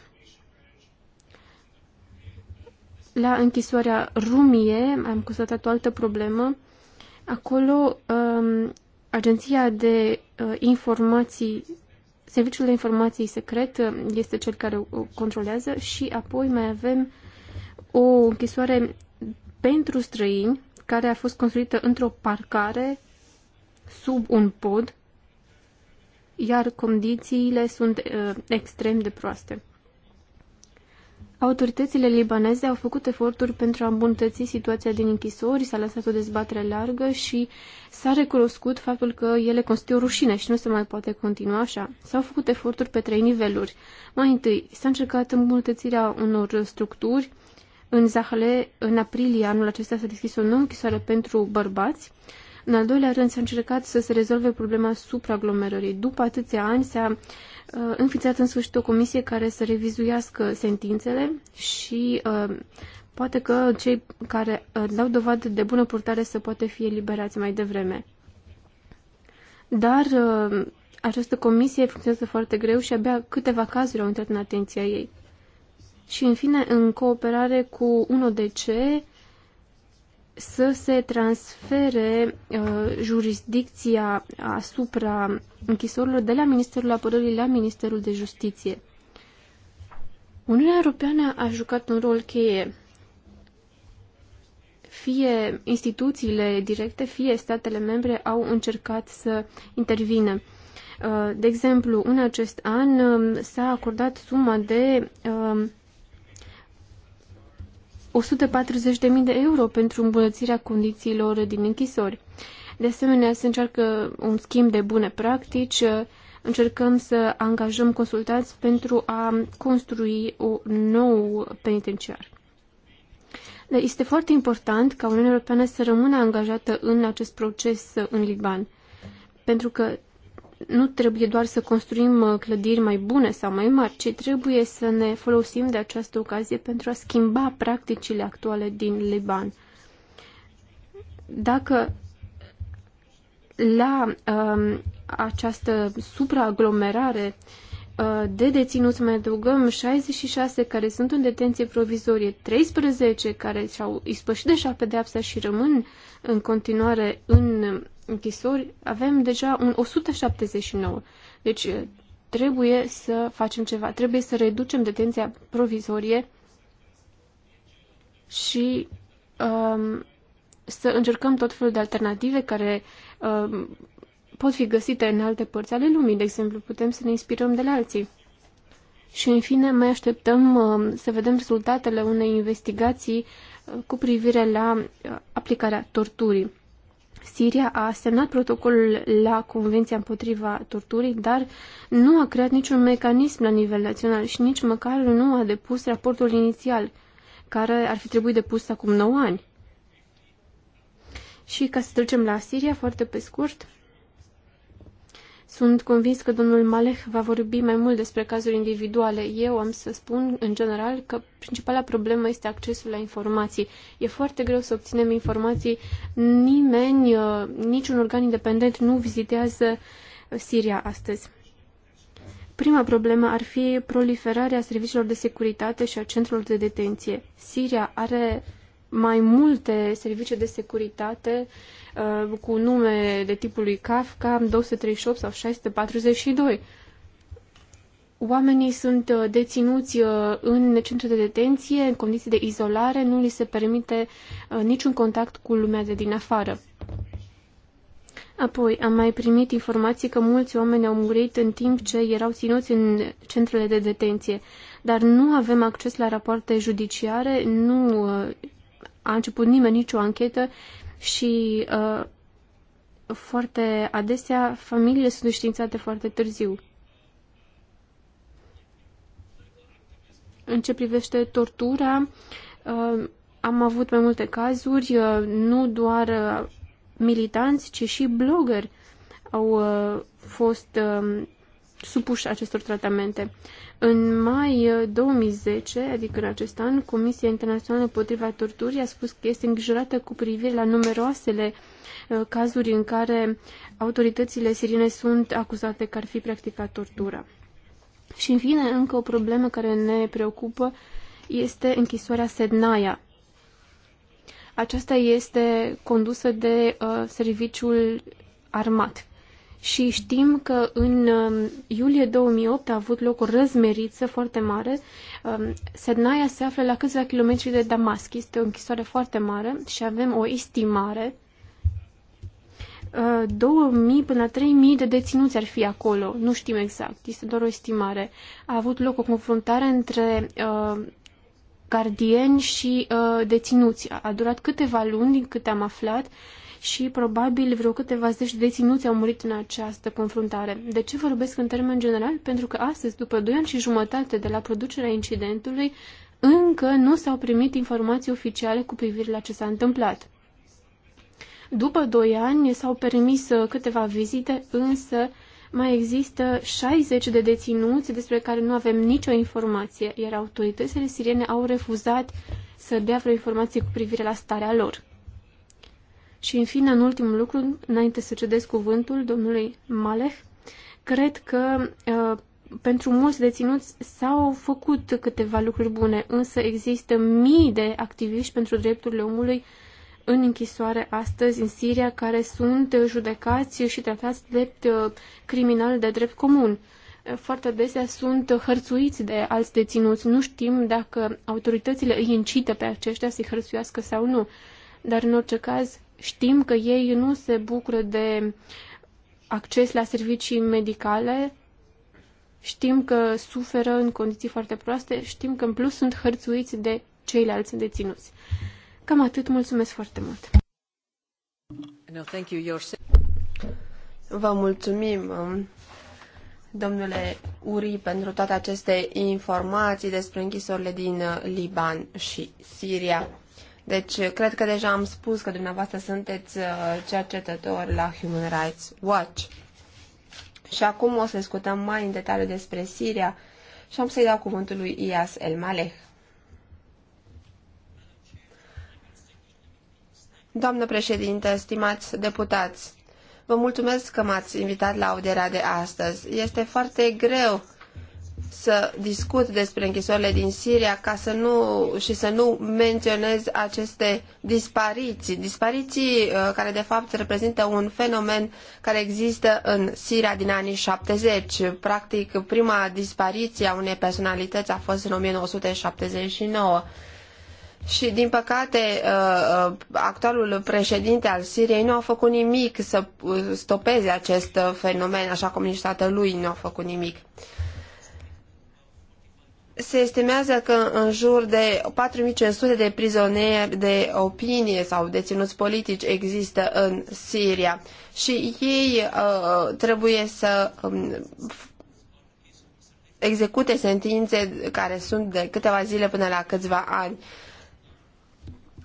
La închisoarea Rumie am constatat o altă problemă Acolo, um, Agenția de uh, Informații, Serviciul de Informații Secret uh, este cel care o controlează și apoi mai avem o închisoare pentru străini care a fost construită într-o parcare sub un pod, iar condițiile sunt uh, extrem de proaste. Autoritățile libaneze au făcut eforturi pentru a îmbunătăți situația din închisori, s-a lăsat o dezbatere largă și s-a recunoscut faptul că ele constituie o rușine și nu se mai poate continua așa. S-au făcut eforturi pe trei niveluri. Mai întâi, s-a încercat îmbunătățirea unor structuri. În zahle, în aprilie anul acesta s-a deschis o nouă închisoare pentru bărbați. În al doilea rând, s-a încercat să se rezolve problema supraaglomerării. După atâția ani s-a Uh, înființat în sfârșit o comisie care să revizuiască sentințele și uh, poate că cei care uh, dau dovadă de bună purtare să poate fi eliberați mai devreme. Dar această comisie funcționează foarte greu și abia câteva cazuri au intrat în atenția ei. Și, în fine, în cooperare cu UNODC, să se transfere uh, jurisdicția asupra închisorilor de la Ministerul Apărării la Ministerul de Justiție. Uniunea Europeană a jucat un rol cheie. Fie instituțiile directe, fie statele membre au încercat să intervină. Uh, de exemplu, în acest an uh, s-a acordat suma de uh, 140.000 de euro pentru îmbunătățirea condițiilor din închisori. De asemenea, se încearcă un schimb de bune practici, încercăm să angajăm consultanți pentru a construi un nou penitenciar. Dar este foarte important ca Uniunea Europeană să rămână angajată în acest proces în Liban, pentru că nu trebuie doar să construim uh, clădiri mai bune sau mai mari, ci trebuie să ne folosim de această ocazie pentru a schimba practicile actuale din Liban. Dacă la um, această supraaglomerare uh, de deținuți mai adăugăm 66 care sunt în detenție provizorie, 13 care și-au ispășit deja pedeapsa și rămân în continuare în închisori, avem deja un 179. Deci eh, trebuie să facem ceva, trebuie să reducem detenția provizorie și um, să încercăm tot felul de alternative care um, pot fi găsite în alte părți ale lumii. De exemplu, putem să ne inspirăm de la alții. Și, în fine, mai așteptăm um, să vedem rezultatele unei investigații uh, cu privire la uh, aplicarea torturii. Siria a semnat protocolul la Convenția împotriva torturii, dar nu a creat niciun mecanism la nivel național și nici măcar nu a depus raportul inițial, care ar fi trebuit depus acum 9 ani. Și ca să trecem la Siria, foarte pe scurt, sunt convins că domnul Maleh va vorbi mai mult despre cazuri individuale. Eu am să spun, în general, că principala problemă este accesul la informații. E foarte greu să obținem informații. Nimeni, uh, niciun organ independent nu vizitează uh, Siria astăzi. Prima problemă ar fi proliferarea serviciilor de securitate și a centrelor de detenție. Siria are mai multe servicii de securitate uh, cu nume de tipul lui Kafka 238 sau 642. Oamenii sunt uh, deținuți uh, în centre de detenție, în condiții de izolare, nu li se permite uh, niciun contact cu lumea de din afară. Apoi, am mai primit informații că mulți oameni au murit în timp ce erau ținuți în centrele de detenție, dar nu avem acces la rapoarte judiciare, nu a început nimeni nicio anchetă și uh, foarte adesea familiile sunt științate foarte târziu. În ce privește tortura, uh, am avut mai multe cazuri, uh, nu doar uh, militanți, ci și blogări au uh, fost uh, supuși acestor tratamente. În mai 2010, uh, adică în acest an, Comisia Internațională împotriva Torturii a spus că este îngrijorată cu privire la numeroasele uh, cazuri în care autoritățile siriene sunt acuzate că ar fi practicat tortura. Și, în fine, încă o problemă care ne preocupă este închisoarea Sednaia. Aceasta este condusă de uh, serviciul armat și știm că în um, iulie 2008 a avut loc o răzmeriță foarte mare. Um, Sednaia se află la câțiva kilometri de Damasc. Este o închisoare foarte mare și avem o estimare 2000 uh, până 3000 de deținuți ar fi acolo, nu știm exact, este doar o estimare. A avut loc o confruntare între uh, gardieni și uh, deținuți. A durat câteva luni, din câte am aflat, și probabil vreo câteva zeci de ținuți au murit în această confruntare. De ce vorbesc în termen general? Pentru că astăzi, după 2 ani și jumătate de la producerea incidentului, încă nu s-au primit informații oficiale cu privire la ce s-a întâmplat. După 2 ani s-au permis uh, câteva vizite, însă mai există 60 de deținuți despre care nu avem nicio informație, iar autoritățile siriene au refuzat să dea vreo informație cu privire la starea lor. Și, în fine, în ultimul lucru, înainte să cedez cuvântul domnului Maleh, cred că uh, pentru mulți deținuți s-au făcut câteva lucruri bune, însă există mii de activiști pentru drepturile omului în închisoare astăzi în Siria care sunt judecați și tratați drept uh, criminal de drept comun. Foarte adesea sunt hărțuiți de alți deținuți. Nu știm dacă autoritățile îi incită pe aceștia să-i hărțuiască sau nu. Dar în orice caz, Știm că ei nu se bucură de acces la servicii medicale, știm că suferă în condiții foarte proaste, știm că în plus sunt hărțuiți de ceilalți deținuți. Cam atât, mulțumesc foarte mult. No, thank you. Vă mulțumim, um, domnule Uri, pentru toate aceste informații despre închisorile din uh, Liban și Siria. Deci, cred că deja am spus că dumneavoastră sunteți uh, cercetători la Human Rights Watch. Și acum o să discutăm mai în detaliu despre Siria și am să-i dau cuvântul lui Ias El Maleh. Doamnă președinte, stimați deputați, vă mulțumesc că m-ați invitat la audierea de astăzi. Este foarte greu să discut despre închisorile din Siria ca să nu, și să nu menționez aceste dispariții. Dispariții uh, care de fapt reprezintă un fenomen care există în Siria din anii 70. Practic, prima dispariție a unei personalități a fost în 1979. Și, din păcate, uh, uh, actualul președinte al Siriei nu a făcut nimic să stopeze acest fenomen, așa cum nici lui nu a făcut nimic se estimează că în jur de 4500 de prizonieri de opinie sau deținuți politici există în Siria și ei uh, trebuie să um, execute sentințe care sunt de câteva zile până la câțiva ani.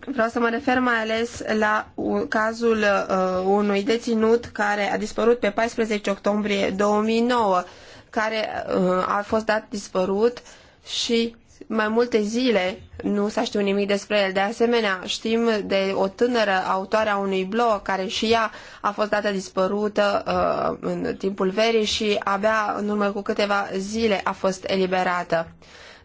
Vreau să mă refer mai ales la cazul uh, unui deținut care a dispărut pe 14 octombrie 2009, care uh, a fost dat dispărut uh, și mai multe zile nu s-a știut nimic despre el. De asemenea, știm de o tânără autoare a unui blog care și ea a fost dată dispărută uh, în timpul verii și abia în urmă cu câteva zile a fost eliberată.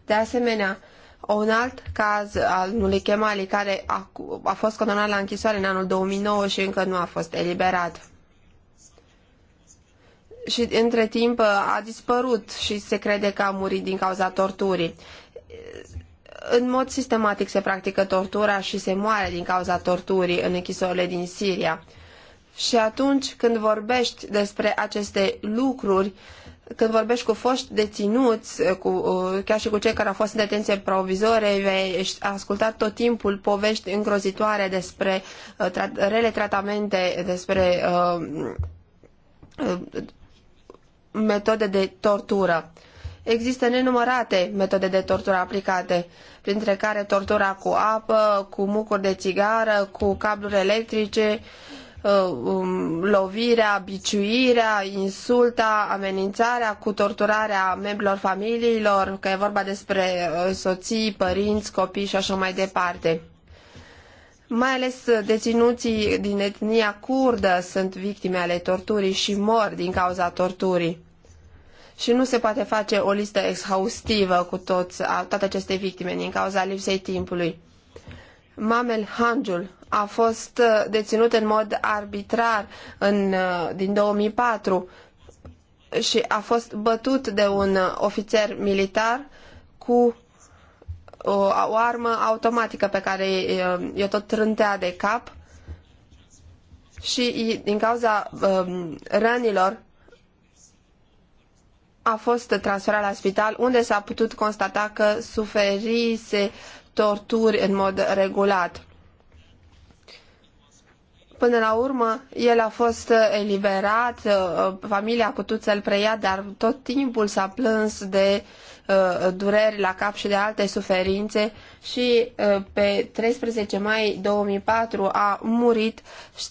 De asemenea, un alt caz al lui Chemali care a, a fost condamnat la închisoare în anul 2009 și încă nu a fost eliberat și între timp uh, a dispărut și se crede că a murit din cauza torturii. În mod sistematic se practică tortura și se moare din cauza torturii în închisorile din Siria. Și atunci când vorbești despre aceste lucruri, când vorbești cu foști deținuți, uh, cu, uh, chiar și cu cei care au fost în detenție provizore, vei asculta tot timpul povești îngrozitoare despre tra rele tratamente, despre uh, metode de tortură. Există nenumărate metode de tortură aplicate, printre care tortura cu apă, cu mucuri de țigară, cu cabluri electrice, uh, um, lovirea, biciuirea, insulta, amenințarea cu torturarea membrilor familiilor, că e vorba despre uh, soții, părinți, copii și așa mai departe mai ales uh, deținuții din etnia curdă sunt victime ale torturii și mor din cauza torturii. Și nu se poate face o listă exhaustivă cu toți, a, toate aceste victime din cauza lipsei timpului. Mamel Hanjul a fost uh, deținut în mod arbitrar în, uh, din 2004 și a fost bătut de un ofițer militar cu o, o armă automatică pe care um, eu tot trântea de cap și din cauza um, rănilor a fost transferat la spital unde s-a putut constata că suferise torturi în mod regulat. Până la urmă, el a fost eliberat, uh, familia a putut să-l preia, dar tot timpul s-a plâns de uh, dureri la cap și de alte suferințe și uh, pe 13 mai 2004 a murit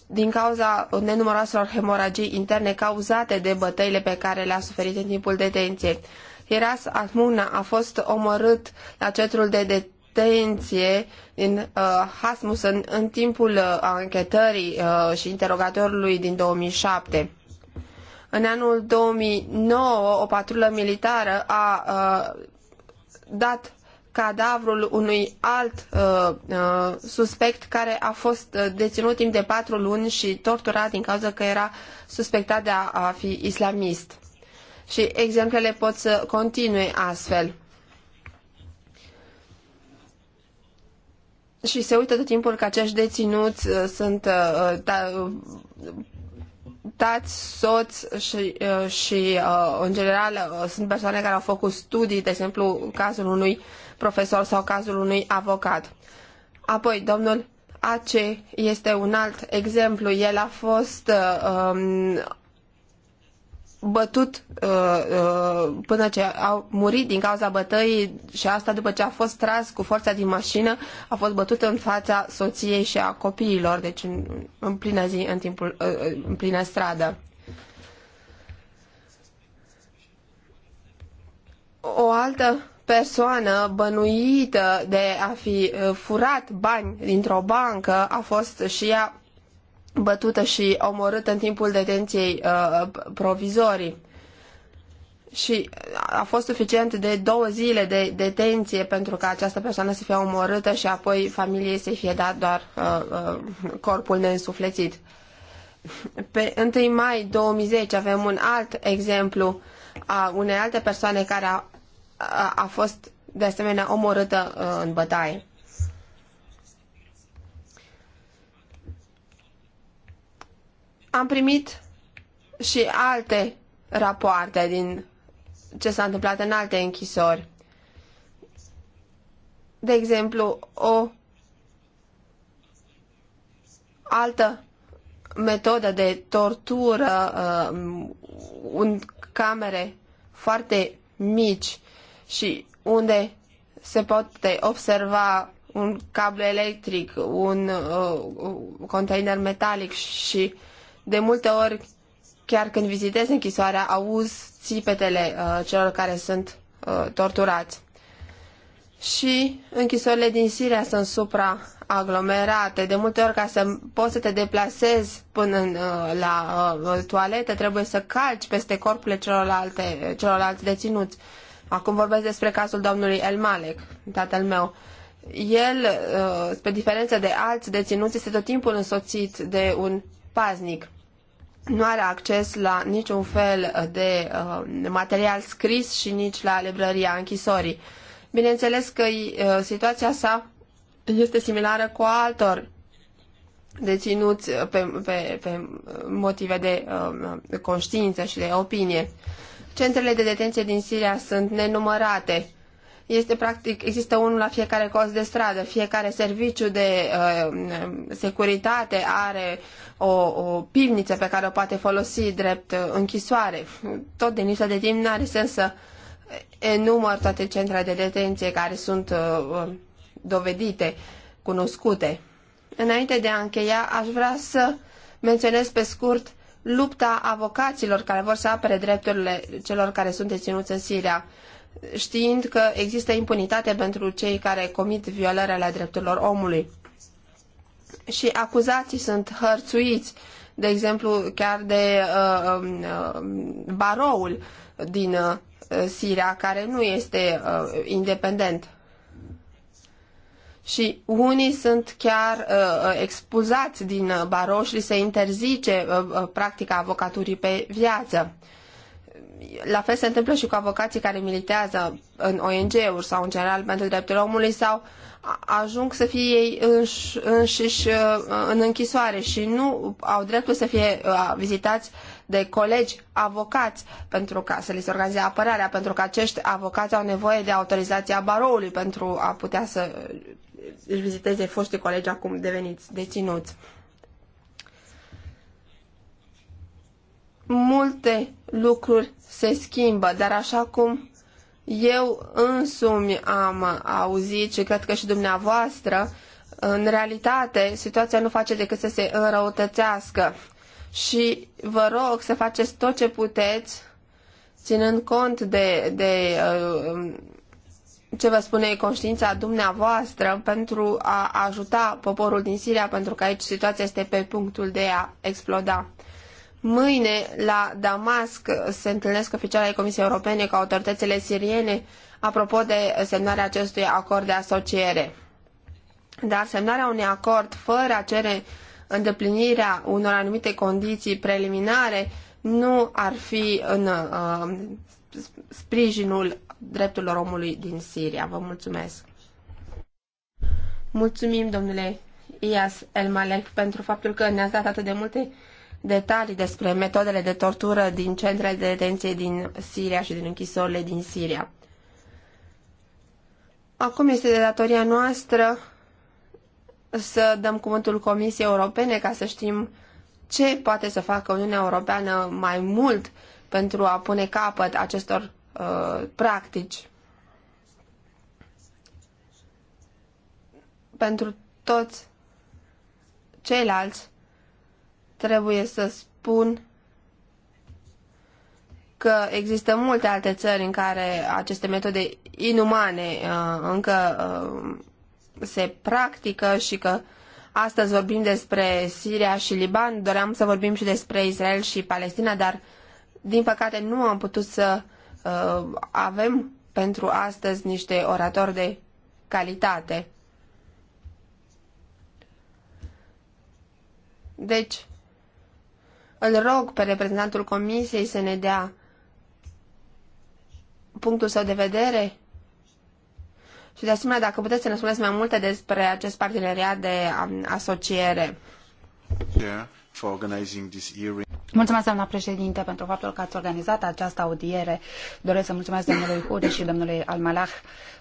din cauza nenumăroaselor hemoragii interne cauzate de bătăile pe care le-a suferit în timpul detenției. Hiras Atmuna a fost omorât la centrul de detenție din uh, Hasmus în, în timpul uh, anchetării uh, și interogatorului din 2007. În anul 2009, o patrulă militară a uh, dat cadavrul unui alt uh, uh, suspect care a fost uh, deținut timp de patru luni și torturat din cauza că era suspectat de a, a fi islamist. Și exemplele pot să continue astfel. Și se uită tot timpul că acești deținuți uh, sunt uh, da, tați, soți și, uh, și uh, în general uh, sunt persoane care au făcut studii, de exemplu cazul unui profesor sau cazul unui avocat. Apoi, domnul Ace este un alt exemplu. El a fost um, bătut uh, uh, până ce au murit din cauza bătăii și asta după ce a fost tras cu forța din mașină, a fost bătut în fața soției și a copiilor, deci în, în plină zi, în, timpul, uh, în plină stradă. O altă persoană bănuită de a fi furat bani dintr-o bancă a fost și ea bătută și omorâtă în timpul detenției uh, provizorii. Și a fost suficient de două zile de detenție pentru ca această persoană să fie omorâtă și apoi familiei să-i fie dat doar uh, uh, corpul neînsuflețit. Pe 1 mai 2010 avem un alt exemplu a unei alte persoane care a, a, a fost de asemenea omorâtă uh, în bătaie. Am primit și alte rapoarte din ce s-a întâmplat în alte închisori. De exemplu, o altă metodă de tortură în uh, camere foarte mici și unde se poate observa un cablu electric, un uh, container metalic și uh, de multe ori, chiar când vizitez închisoarea, auz țipetele uh, celor care sunt uh, torturați. Și închisorile din Siria sunt supraaglomerate. De multe ori, ca să poți să te deplasezi până în, uh, la uh, toaletă, trebuie să calci peste corpurile celorlalte, celorlalți deținuți. Acum vorbesc despre cazul domnului El Malek, tatăl meu. El, uh, spre diferență de alți deținuți, este tot timpul însoțit de un paznic nu are acces la niciun fel de uh, material scris și nici la librăria închisorii. Bineînțeles că uh, situația sa este similară cu altor deținuți pe, pe, pe motive de uh, conștiință și de opinie. Centrele de detenție din Siria sunt nenumărate este practic, există unul la fiecare colț de stradă, fiecare serviciu de uh, securitate are o, o pivniță pe care o poate folosi drept închisoare. Tot din lista de timp nu are sens să enumăr toate centrele de detenție care sunt uh, dovedite, cunoscute. Înainte de a încheia, aș vrea să menționez pe scurt lupta avocaților care vor să apere drepturile celor care sunt deținuți în Siria știind că există impunitate pentru cei care comit violări ale drepturilor omului. Și acuzații sunt hărțuiți, de exemplu chiar de uh, um, uh, baroul din uh, Siria, care nu este uh, independent. Și unii sunt chiar uh, uh expuzați din uh, barou și li se interzice uh, uh, practica avocaturii pe viață. Uh, la fel se întâmplă și cu avocații care militează în ONG-uri sau în general pentru drepturile omului sau ajung să fie ei înși, înșiși uh, în închisoare și nu au dreptul să fie uh, vizitați de colegi avocați pentru ca să li se organizeze apărarea, pentru că acești avocați au nevoie de autorizația baroului pentru a putea să uh, își viziteze foștii colegi acum deveniți deținuți. multe lucruri se schimbă, dar așa cum eu însumi am auzit și cred că și dumneavoastră, în realitate situația nu face decât să se înrăutățească și vă rog să faceți tot ce puteți ținând cont de, de uh, ce vă spune conștiința dumneavoastră pentru a ajuta poporul din Siria, pentru că aici situația este pe punctul de a exploda. Mâine la Damasc se întâlnesc oficialii Comisiei Europene cu autoritățile siriene apropo de semnarea acestui acord de asociere. Dar semnarea unui acord fără a cere îndeplinirea unor anumite condiții preliminare nu ar fi în uh, sprijinul drepturilor omului din Siria. Vă mulțumesc! Mulțumim, domnule Ias Elmalek pentru faptul că ne-ați dat atât de multe detalii despre metodele de tortură din centrele de detenție din Siria și din închisorile din Siria. Acum este de datoria noastră să dăm cuvântul Comisiei Europene ca să știm ce poate să facă Uniunea Europeană mai mult pentru a pune capăt acestor uh, practici. Pentru toți ceilalți trebuie să spun că există multe alte țări în care aceste metode inumane uh, încă uh, se practică și că astăzi vorbim despre Siria și Liban, doream să vorbim și despre Israel și Palestina, dar din păcate nu am putut să uh, avem pentru astăzi niște oratori de calitate. Deci, îl rog pe reprezentantul comisiei să ne dea punctul său de vedere și de asemenea dacă puteți să ne spuneți mai multe despre acest parteneriat de um, asociere. Mulțumesc, doamna președinte, pentru faptul că ați organizat această audiere. Doresc să mulțumesc domnului Hude și domnului Almalah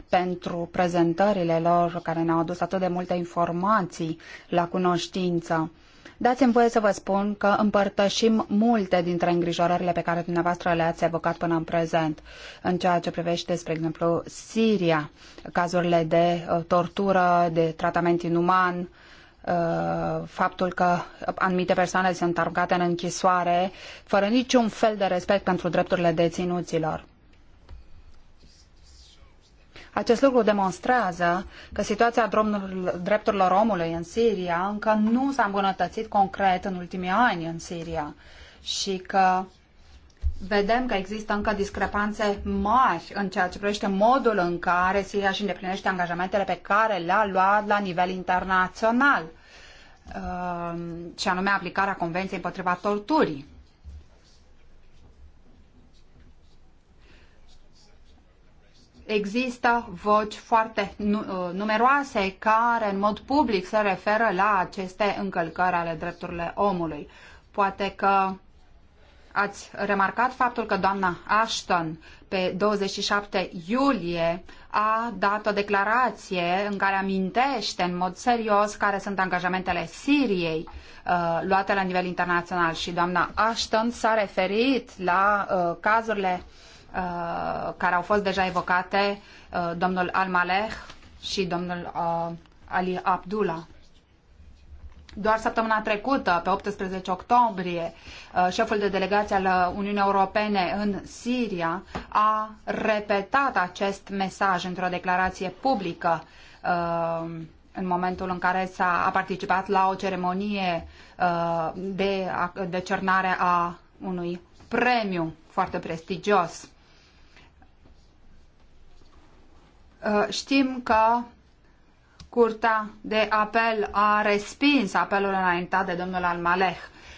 pentru prezentările lor care ne-au adus atât de multe informații la cunoștință. Dați-mi voie să vă spun că împărtășim multe dintre îngrijorările pe care dumneavoastră le-ați evocat până în prezent în ceea ce privește, spre exemplu, Siria, cazurile de uh, tortură, de tratament inuman, uh, faptul că anumite persoane sunt aruncate în închisoare fără niciun fel de respect pentru drepturile deținuților. Acest lucru demonstrează că situația drepturilor omului în Siria încă nu s-a îmbunătățit concret în ultimii ani în Siria și că vedem că există încă discrepanțe mari în ceea ce privește modul în care Siria își îndeplinește angajamentele pe care le-a luat la nivel internațional, uh, și anume aplicarea Convenției împotriva torturii. există voci foarte uh, numeroase care în mod public se referă la aceste încălcări ale drepturilor omului. Poate că ați remarcat faptul că doamna Ashton pe 27 iulie a dat o declarație în care amintește în mod serios care sunt angajamentele Siriei uh, luate la nivel internațional și doamna Ashton s-a referit la uh, cazurile Uh, care au fost deja evocate, uh, domnul Al-Maleh și domnul uh, Ali Abdullah. Doar săptămâna trecută, pe 18 octombrie, uh, șeful de delegație al Uniunii Europene în Siria a repetat acest mesaj într-o declarație publică uh, în momentul în care s-a a participat la o ceremonie de decernare a unui premiu foarte prestigios. Uh, știm că Curtea de Apel a respins apelul înaintat de domnul Al-Maleh.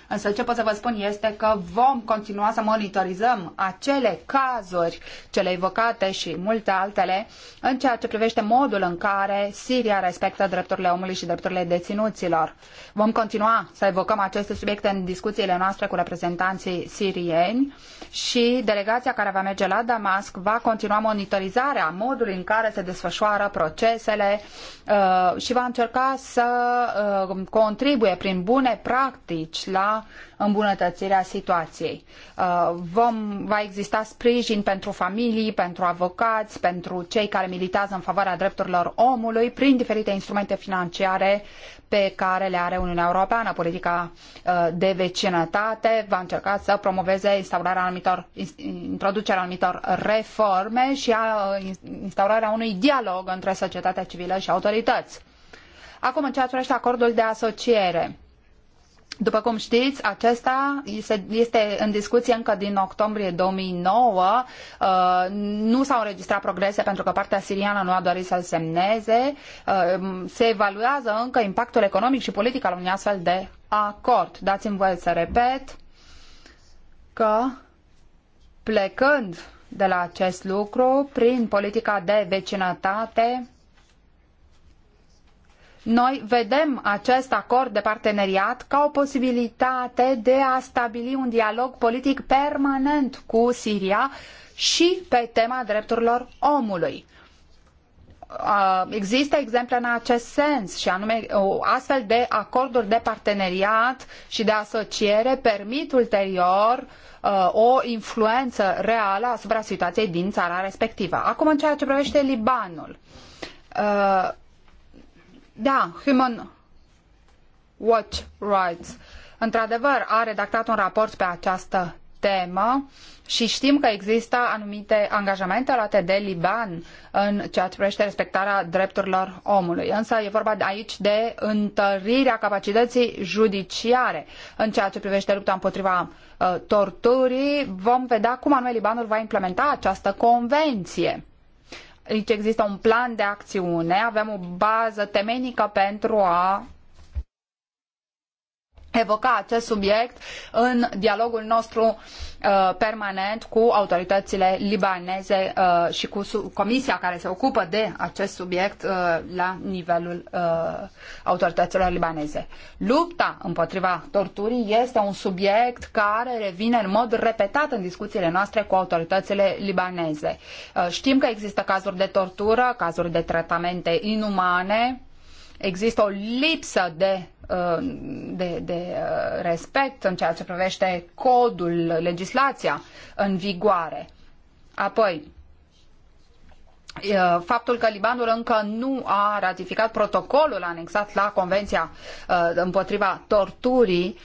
Însă ce pot să vă spun este că vom continua să monitorizăm acele cazuri, cele evocate și multe altele, în ceea ce privește modul în care Siria respectă drepturile omului și drepturile deținuților. Vom continua să evocăm aceste subiecte în discuțiile noastre cu reprezentanții sirieni și delegația care va merge la Damasc va continua monitorizarea modului în care se desfășoară procesele uh, și va încerca să uh, contribuie prin bune practici la îmbunătățirea situației. Uh, vom, va exista sprijin pentru familii, pentru avocați, pentru cei care militează în favoarea drepturilor omului prin diferite instrumente financiare pe care le are Uniunea Europeană. Politica uh, de vecinătate va încerca să promoveze instaurarea anumitor, introducerea anumitor reforme și a, uh, instaurarea unui dialog între societatea civilă și autorități. Acum, în ceea ce privește acordul de asociere, după cum știți, acesta este în discuție încă din octombrie 2009. Uh, nu s-au înregistrat progrese pentru că partea siriană nu a dorit să-l semneze. Uh, se evaluează încă impactul economic și politic al unui astfel de acord. Dați-mi voie să repet că plecând de la acest lucru, prin politica de vecinătate, noi vedem acest acord de parteneriat ca o posibilitate de a stabili un dialog politic permanent cu Siria și pe tema drepturilor omului. Există exemple în acest sens și anume astfel de acorduri de parteneriat și de asociere permit ulterior o influență reală asupra situației din țara respectivă. Acum în ceea ce privește Libanul da, Human Watch Rights. Într-adevăr, a redactat un raport pe această temă și știm că există anumite angajamente luate de Liban în ceea ce privește respectarea drepturilor omului. Însă e vorba aici de întărirea capacității judiciare în ceea ce privește lupta împotriva uh, torturii. Vom vedea cum anume Libanul va implementa această convenție aici există un plan de acțiune, avem o bază temenică pentru a evoca acest subiect în dialogul nostru uh, permanent cu autoritățile libaneze uh, și cu comisia care se ocupă de acest subiect uh, la nivelul uh, autorităților libaneze. Lupta împotriva torturii este un subiect care revine în mod repetat în discuțiile noastre cu autoritățile libaneze. Uh, știm că există cazuri de tortură, cazuri de tratamente inumane, există o lipsă de Uh, de, de uh, respect în ceea ce privește codul, legislația în vigoare. Apoi, uh, faptul că Libanul încă nu a ratificat protocolul anexat la Convenția împotriva torturii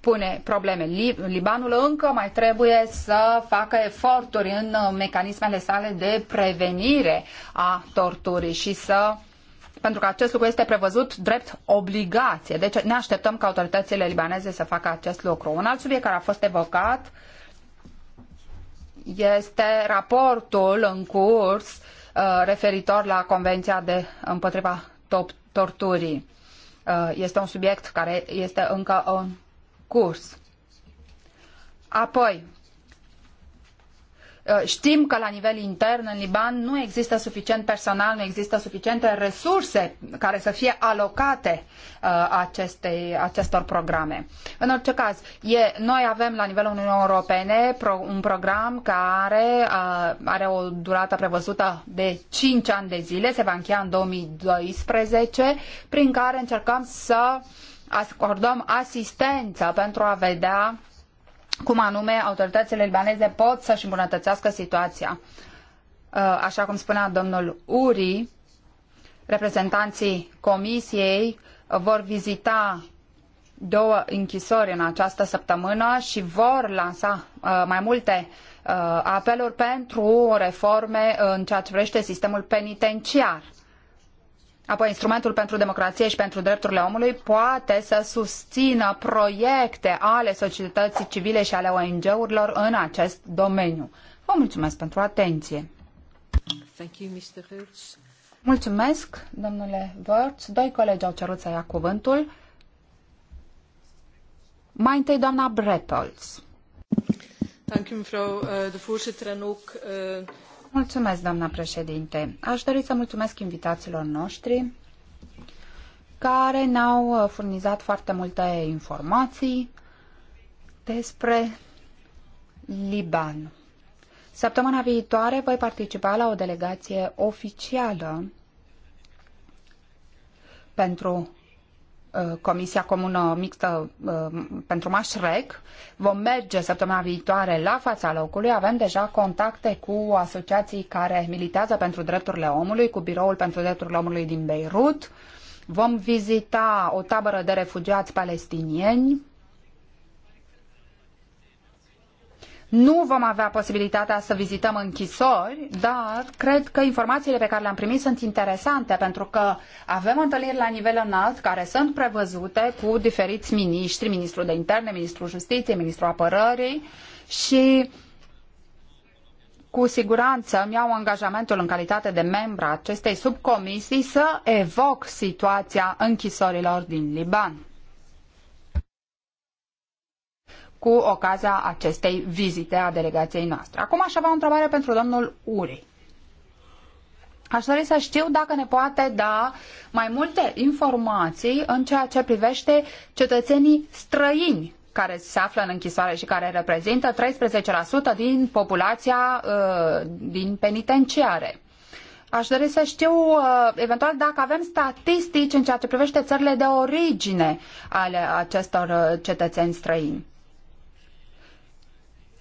pune probleme. Libanul încă mai trebuie să facă eforturi în mecanismele sale de prevenire a torturii și să pentru că acest lucru este prevăzut drept obligație. Deci ne așteptăm ca autoritățile libaneze să facă acest lucru. Un alt subiect care a fost evocat este raportul în curs uh, referitor la Convenția de împotriva torturii. Uh, este un subiect care este încă în curs. Apoi, Uh, știm că la nivel intern în Liban nu există suficient personal, nu există suficiente resurse care să fie alocate uh, acestei, acestor programe. În orice caz, e, noi avem la nivelul Uniunii Europene un program care uh, are o durată prevăzută de cinci ani de zile, se va încheia în 2012, prin care încercăm să acordăm asistență pentru a vedea cum anume autoritățile libaneze pot să-și îmbunătățească situația. Uh, așa cum spunea domnul Uri, reprezentanții comisiei vor vizita două închisori în această săptămână și vor lansa uh, mai multe uh, apeluri pentru reforme în ceea ce privește sistemul penitenciar. Apoi, instrumentul pentru democrație și pentru drepturile omului poate să susțină proiecte ale societății civile și ale ONG-urilor în acest domeniu. Vă mulțumesc pentru atenție. Thank you, Mr. Hertz. Mulțumesc, domnule Wörth. Doi colegi au cerut să ia cuvântul. Mai întâi, doamna Brepols. Thank you, mevrouw eh, de voorzitter, en ook uh, Mulțumesc, doamna președinte. Aș dori să mulțumesc invitațiilor noștri care ne-au uh, furnizat foarte multe informații despre Liban. Săptămâna viitoare voi participa la o delegație oficială pentru Uh, Comisia Comună Mixtă uh, pentru Mașrec. Vom merge săptămâna viitoare la fața locului. Avem deja contacte cu asociații care militează pentru drepturile omului, cu Biroul pentru Drepturile Omului din Beirut. Vom vizita o tabără de refugiați palestinieni Nu vom avea posibilitatea să vizităm închisori, dar cred că informațiile pe care le-am primit sunt interesante pentru că avem întâlniri la nivel înalt care sunt prevăzute cu diferiți miniștri, ministrul de interne, ministrul justiției, ministrul apărării și cu siguranță îmi iau angajamentul în calitate de membru acestei subcomisii să evoc situația închisorilor din Liban. cu ocazia acestei vizite a delegației noastre. Acum aș avea o întrebare pentru domnul Uri. Aș dori să știu dacă ne poate da mai multe informații în ceea ce privește cetățenii străini care se află în închisoare și care reprezintă 13% din populația uh, din penitenciare. Aș dori să știu, uh, eventual, dacă avem statistici în ceea ce privește țările de origine ale acestor uh, cetățeni străini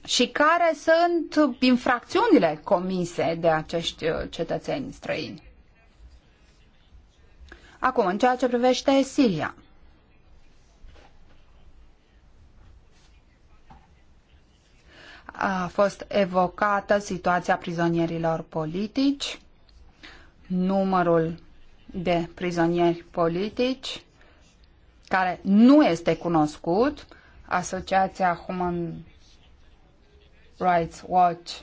și care sunt infracțiunile comise de acești uh, cetățeni străini. Acum, în ceea ce privește Siria. A fost evocată situația prizonierilor politici, numărul de prizonieri politici, care nu este cunoscut. Asociația Human Rights Watch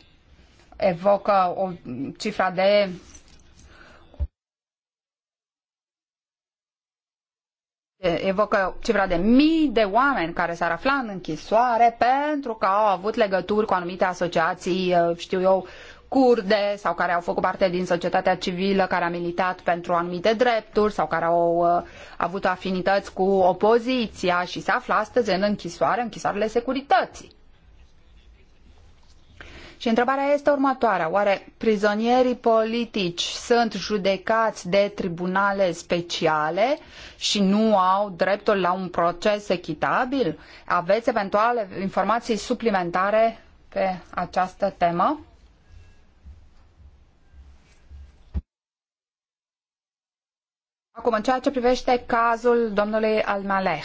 evocă o cifra de evocă cifra de mii de oameni care s-ar afla în închisoare pentru că au avut legături cu anumite asociații, eh, știu eu, curde sau care au făcut parte din societatea civilă, care a militat pentru anumite drepturi sau care au uh, avut afinități cu opoziția și se află astăzi în închisoare, închisoarele securității. Și întrebarea este următoarea. Oare prizonierii politici sunt judecați de tribunale speciale și nu au dreptul la un proces echitabil? Aveți eventuale informații suplimentare pe această temă? Acum, în ceea ce privește cazul domnului Almaleh.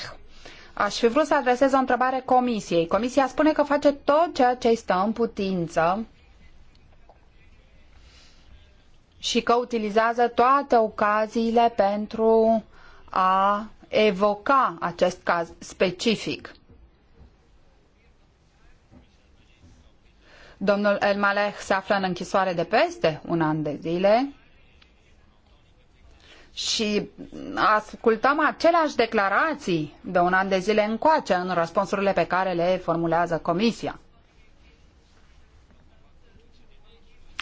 Aș fi vrut să adresez o întrebare comisiei. Comisia spune că face tot ceea ce îi stă în putință și că utilizează toate ocaziile pentru a evoca acest caz specific. Domnul Elmaleh se află în închisoare de peste un an de zile și ascultăm aceleași declarații de un an de zile încoace în răspunsurile pe care le formulează Comisia.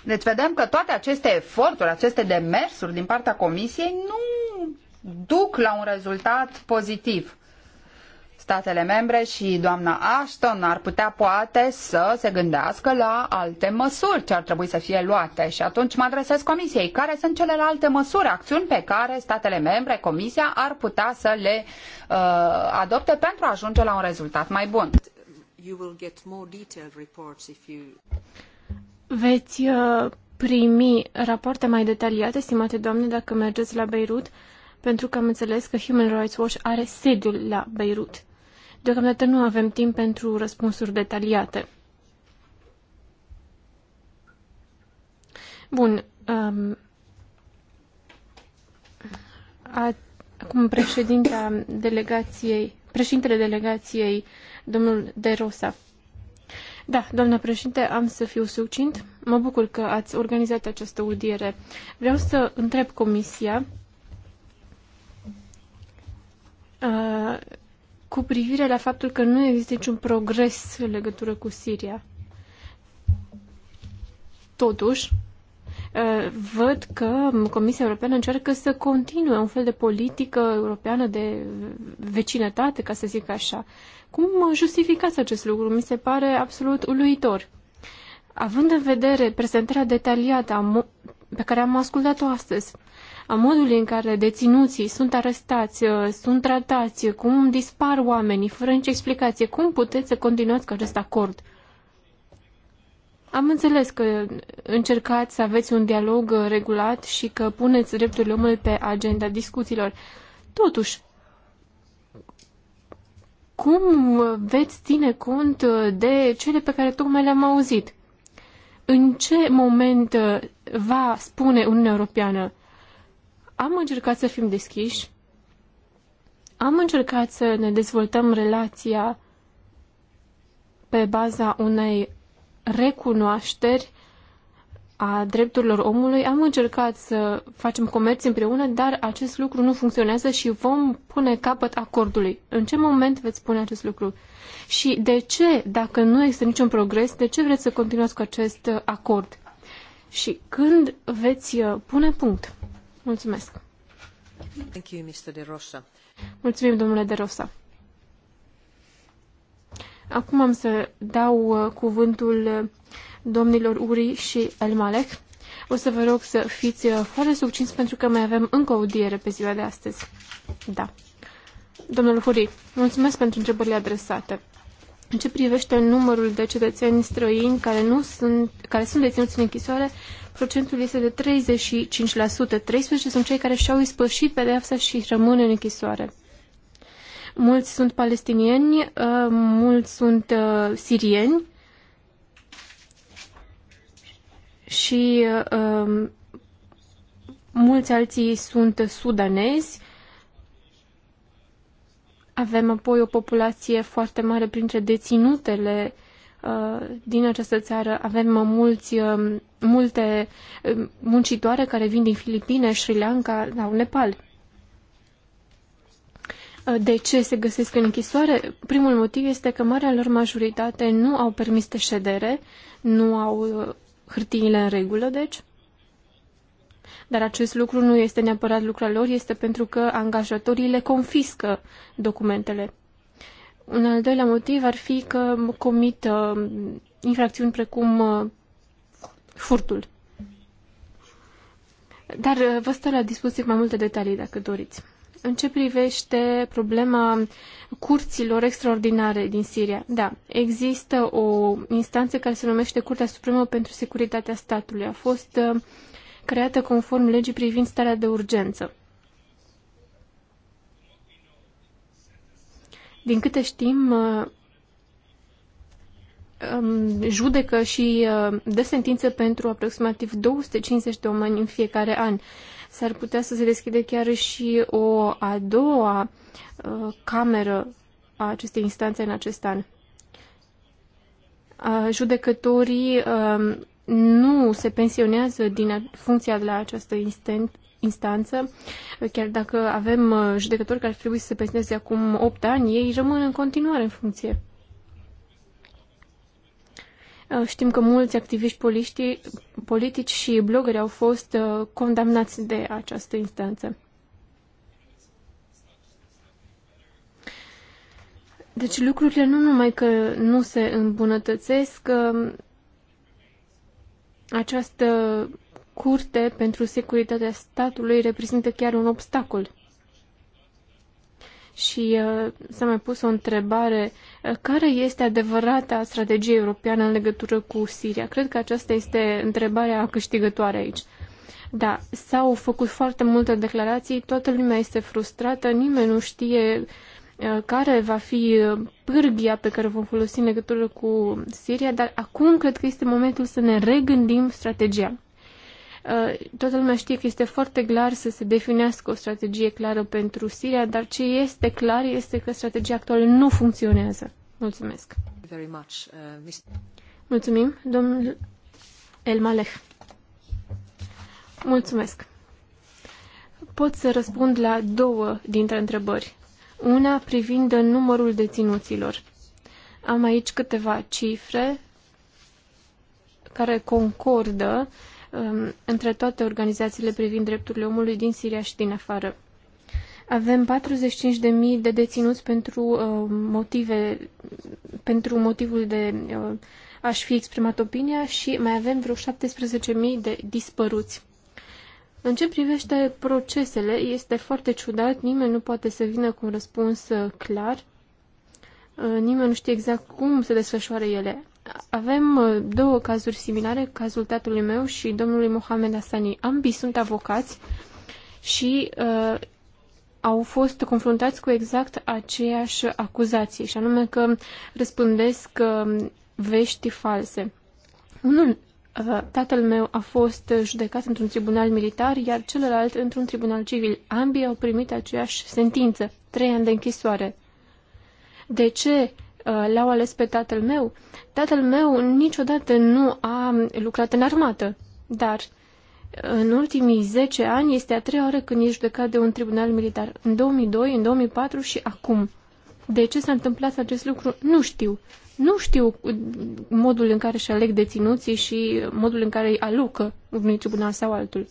Deci vedem că toate aceste eforturi, aceste demersuri din partea Comisiei nu duc la un rezultat pozitiv statele membre și doamna Ashton ar putea poate să se gândească la alte măsuri ce ar trebui să fie luate. Și atunci mă adresez Comisiei. Care sunt celelalte măsuri, acțiuni pe care statele membre, Comisia ar putea să le uh, adopte pentru a ajunge la un rezultat mai bun? Veți uh, primi rapoarte mai detaliate, stimate doamne, dacă mergeți la Beirut, pentru că am înțeles că Human Rights Watch are sediul la Beirut. Deocamdată nu avem timp pentru răspunsuri detaliate. Bun. Um, a, acum președinta delegației, președintele delegației, domnul De Rosa. Da, doamna președinte, am să fiu succint. Mă bucur că ați organizat această audiere. Vreau să întreb comisia uh, cu privire la faptul că nu există niciun progres în legătură cu Siria. Totuși, uh, văd că Comisia Europeană încearcă să continue un fel de politică europeană de vecinătate, ca să zic așa. Cum justificați acest lucru? Mi se pare absolut uluitor. Având în vedere prezentarea detaliată pe care am ascultat-o astăzi, a modului în care deținuții sunt arestați, uh, sunt tratați, cum dispar oamenii fără nicio explicație. Cum puteți să continuați cu acest acord? Am înțeles că încercați să aveți un dialog uh, regulat și că puneți drepturile omului pe agenda discuțiilor. Totuși, cum veți ține cont uh, de cele pe care tocmai le-am auzit? În ce moment va spune Uniunea Europeană am încercat să fim deschiși, am încercat să ne dezvoltăm relația pe baza unei recunoașteri a drepturilor omului. Am încercat să facem comerț împreună, dar acest lucru nu funcționează și vom pune capăt acordului. În ce moment veți spune acest lucru? Și de ce, dacă nu există niciun progres, de ce vreți să continuați cu acest acord? Și când veți uh, pune punct? Mulțumesc. Thank you, Mr. De Rosa. Mulțumim, domnule De Rosa. Acum am să dau uh, cuvântul uh, domnilor Uri și Elmalek. O să vă rog să fiți uh, foarte succinți pentru că mai avem încă o audiere pe ziua de astăzi. Da. Domnul Huri, mulțumesc pentru întrebările adresate. În ce privește numărul de cetățeni străini care, nu sunt, care sunt deținuți în închisoare, procentul este de 35%. 13 sunt cei care și-au ispășit pedeapsa și rămân în închisoare. Mulți sunt palestinieni, uh, mulți sunt uh, sirieni și uh, um, mulți alții sunt sudanezi. Avem apoi o populație foarte mare printre deținutele uh, Uh, din această țară. Avem mulți, uh, multe uh, muncitoare care vin din Filipine, Sri Lanka sau Nepal. De ce se găsesc în închisoare? Primul motiv este că marea lor majoritate nu au permis de ședere, nu au hârtiile în regulă, deci. Dar acest lucru nu este neapărat lucrul lor, este pentru că angajatorii le confiscă documentele. Un al doilea motiv ar fi că comit uh, infracțiuni precum uh, furtul. Dar uh, vă stă la dispoziție mai multe detalii dacă doriți. În ce privește problema curților extraordinare din Siria, da, există o instanță care se numește Curtea Supremă pentru Securitatea Statului. A fost uh, creată conform legii privind starea de urgență. Din câte știm, uh, um, judecă și uh, dă sentință pentru aproximativ 250 de oameni în fiecare an. S-ar putea să se deschide chiar și o a doua uh, cameră a acestei instanțe în acest an. Judecătorii um, nu se pensionează din funcția de la această instanță, chiar dacă avem uh, judecători care ar trebui să se pensioneze acum 8 ani, ei rămân în continuare în funcție. Uh, știm că mulți activiști poliști, politici și blogări au fost uh, condamnați de această instanță. Deci lucrurile nu numai că nu se îmbunătățesc, această curte pentru securitatea statului reprezintă chiar un obstacol. Și uh, s-a mai pus o întrebare, uh, care este adevărata strategie europeană în legătură cu Siria? Cred că aceasta este întrebarea câștigătoare aici. Da, s-au făcut foarte multe declarații, toată lumea este frustrată, nimeni nu știe uh, care va fi uh, pârghia pe care o vom folosi în legătură cu Siria, dar acum cred că este momentul să ne regândim strategia. Uh, toată lumea știe că este foarte clar să se definească o strategie clară pentru Siria, dar ce este clar este că strategia actuală nu funcționează. Mulțumesc. Uh, Mulțumim, domnul Elmaleh. Mulțumesc. Pot să răspund la două dintre întrebări. Una privind numărul deținuților. Am aici câteva cifre care concordă uh, Um, între toate organizațiile privind drepturile omului din Siria și din afară. Avem 45.000 de deținuți pentru uh, motive, pentru motivul de uh, a-și fi exprimat opinia și mai avem vreo 17.000 de dispăruți. În ce privește procesele, este foarte ciudat, nimeni nu poate să vină cu un răspuns uh, clar, uh, nimeni nu știe exact cum se desfășoară ele. Avem uh, două cazuri similare, cazul tatălui meu și domnului Mohamed Asani. Ambii sunt avocați și uh, au fost confruntați cu exact aceeași acuzație, și anume că răspândesc uh, vești false. Unul, uh, tatăl meu a fost judecat într-un tribunal militar, iar celălalt într-un tribunal civil. Ambii au primit aceeași sentință, trei ani de închisoare. De ce Uh, l-au ales pe tatăl meu. Tatăl meu niciodată nu a lucrat în armată, dar în ultimii 10 ani este a treia oară când e judecat de un tribunal militar. În 2002, în 2004 și acum. De ce s-a întâmplat acest lucru? Nu știu. Nu știu modul în care își aleg deținuții și modul în care îi alucă unui tribunal sau altul.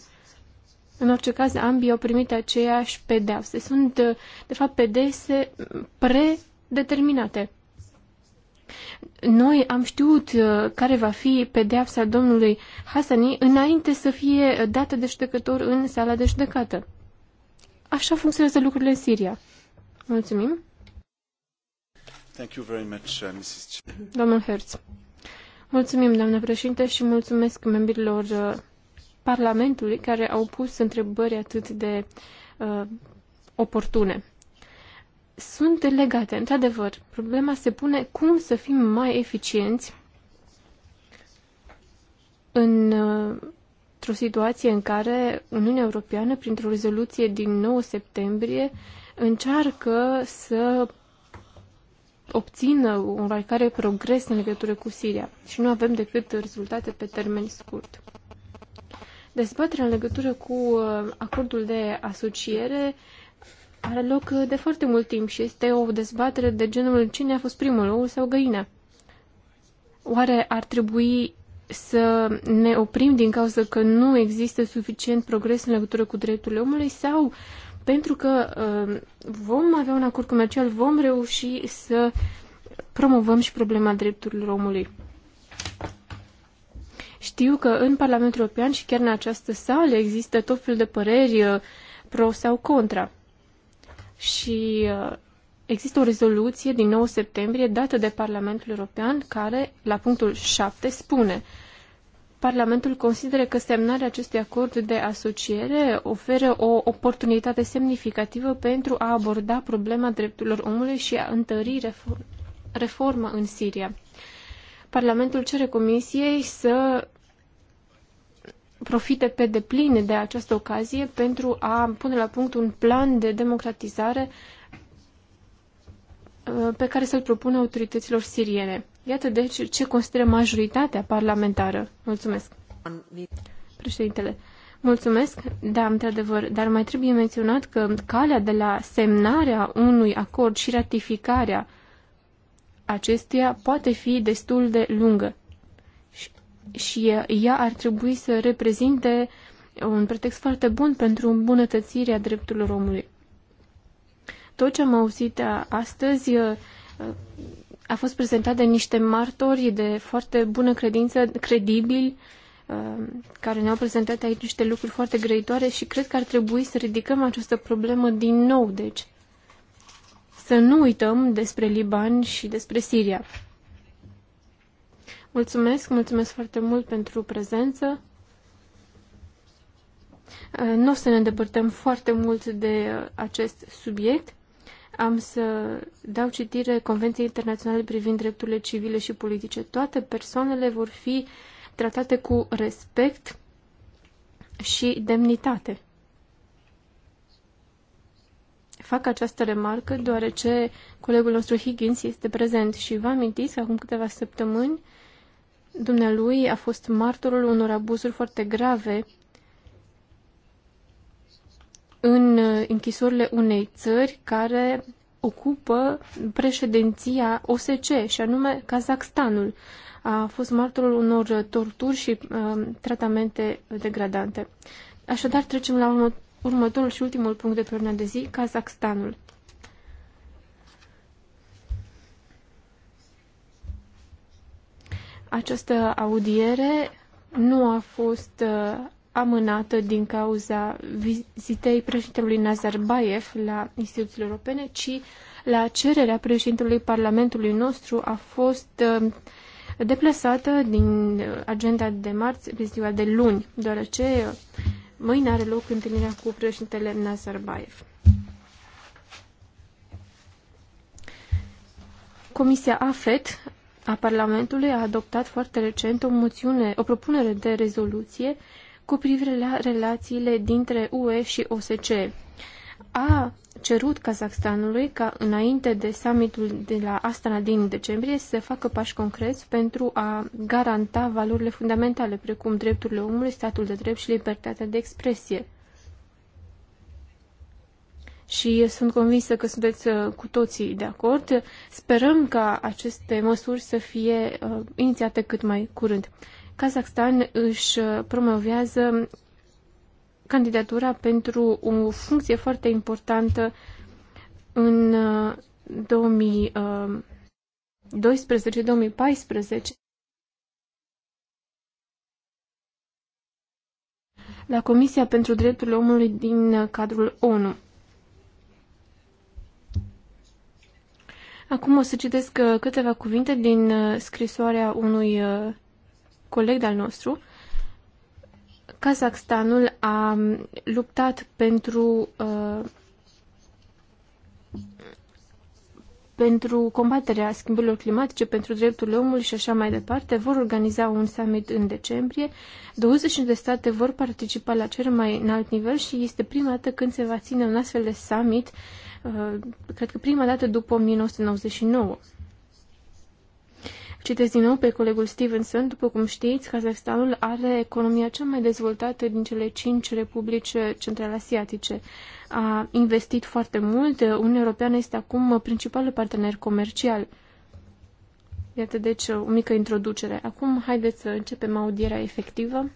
În orice caz, ambii au primit aceeași pedeapse. Sunt, de fapt, pedese predeterminate. Noi am știut uh, care va fi pedeapsa domnului Hasani înainte să fie dată de judecător în sala de judecată. Așa funcționează lucrurile în Siria. Mulțumim. Thank you very much, uh, Mrs. Domnul Hertz. Mulțumim, doamnă președinte, și mulțumesc membrilor uh, Parlamentului care au pus întrebări atât de uh, oportune sunt legate. Într-adevăr, problema se pune cum să fim mai eficienți în, uh, într-o situație în care Uniunea Europeană, printr-o rezoluție din 9 septembrie, încearcă să obțină un oarecare progres în legătură cu Siria și nu avem decât rezultate pe termen scurt. Dezbaterea în legătură cu uh, acordul de asociere uh, are loc uh, de foarte mult timp și este o dezbatere de genul cine a fost primul, ou sau găina. Oare ar trebui să ne oprim din cauza că nu există suficient progres în legătură cu drepturile omului sau pentru că uh, vom avea un acord comercial, vom reuși să promovăm și problema drepturilor omului. Știu că în Parlamentul European și chiar în această sală există tot fel de păreri uh, pro sau contra și uh, există o rezoluție din 9 septembrie dată de Parlamentul European care, la punctul 7, spune Parlamentul consideră că semnarea acestui acord de asociere oferă o oportunitate semnificativă pentru a aborda problema drepturilor omului și a întări reforma în Siria. Parlamentul cere Comisiei să profite pe deplin de această ocazie pentru a pune la punct un plan de democratizare uh, pe care să-l propună autorităților siriene. Iată deci ce consideră majoritatea parlamentară. Mulțumesc. Președintele, mulțumesc. Da, într-adevăr, dar mai trebuie menționat că calea de la semnarea unui acord și ratificarea acestuia poate fi destul de lungă și ea ar trebui să reprezinte un pretext foarte bun pentru îmbunătățirea drepturilor omului. Tot ce am auzit astăzi a fost prezentat de niște martori de foarte bună credință, credibili, care ne-au prezentat aici niște lucruri foarte grăitoare și cred că ar trebui să ridicăm această problemă din nou, deci. Să nu uităm despre Liban și despre Siria. Mulțumesc, mulțumesc foarte mult pentru prezență. Uh, nu o să ne îndepărtăm foarte mult de uh, acest subiect. Am să dau citire Convenției Internaționale privind drepturile civile și politice. Toate persoanele vor fi tratate cu respect și demnitate. Fac această remarcă deoarece colegul nostru Higgins este prezent și vă amintiți că acum câteva săptămâni Dumnealui a fost martorul unor abuzuri foarte grave în închisorile unei țări care ocupă președinția OSC, și anume Kazakhstanul. A fost martorul unor torturi și uh, tratamente degradante. Așadar, trecem la urmă, următorul și ultimul punct de pe de zi, Kazakhstanul. Această audiere nu a fost uh, amânată din cauza vizitei președintelui Nazarbayev la instituțiile europene, ci la cererea președintelui Parlamentului nostru a fost uh, deplasată din agenda de marți pe ziua de luni, deoarece uh, mâine are loc întâlnirea cu președintele Nazarbayev. Comisia AFET a Parlamentului a adoptat foarte recent o moțiune, o propunere de rezoluție cu privire la relațiile dintre UE și OSCE. A cerut Kazakhstanului ca înainte de summitul de la Astana din decembrie să facă pași concreți pentru a garanta valorile fundamentale precum drepturile omului, statul de drept și libertatea de expresie și sunt convinsă că sunteți uh, cu toții de acord. Sperăm ca aceste măsuri să fie uh, inițiate cât mai curând. Kazakhstan își uh, promovează candidatura pentru o funcție foarte importantă în 2012-2014 la Comisia pentru Drepturile Omului din cadrul ONU. Acum o să citesc uh, câteva cuvinte din uh, scrisoarea unui uh, coleg de-al nostru. Kazakhstanul a um, luptat pentru pentru combaterea schimbărilor climatice, pentru drepturile omului și așa mai departe, vor organiza un summit în decembrie. 20 de state vor participa la cel mai înalt nivel și este prima dată când se va ține un astfel de summit Uh, cred că prima dată după 1999. Citesc din nou pe colegul Stevenson. După cum știți, Kazahstanul are economia cea mai dezvoltată din cele cinci republici centrale asiatice. A investit foarte mult. Uniunea Europeană este acum principalul partener comercial. Iată, deci, o mică introducere. Acum, haideți să începem audierea efectivă.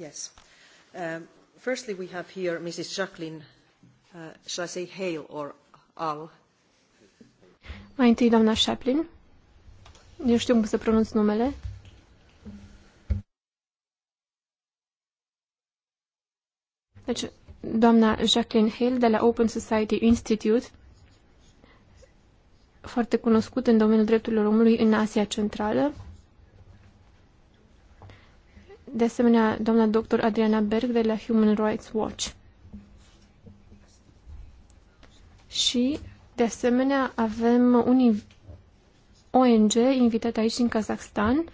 Yes. Uh, Firstly, we have here Mrs. Jacqueline, uh, shall I say Hale or Al? Mai întâi doamna Chaplin. Nu știu cum să pronunț numele. Deci, doamna Jacqueline Hale de la Open Society Institute, foarte cunoscut în domeniul drepturilor omului în Asia Centrală, de asemenea doamna doctor Adriana Berg de la Human Rights Watch. Și, de asemenea, avem un ONG invitat aici din Kazakhstan,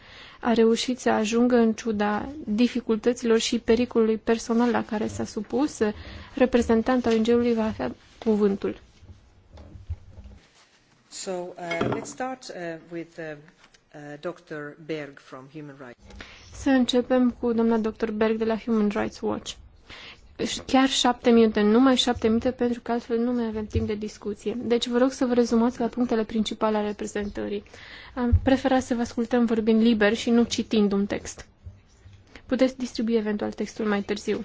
a reușit să ajungă în ciuda dificultăților și pericolului personal la care s-a supus, reprezentanta ONG-ului va avea cuvântul. So, uh, let's start uh, with uh, Uh, să începem cu doamna Dr. Berg de la Human Rights Watch. Chiar șapte minute, numai șapte minute, pentru că altfel nu mai avem timp de discuție. Deci vă rog să vă rezumați la punctele principale ale prezentării. Am preferat să vă ascultăm vorbind liber și nu citind un text. Puteți distribui eventual textul mai târziu.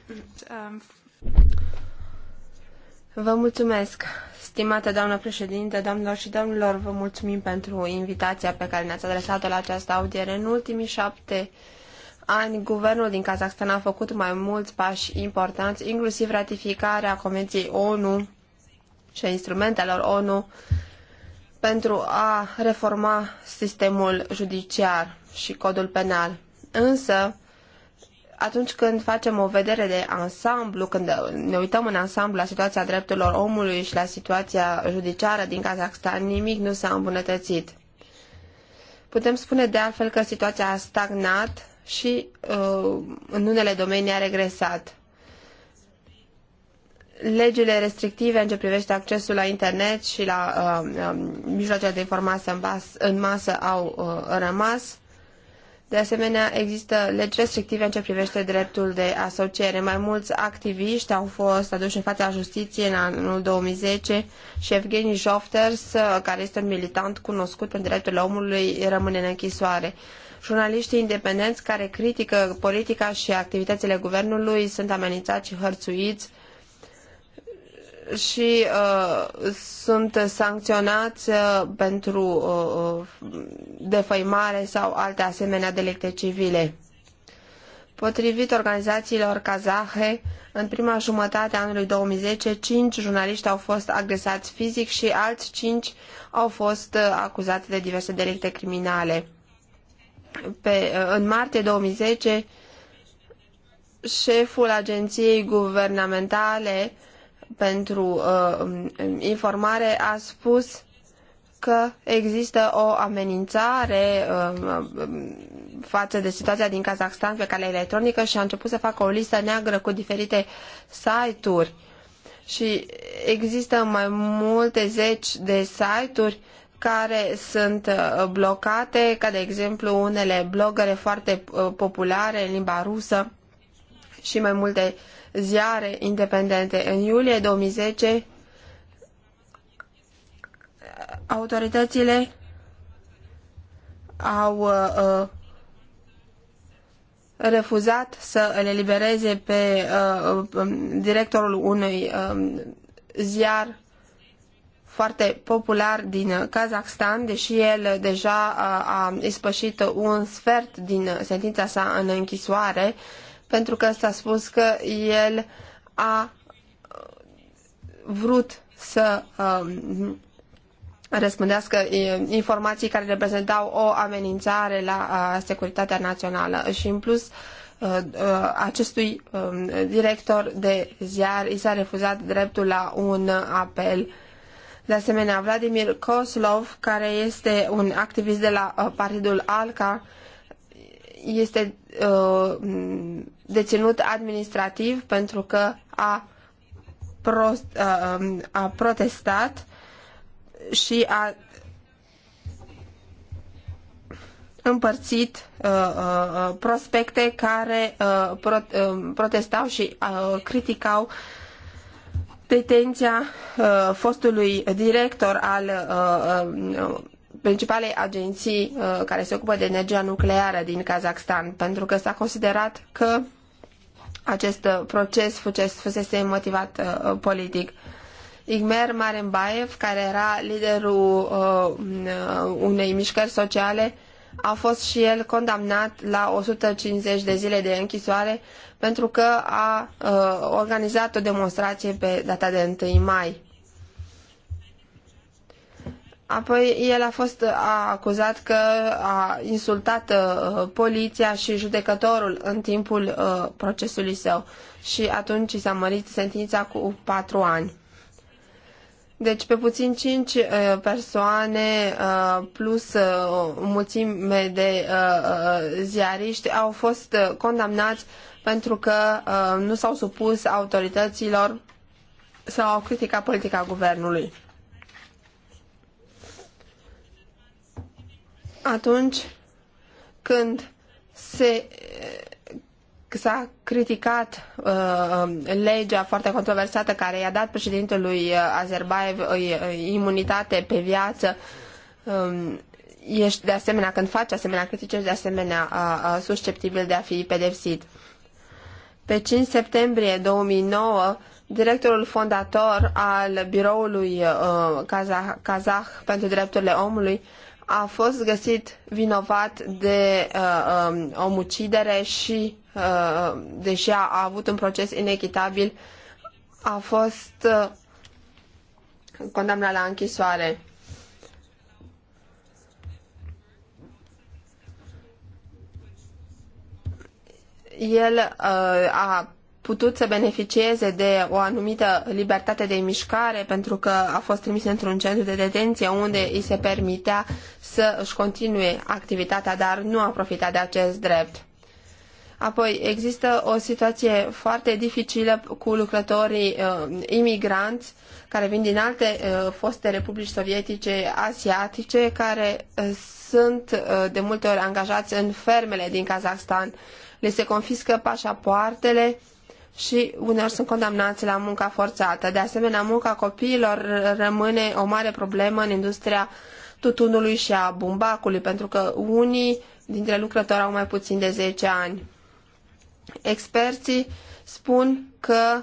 Vă mulțumesc. Stimată doamnă președinte, doamnelor și domnilor, vă mulțumim pentru invitația pe care ne-ați adresat-o la această audiere. În ultimii șapte ani, guvernul din Kazakhstan a făcut mai mulți pași importanți, inclusiv ratificarea Convenției ONU și a instrumentelor ONU pentru a reforma sistemul judiciar și codul penal. Însă, atunci când facem o vedere de ansamblu, când ne uităm în ansamblu la situația drepturilor omului și la situația judiciară din Kazakhstan, nimic nu s-a îmbunătățit. Putem spune de altfel că situația a stagnat și uh, în unele domenii a regresat. Legile restrictive în ce privește accesul la internet și la uh, uh mijloacele de informație în, masă au uh, rămas de asemenea, există legi restrictive în ce privește dreptul de asociere. Mai mulți activiști au fost aduși în fața justiției în anul 2010 și Evgeni Jofters, care este un militant cunoscut pentru drepturile omului, rămâne în închisoare. Jurnaliștii independenți care critică politica și activitățile guvernului sunt amenințați și hărțuiți și uh, sunt sancționați uh, pentru uh, uh, defăimare sau alte asemenea delicte civile. Potrivit organizațiilor kazahe, în prima jumătate a anului 2010, cinci jurnaliști au fost agresați fizic și alți cinci au fost uh, acuzați de diverse delicte criminale. Pe, uh, în martie 2010, șeful agenției guvernamentale uh, pentru uh, informare a spus că există o amenințare uh, față de situația din Kazakhstan pe cale electronică și a început să facă o listă neagră cu diferite site-uri și există mai multe zeci de site-uri care sunt uh, blocate, ca de exemplu unele blogere foarte uh, populare în limba rusă și mai multe uh, ziare independente. În iulie 2010, autoritățile au uh, uh, refuzat să le libereze pe uh, um, directorul unui uh, ziar foarte popular din Kazakhstan, deși el deja a, uh, a ispășit un sfert din sentința sa în închisoare pentru că s-a spus că el a vrut să um, răspândească informații care reprezentau o amenințare la securitatea națională și în plus uh, uh, acestui um, director de ziar i s-a refuzat dreptul la un apel. De asemenea, Vladimir Koslov, care este un activist de la uh, partidul ALCA, este uh, deținut administrativ pentru că a, prost, a, um, a protestat și a împărțit uh, uh, uh prospecte care uh, pro, uh, protestau și uh, criticau detenția fostului director al principalei agenții care se ocupă de energia nucleară din Kazakhstan, pentru că s-a considerat că acest uh, proces fusese motivat uh, uh, politic. Igmer Marembaev, care era liderul uh, uh, unei mișcări sociale, a fost și el condamnat la 150 de zile de închisoare pentru că a uh, organizat o demonstrație pe data de 1 mai. Apoi el a fost uh, a acuzat că a insultat uh, poliția și judecătorul în timpul uh, procesului său și atunci i s-a mărit sentința cu patru ani. Deci pe puțin cinci uh, persoane plus uh, mulțime de uh, ziariști au fost condamnați pentru că nu s-au supus autorităților sau au criticat politica guvernului. atunci când se eh, s-a criticat uh, legea foarte controversată care i-a dat președintelui eh, Azerbaev imunitate pe viață. Um, ești de asemenea, când faci asemenea critici, ești de asemenea uh, uh, susceptibil de a fi pedepsit. Pe 5 septembrie 2009, directorul fondator al biroului uh, Kazah, Kazah pentru drepturile omului a fost găsit vinovat de uh, um, omucidere și, uh, deși a, a avut un proces inechitabil, a fost uh, condamnat la închisoare. El uh, a putut să beneficieze de o anumită libertate de mișcare pentru că a fost trimis într-un centru de detenție unde îi se permitea să își continue activitatea, dar nu a profitat de acest drept. Apoi există o situație foarte dificilă cu lucrătorii uh, imigranți care vin din alte uh, foste republici sovietice asiatice, care uh, sunt uh, de multe ori angajați în fermele din Kazakhstan. Le se confiscă pașapoartele, și uneori sunt condamnați la munca forțată. De asemenea, munca copiilor rămâne o mare problemă în industria tutunului și a bumbacului, pentru că unii dintre lucrători au mai puțin de 10 ani. Experții spun că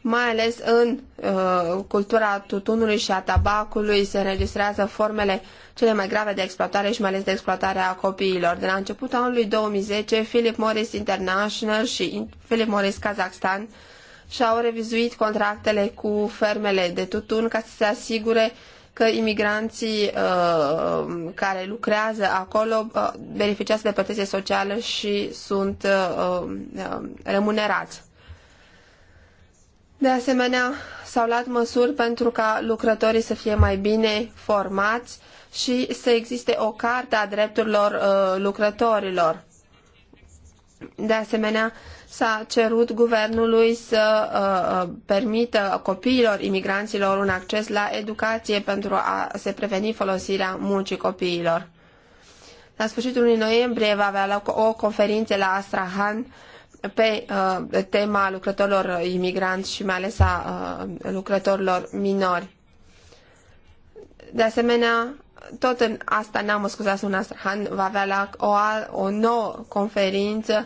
mai ales în uh, cultura tutunului și a tabacului se înregistrează formele cele mai grave de exploatare și mai ales de exploatare a copiilor. De la începutul anului 2010, Philip Morris International și Philip Morris Kazakhstan și-au revizuit contractele cu fermele de tutun ca să se asigure că imigranții uh, care lucrează acolo uh, beneficiază de protecție socială și sunt uh, uh, remunerați. De asemenea, s-au luat măsuri pentru ca lucrătorii să fie mai bine formați și să existe o carte a drepturilor uh, lucrătorilor. De asemenea, s-a cerut guvernului să uh, uh, permită copiilor imigranților un acces la educație pentru a se preveni folosirea muncii copiilor. La sfârșitul lunii noiembrie va avea loc o conferință la Astrahan pe uh, tema lucrătorilor imigranți și mai ales a uh, lucrătorilor minori. De asemenea, tot în asta n-am scuzat, un Astrahan va avea la o, o nouă conferință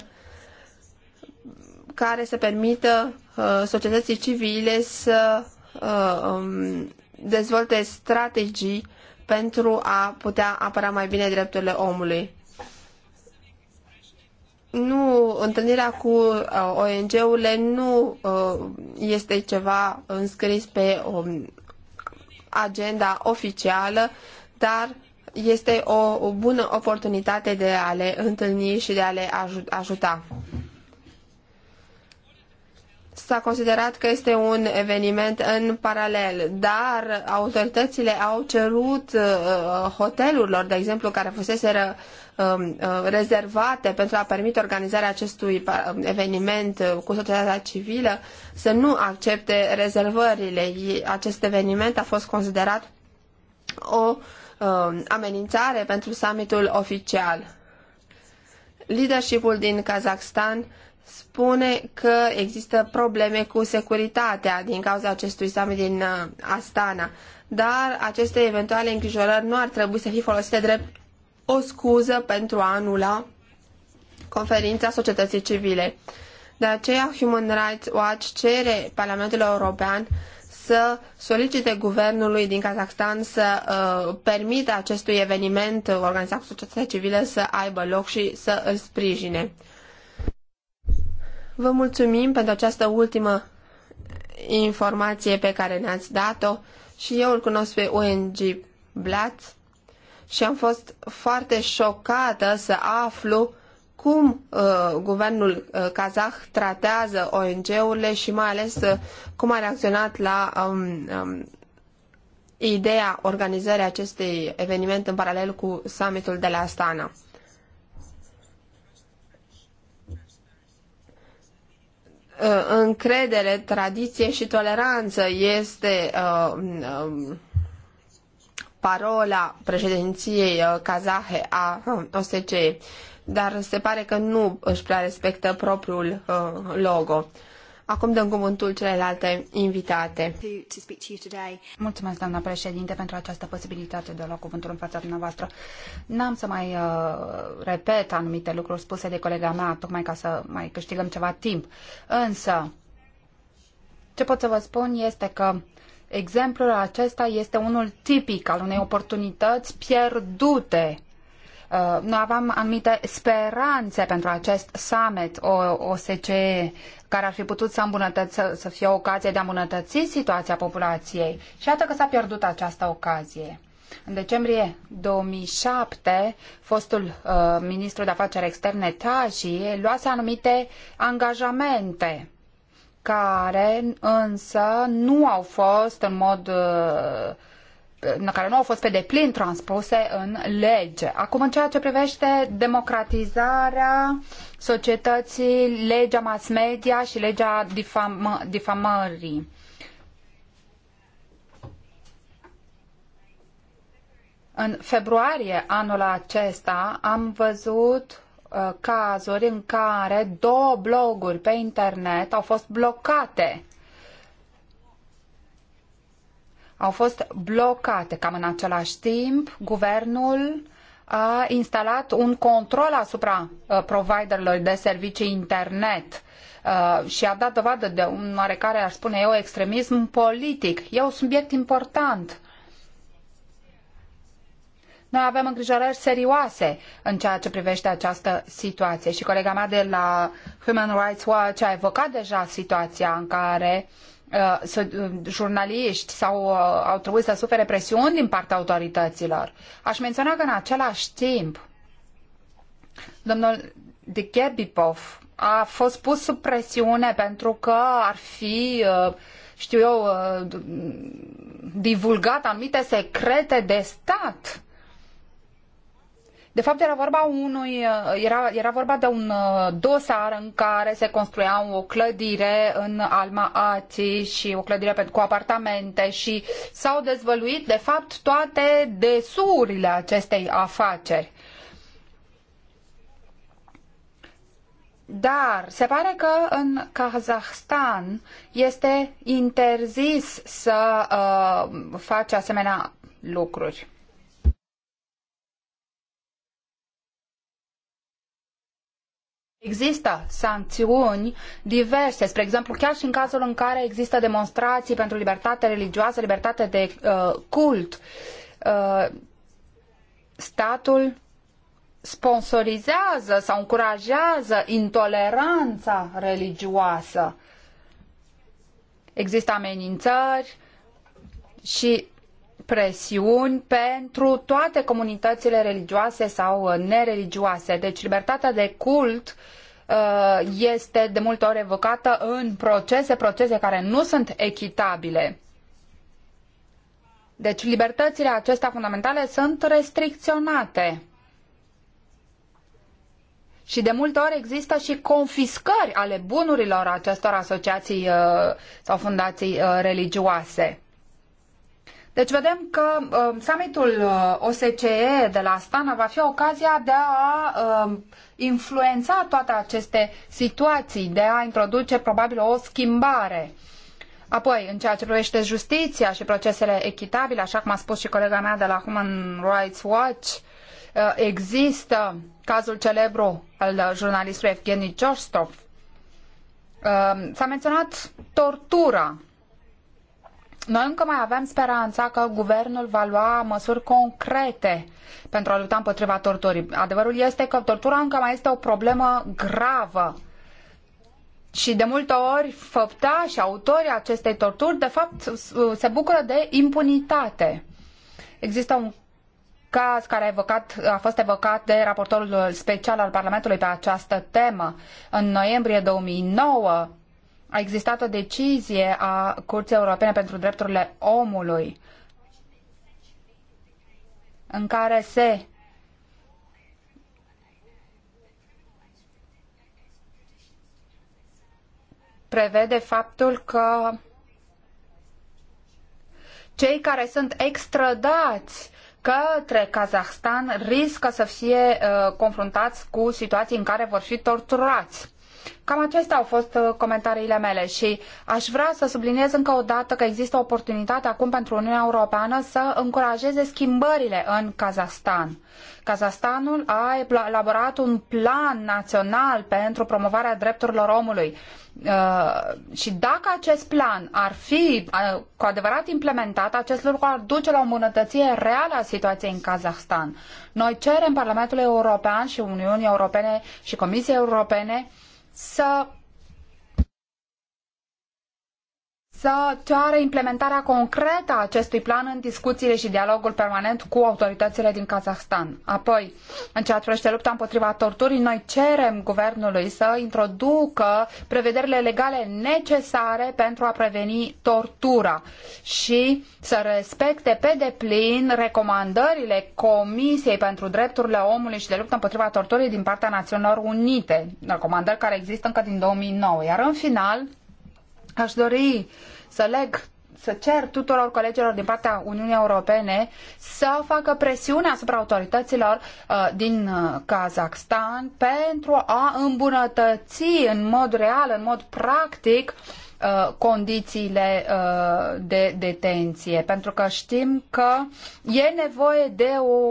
care să permită uh, societății civile să uh, um, dezvolte strategii pentru a putea apăra mai bine drepturile omului. Nu, întâlnirea cu uh, ONG-urile nu uh, este ceva înscris pe um, agenda oficială, dar este o, o bună oportunitate de a le întâlni și de a le ajuta. S-a considerat că este un eveniment în paralel, dar autoritățile au cerut uh, hotelurilor, de exemplu, care fusese um, uh, rezervate pentru a permite organizarea acestui uh, eveniment cu societatea civilă să nu accepte rezervările. Acest eveniment a fost considerat o uh, amenințare pentru summitul oficial. Leadershipul din Kazakhstan spune că există probleme cu securitatea din cauza acestui summit din uh, Astana, dar aceste eventuale îngrijorări nu ar trebui să fie folosite drept o scuză pentru a anula conferința societății civile. De aceea, Human Rights Watch cere Parlamentul European să solicite guvernului din Kazakhstan să uh, permită acestui eveniment uh, organizat cu societatea civilă să aibă loc și să îl sprijine. Vă mulțumim pentru această ultimă informație pe care ne-ați dat-o și eu îl cunosc pe ONG Blatt și am fost foarte șocată să aflu cum uh, guvernul uh, kazah tratează ONG-urile și mai ales uh, cum a reacționat la um, um, ideea organizării acestui eveniment în paralel cu summitul de la Astana. Uh, încredere, tradiție și toleranță este uh, um, parola președinției uh, kazahe a hm, OSCE dar se pare că nu își prea respectă propriul uh, logo. Acum dăm cuvântul celelalte invitate. Mulțumesc, doamna președinte, pentru această posibilitate de a lua cuvântul în fața dumneavoastră. N-am să mai uh, repet anumite lucruri spuse de colega mea, tocmai ca să mai câștigăm ceva timp. Însă, ce pot să vă spun este că exemplul acesta este unul tipic al unei oportunități pierdute Uh, noi aveam anumite speranțe pentru acest summit OSCE care ar fi putut să, să, să fie o ocazie de a îmbunătăți situația populației. Și iată că s-a pierdut această ocazie. În decembrie 2007, fostul uh, ministru de afaceri externe Taji luase anumite angajamente care însă nu au fost în mod uh, care nu au fost pe deplin transpuse în lege. Acum, în ceea ce privește democratizarea societății, legea mass media și legea difam- difamării. În februarie anul acesta am văzut uh, cazuri în care două bloguri pe internet au fost blocate au fost blocate. Cam în același timp, guvernul a instalat un control asupra uh, providerilor de servicii internet uh, și a dat dovadă de un oarecare, aș spune eu, extremism politic. E un subiect important. Noi avem îngrijorări serioase în ceea ce privește această situație și colega mea de la Human Rights Watch a evocat deja situația în care uh, Uh, uh, jurnaliști sau uh, au trebuit să sufere presiuni din partea autorităților. Aș menționa că în același timp domnul de a fost pus sub presiune pentru că ar fi știu eu divulgat anumite secrete de stat de fapt, era vorba, unui, uh, era, era vorba de un uh, dosar în care se construia o clădire în Alma Ati și o clădire cu apartamente și s-au dezvăluit, de fapt, toate desurile acestei afaceri. Dar se pare că în Kazahstan este interzis să uh, faci asemenea lucruri. Există sancțiuni diverse, spre exemplu chiar și în cazul în care există demonstrații pentru libertate religioasă, libertate de uh, cult. Uh, statul sponsorizează sau încurajează intoleranța religioasă. Există amenințări și presiuni pentru toate comunitățile religioase sau uh, nereligioase. Deci libertatea de cult uh, este de multe ori evocată în procese, procese care nu sunt echitabile. Deci libertățile acestea fundamentale sunt restricționate. Și de multe ori există și confiscări ale bunurilor acestor asociații uh, sau fundații religioase. Deci vedem că uh, summitul uh, OSCE de la Astana va fi ocazia de a uh, influența toate aceste situații, de a introduce probabil o schimbare. Apoi, în ceea ce privește justiția și procesele echitabile, așa cum a spus și colega mea de la Human Rights Watch, există cazul celebru al jurnalistului Evgeni Ciostov. S-a menționat tortura noi încă mai avem speranța că guvernul va lua măsuri concrete pentru a lupta împotriva torturii. Adevărul este că tortura încă mai este o problemă gravă. Și de multe ori făpta și autorii acestei torturi, de fapt, se bucură de impunitate. Există un caz care a, evocat, a fost evocat de raportorul special al Parlamentului pe această temă. În noiembrie 2009, a existat o decizie a Curții Europene pentru Drepturile Omului în care se prevede faptul că cei care sunt extradați către Kazahstan riscă să fie uh, confruntați cu situații în care vor fi torturați. Cam acestea au fost uh, comentariile mele și aș vrea să subliniez încă o dată că există o oportunitate acum pentru Uniunea Europeană să încurajeze schimbările în Kazahstan. Kazahstanul a elaborat un plan național pentru promovarea drepturilor omului. Uh, și dacă acest plan ar fi uh, cu adevărat implementat, acest lucru ar duce la o îmbunătățire reală a situației în Kazahstan. Noi cerem Parlamentului European și Uniunii Europene și Comisiei Europene uh, să să ceară implementarea concretă a acestui plan în discuțiile și dialogul permanent cu autoritățile din Kazahstan. Apoi, în ceea ce privește lupta împotriva torturii, noi cerem guvernului să introducă prevederile legale necesare pentru a preveni tortura și să respecte pe deplin recomandările Comisiei pentru Drepturile Omului și de luptă împotriva torturii din partea Națiunilor Unite, recomandări care există încă din 2009. Iar în final, Aș dori să leg să cer tuturor colegilor din partea Uniunii Europene să facă presiune asupra autorităților uh, din uh, Kazakhstan pentru a îmbunătăți în mod real, în mod practic, uh, Uh, condițiile uh, de detenție, pentru că știm că e nevoie de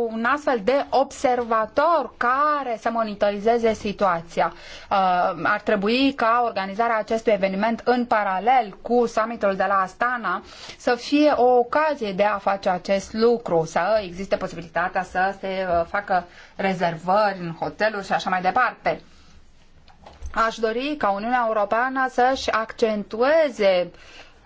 un astfel de observator care să monitorizeze situația. Uh, ar trebui ca organizarea acestui eveniment în paralel cu summitul de la Astana să fie o ocazie de a face acest lucru, să existe posibilitatea să se facă rezervări în hoteluri și așa mai departe. Aș dori ca Uniunea Europeană să-și accentueze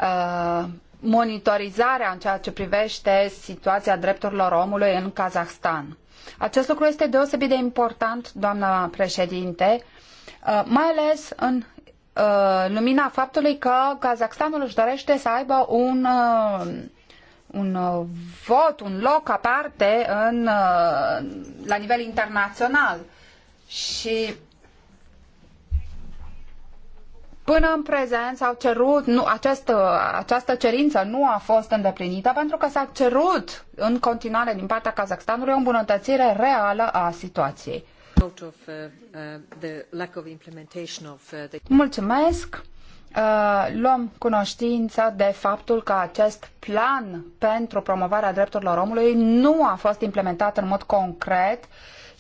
uh, monitorizarea în ceea ce privește situația drepturilor omului în Kazahstan. Acest lucru este deosebit de important, doamna președinte, uh, mai ales în uh, lumina faptului că Kazahstanul își dorește să aibă un uh, un vot, un loc aparte în, la nivel internațional. Și Până în prezent s-au cerut, nu, această, această cerință nu a fost îndeplinită pentru că s-a cerut în continuare din partea Kazakhstanului o îmbunătățire reală a situației. Uh, uh, uh, Mulțumesc! luăm cunoștință de faptul că acest plan pentru promovarea drepturilor omului nu a fost implementat în mod concret uh,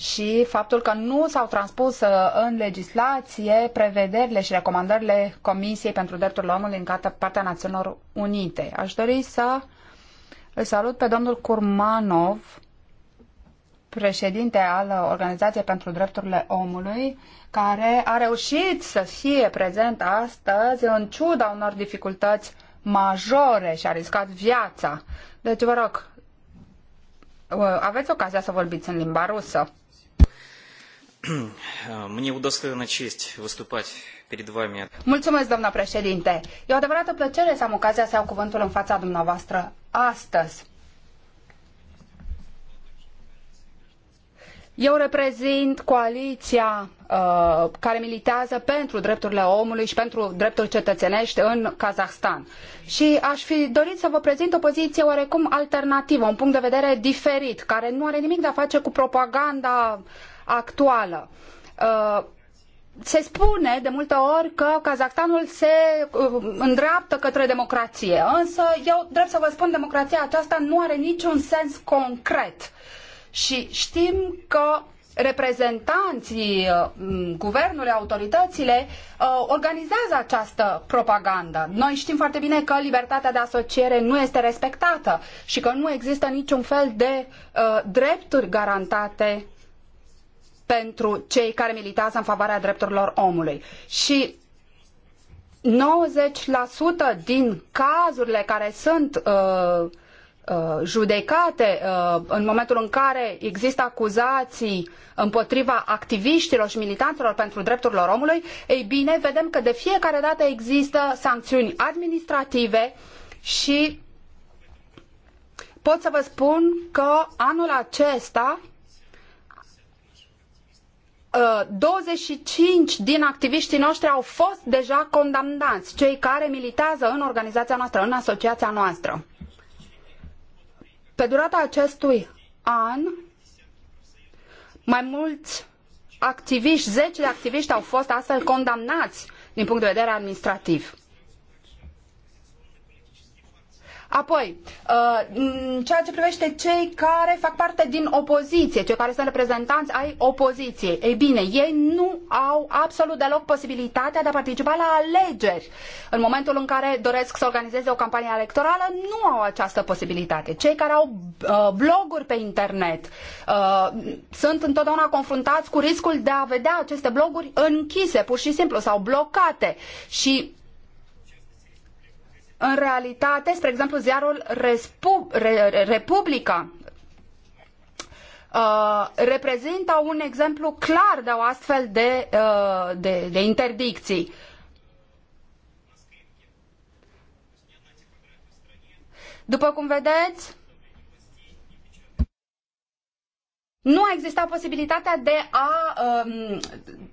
și faptul că nu s-au transpus uh, în legislație prevederile și recomandările Comisiei pentru Drepturile Omului în partea Națiunilor Unite. Aș dori să îl salut pe domnul Kurmanov, președinte al Organizației pentru Drepturile Omului, care a reușit să fie prezent astăzi în ciuda unor dificultăți majore și a riscat viața. Deci, vă rog, uh, aveți ocazia să vorbiți în limba rusă. Мне удостоена честь выступать перед вами. Mulțumesc, doamna președinte. E o adevărată plăcere să am ocazia să iau cuvântul în fața dumneavoastră astăzi. Eu reprezint coaliția uh, care militează pentru drepturile omului și pentru drepturi cetățenești în Kazahstan. Și aș fi dorit să vă prezint o poziție oarecum alternativă, un punct de vedere diferit, care nu are nimic de a face cu propaganda actuală. Uh, se spune de multe ori că Kazahstanul se uh, îndreaptă către democrație, însă eu drept să vă spun, democrația aceasta nu are niciun sens concret. Și știm că reprezentanții uh, guvernului, autoritățile organizează această propagandă. Noi știm foarte bine că libertatea de asociere nu este respectată și că nu există niciun fel de drepturi garantate pentru cei care militează în favoarea drepturilor omului. Și 90% din cazurile care sunt uh, uh judecate uh, în momentul în care există acuzații împotriva activiștilor și militanților pentru drepturile omului, ei bine, vedem că de fiecare dată există sancțiuni administrative și pot să vă spun că anul acesta 25 uh, din activiștii noștri au fost deja condamnați, cei care militează în organizația noastră, în asociația noastră. Pe durata acestui an, mai mulți activiști, zeci de activiști au fost astfel condamnați din punct de vedere administrativ. Apoi, uh, în ceea ce privește cei care fac parte din opoziție, cei care sunt reprezentanți ai opoziției, ei bine, ei nu au absolut deloc posibilitatea de a participa la alegeri. În momentul în care doresc să organizeze o campanie electorală, nu au această posibilitate. Cei care au uh, bloguri pe internet uh, sunt întotdeauna confruntați cu riscul de a vedea aceste bloguri închise, pur și simplu, sau blocate. Și în realitate, spre exemplu, ziarul Respu- Re- Republica uh, reprezintă un exemplu clar de o astfel de, uh, de, de interdicții. După cum vedeți, nu a existat posibilitatea de a um,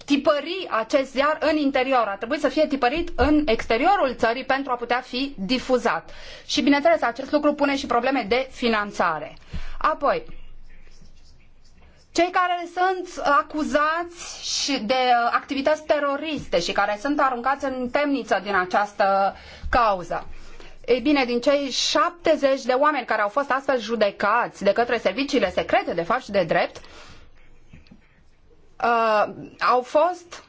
tipări acest ziar în interior. A trebuit să fie tipărit în exteriorul țării pentru a putea fi difuzat. Și bineînțeles, acest lucru pune și probleme de finanțare. Apoi, cei care sunt acuzați și de uh, activități teroriste și care sunt aruncați în temniță din această cauză. Ei bine, din cei 70 de oameni care au fost astfel judecați de către serviciile secrete, de fapt și de drept, uh, au fost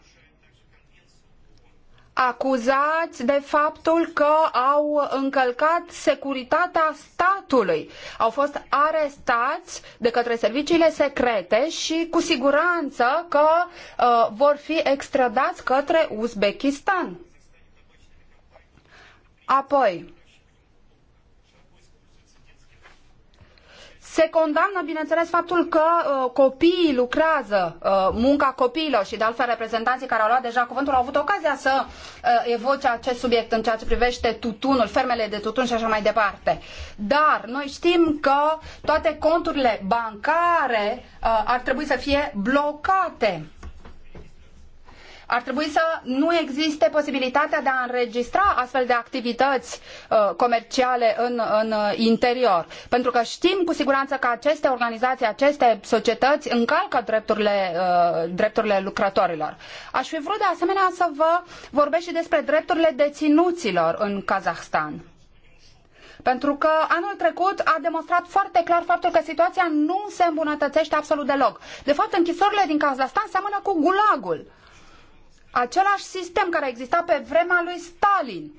acuzați de faptul că au încălcat securitatea statului. Au fost arestați de către serviciile secrete și cu siguranță că uh, vor fi extradați către Uzbekistan. Apoi, Se condamnă, bineînțeles, faptul că uh, copiii lucrează, uh, munca copiilor și de altfel reprezentanții care au luat deja cuvântul au avut ocazia să uh, evoce acest subiect în ceea ce privește tutunul, fermele de tutun și așa mai departe. Dar noi știm că toate conturile bancare uh, ar trebui să fie blocate ar trebui să nu existe posibilitatea de a înregistra astfel de activități uh, comerciale în, în uh, interior. Pentru că știm cu siguranță că aceste organizații, aceste societăți încalcă drepturile, uh, drepturile lucrătorilor. Aș fi vrut de asemenea să vă vorbesc și despre drepturile deținuților în Kazahstan pentru că anul trecut a demonstrat foarte clar faptul că situația nu se îmbunătățește absolut deloc. De fapt, închisorile din Kazahstan seamănă cu gulagul același sistem care exista pe vremea lui Stalin.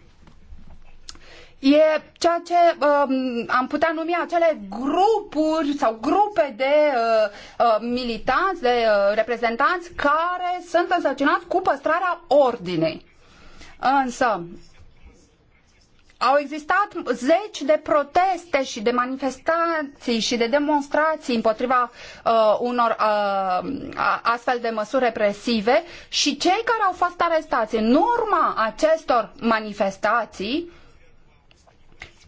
E ceea ce um, am putea numi acele grupuri sau grupe de uh, uh militanți, de uh, reprezentanți care sunt însăcinați cu păstrarea ordinei. Însă, au existat zeci de proteste și de manifestații și de demonstrații împotriva uh, unor uh, astfel de măsuri represive și cei care au fost arestați în urma acestor manifestații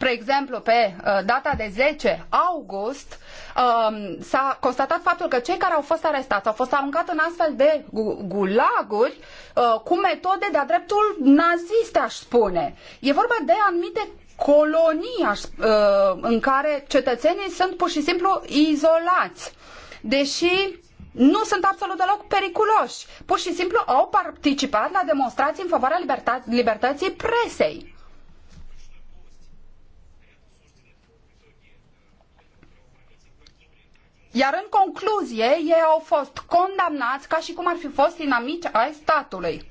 Spre exemplu, pe uh, data de 10 august um, s-a constatat faptul că cei care au fost arestați au fost aruncați în astfel de gulaguri uh, cu metode de-a dreptul naziste, aș spune. E vorba de anumite colonii uh, în care cetățenii sunt pur și simplu izolați. Deși nu sunt absolut deloc periculoși. Pur și simplu au participat la demonstrații în favoarea libertă- libertății presei. Iar în concluzie, ei au fost condamnați ca și cum ar fi fost inamici ai statului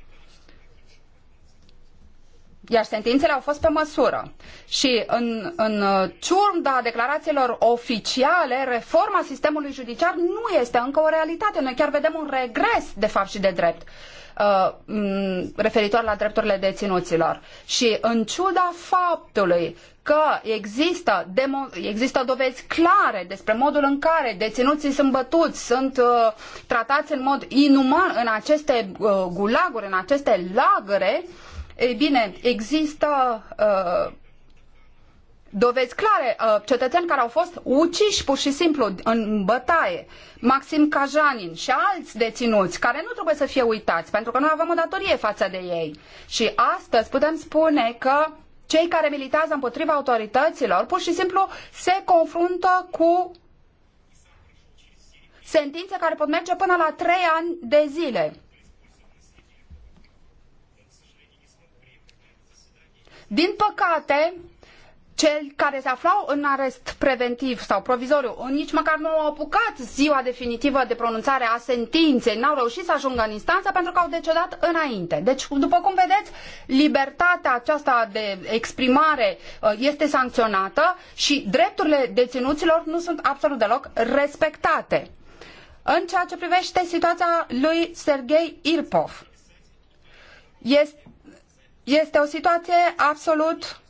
iar sentințele au fost pe măsură. Și în, în uh, ciurda declarațiilor oficiale, reforma sistemului judiciar nu este încă o realitate. Noi chiar vedem un regres de fapt și de drept uh, referitor la drepturile deținuților. Și în ciuda faptului că există, demo, există dovezi clare despre modul în care deținuții sunt bătuți, sunt uh, tratați în mod inuman în aceste uh, gulaguri, în aceste lagăre, ei bine, există uh, dovezi clare, uh, cetățeni care au fost uciși pur și simplu în bătaie, Maxim Cajanin și alți deținuți, care nu trebuie să fie uitați, pentru că noi avem o datorie față de ei. Și astăzi putem spune că cei care militează împotriva autorităților pur și simplu se confruntă cu sentințe care pot merge până la trei ani de zile. Din păcate, cei care se aflau în arest preventiv sau provizoriu nici măcar nu au apucat ziua definitivă de pronunțare a sentinței, n-au reușit să ajungă în instanță pentru că au decedat înainte. Deci, după cum vedeți, libertatea aceasta de exprimare uh, este sancționată și drepturile deținuților nu sunt absolut deloc respectate. În ceea ce privește situația lui Sergei Irpov, este, este o situație absolut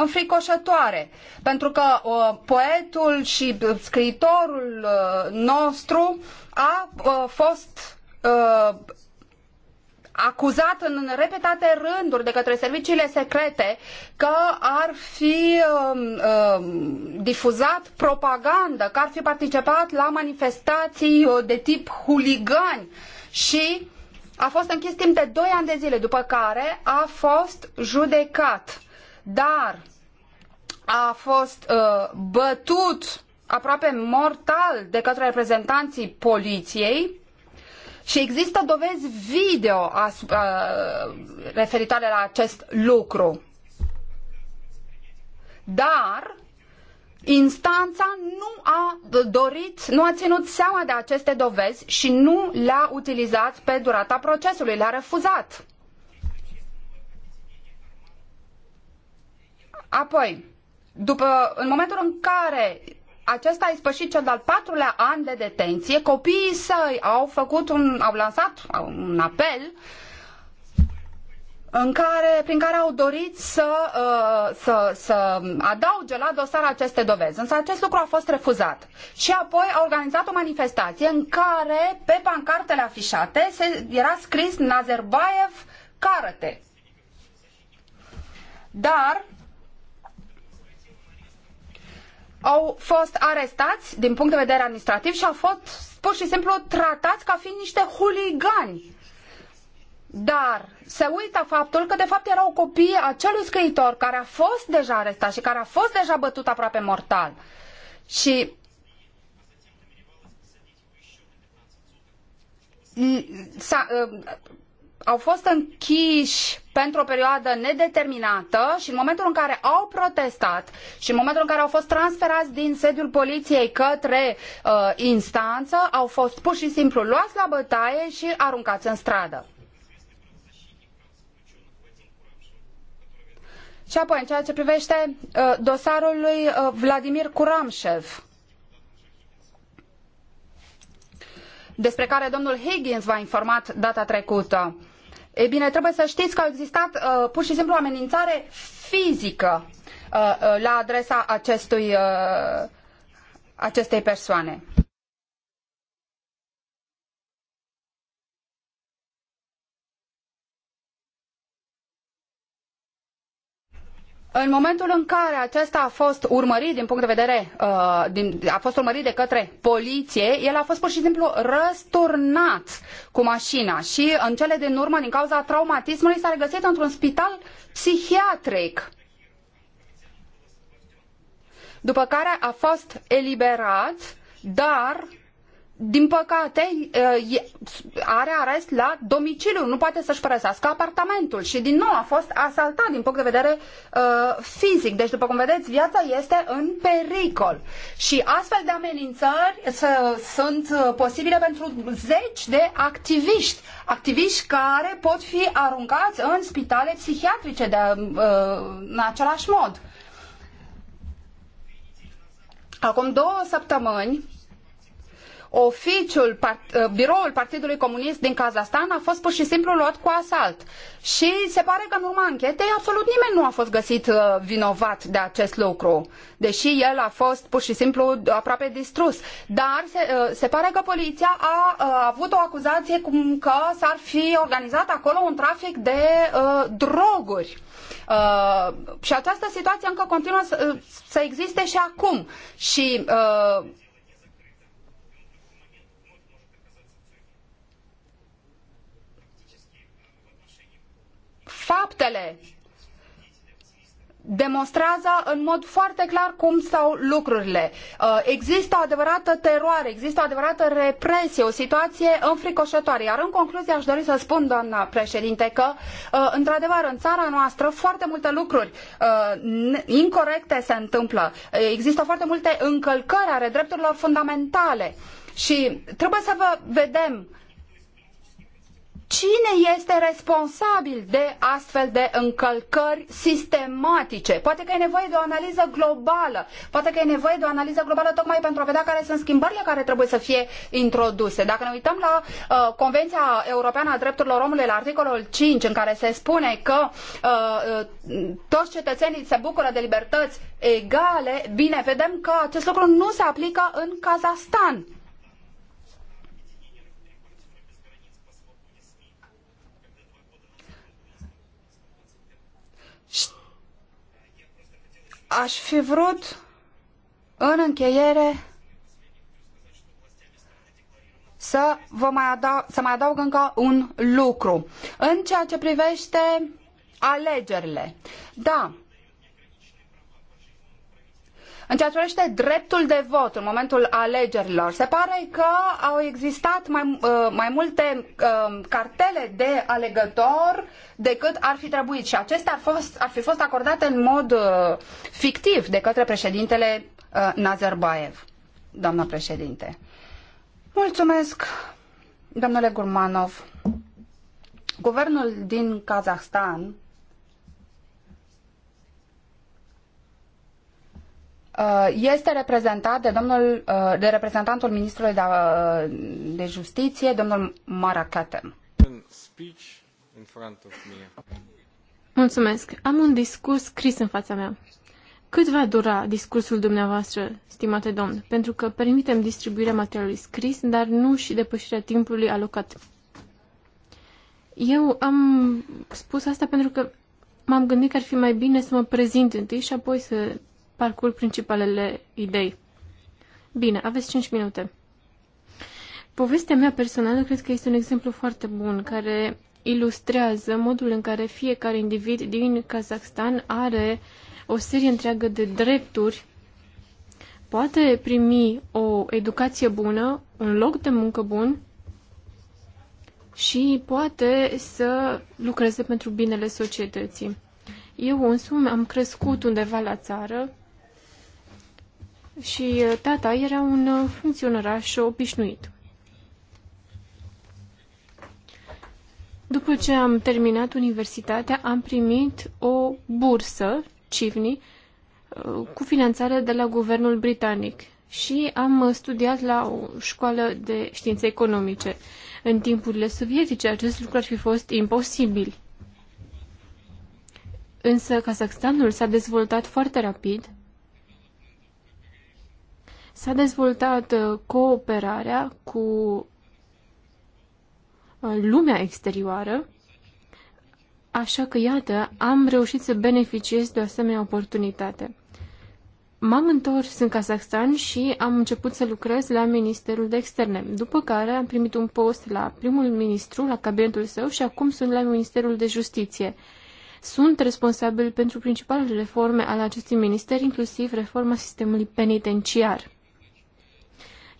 înfricoșătoare, pentru că uh, poetul și scriitorul uh, nostru a uh, fost acuzat în repetate rânduri de către serviciile secrete că ar fi uh, difuzat propagandă, că ar fi participat la manifestații de tip huligani și a fost închis timp de doi ani de zile, după care a fost judecat dar a fost uh, bătut aproape mortal de către reprezentanții poliției și există dovezi video uh, referitoare la acest lucru. Dar instanța nu a dorit, nu a ținut seama de aceste dovezi și nu le-a utilizat pe durata procesului, le-a refuzat. Apoi, după, în momentul în care acesta a ispășit cel de-al patrulea an de detenție, copiii săi au făcut un, au lansat un apel în care, prin care au dorit să, uh, să, să adauge la dosar aceste dovezi. Însă acest lucru a fost refuzat. Și apoi a organizat o manifestație în care, pe pancartele afișate, se, era scris Nazarbayev Karate. Dar au fost arestați din punct de vedere administrativ și au fost pur și simplu tratați ca fiind niște huligani. Dar se uită faptul că de fapt erau copii acelui scriitor care a fost deja arestat și care a fost deja bătut aproape mortal. Și au fost închiși pentru o perioadă nedeterminată și în momentul în care au protestat și în momentul în care au fost transferați din sediul poliției către uh, instanță, au fost pur și simplu luați la bătaie și aruncați în stradă. Și apoi, în ceea ce privește uh, dosarul lui uh, Vladimir Kuramshev, despre care domnul Higgins v-a informat data trecută. E bine, trebuie să știți că au existat uh, pur și simplu o amenințare fizică uh, uh la adresa acestui, uh, acestei persoane. În momentul în care acesta a fost urmărit din punct de vedere, uh, din, a fost urmărit de către poliție, el a fost pur și simplu răsturnat cu mașina și în cele din urmă, din cauza traumatismului, s-a regăsit într-un spital psihiatric. După care a fost eliberat, dar din păcate, are arest la domiciliu, nu poate să-și părăsească apartamentul și din nou a fost asaltat din punct de vedere uh, fizic. Deci, după cum vedeți, viața este în pericol și astfel de amenințări sunt uh, posibile pentru zeci de activiști, activiști care pot fi aruncați în spitale psihiatrice de, uh, în același mod. Acum două săptămâni, oficiul, part, uh, biroul Partidului Comunist din Kazahstan a fost pur și simplu luat cu asalt. Și se pare că în urma anchetei absolut nimeni nu a fost găsit uh, vinovat de acest lucru, deși el a fost pur și simplu aproape distrus. Dar se, uh, se pare că poliția a, a avut o acuzație cum că s-ar fi organizat acolo un trafic de droguri. Uh, și această situație încă continuă să, să existe și acum. Și uh, faptele demonstrează în mod foarte clar cum stau lucrurile. Uh, există o adevărată teroare, există o adevărată represie, o situație înfricoșătoare. Iar în concluzie aș dori să spun, doamna președinte, că uh, într-adevăr în țara noastră foarte multe lucruri uh, incorrecte se întâmplă. Există foarte multe încălcări ale drepturilor fundamentale. Și trebuie să vă vedem Cine este responsabil de astfel de încălcări sistematice? Poate că e nevoie de o analiză globală, poate că e nevoie de o analiză globală tocmai pentru a vedea care sunt schimbările care trebuie să fie introduse. Dacă ne uităm la uh, Convenția Europeană a Drepturilor Omului, la articolul 5, în care se spune că uh, uh, toți cetățenii se bucură de libertăți egale, bine, vedem că acest lucru nu se aplică în Kazahstan Aș fi vrut, în încheiere, să, vă mai adaug, să mai adaug încă un lucru. În ceea ce privește alegerile, da, în ceea ce privește dreptul de vot în momentul alegerilor, se pare că au existat mai, uh, mai multe uh, cartele de alegător decât ar fi trebuit și acestea ar, fost, ar fi fost acordate în mod uh, fictiv de către președintele Nazarbayev. Doamna președinte. Mulțumesc, domnule Gurmanov. Guvernul din Kazahstan Uh, este reprezentat de, domnul, uh, de reprezentantul ministrului de, uh, de justiție, domnul Maracate. Mulțumesc. Am un discurs scris în fața mea. Cât va dura discursul dumneavoastră, stimate domn? Pentru că permitem distribuirea materialului scris, dar nu și depășirea timpului alocat. Eu am spus asta pentru că m-am gândit că ar fi mai bine să mă prezint întâi și apoi să parcurg principalele idei. Bine, aveți 5 minute. Povestea mea personală cred că este un exemplu foarte bun care ilustrează modul în care fiecare individ din Kazakhstan are o serie întreagă de drepturi, poate primi o educație bună, un loc de muncă bun și poate să lucreze pentru binele societății. Eu însumi am crescut undeva la țară, și uh, tata era un uh, funcționăraș obișnuit. După ce am terminat universitatea, am primit o bursă, CIVNI, uh, cu finanțare de la guvernul britanic și am studiat la o școală de științe economice. În timpurile sovietice acest lucru ar fi fost imposibil. Însă Kazakhstanul s-a dezvoltat foarte rapid S-a dezvoltat uh, cooperarea cu uh, lumea exterioară, așa că, iată, am reușit să beneficiez de o asemenea oportunitate. M-am întors în Kazahstan și am început să lucrez la Ministerul de Externe, după care am primit un post la primul ministru, la cabinetul său și acum sunt la Ministerul de Justiție. Sunt responsabil pentru principalele reforme ale acestui minister, inclusiv reforma sistemului penitenciar.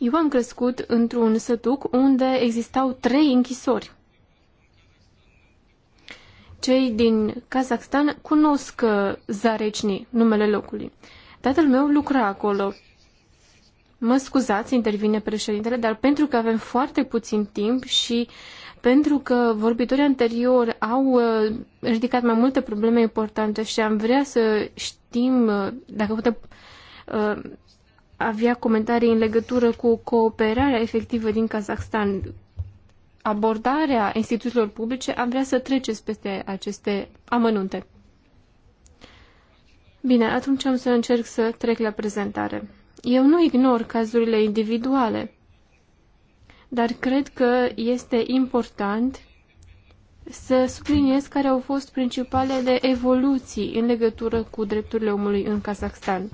Eu am crescut într-un sătuc unde existau trei închisori. Cei din Kazakhstan cunosc uh, Zarecni, numele locului. Tatăl meu lucra acolo. Mă scuzați, intervine președintele, dar pentru că avem foarte puțin timp și pentru că vorbitorii anterior au uh, ridicat mai multe probleme importante și am vrea să știm uh, dacă putem avea comentarii în legătură cu cooperarea efectivă din Kazahstan. Abordarea instituțiilor publice am vrea să treceți peste aceste amănunte. Bine, atunci am să încerc să trec la prezentare. Eu nu ignor cazurile individuale, dar cred că este important să subliniez care au fost principalele evoluții în legătură cu drepturile omului în Kazahstan.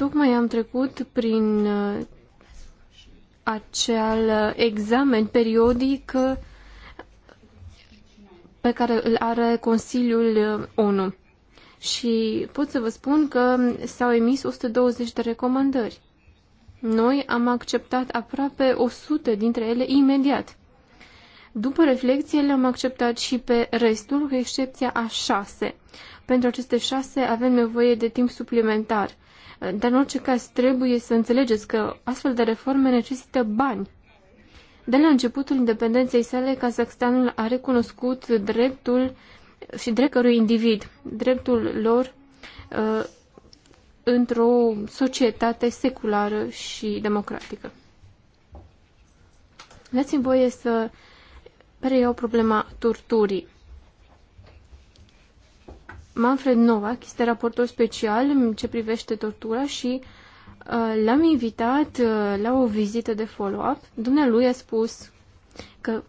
Tocmai am trecut prin uh, acel uh, examen periodic uh, pe care îl are Consiliul ONU. Și pot să vă spun că s-au emis 120 de recomandări. Noi am acceptat aproape 100 dintre ele imediat. După reflexie le-am acceptat și pe restul, cu excepția a șase. Pentru aceste șase avem nevoie de timp suplimentar dar în orice caz trebuie să înțelegeți că astfel de reforme necesită bani. De la începutul independenței sale, Kazakhstanul a recunoscut dreptul și dreptului individ, dreptul lor uh, într-o societate seculară și democratică. Dați-mi voie să preiau problema torturii. Manfred Novak este raportor special în ce privește tortura și uh, l-am invitat uh, la o vizită de follow-up. Dumnealui a spus că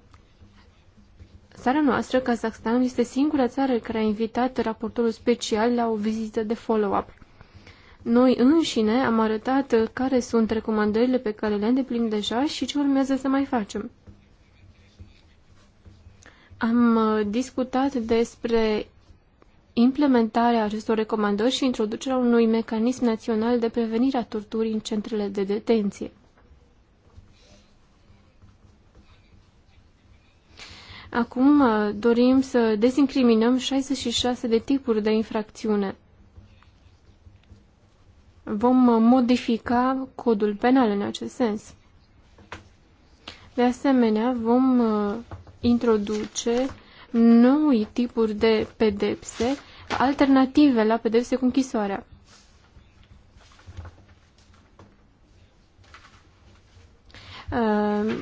țara noastră, Kazakhstan, este singura țară care a invitat raportorul special la o vizită de follow-up. Noi înșine am arătat uh, care sunt recomandările pe care le îndeplinim deja și ce urmează să mai facem. Am uh, discutat despre implementarea acestor recomandări și introducerea unui mecanism național de prevenire a torturii în centrele de detenție. Acum uh, dorim să dezincriminăm 66 de tipuri de infracțiune. Vom uh, modifica codul penal în acest sens. De asemenea, vom uh, introduce noi tipuri de pedepse alternative la pedepse cu închisoarea. Uh,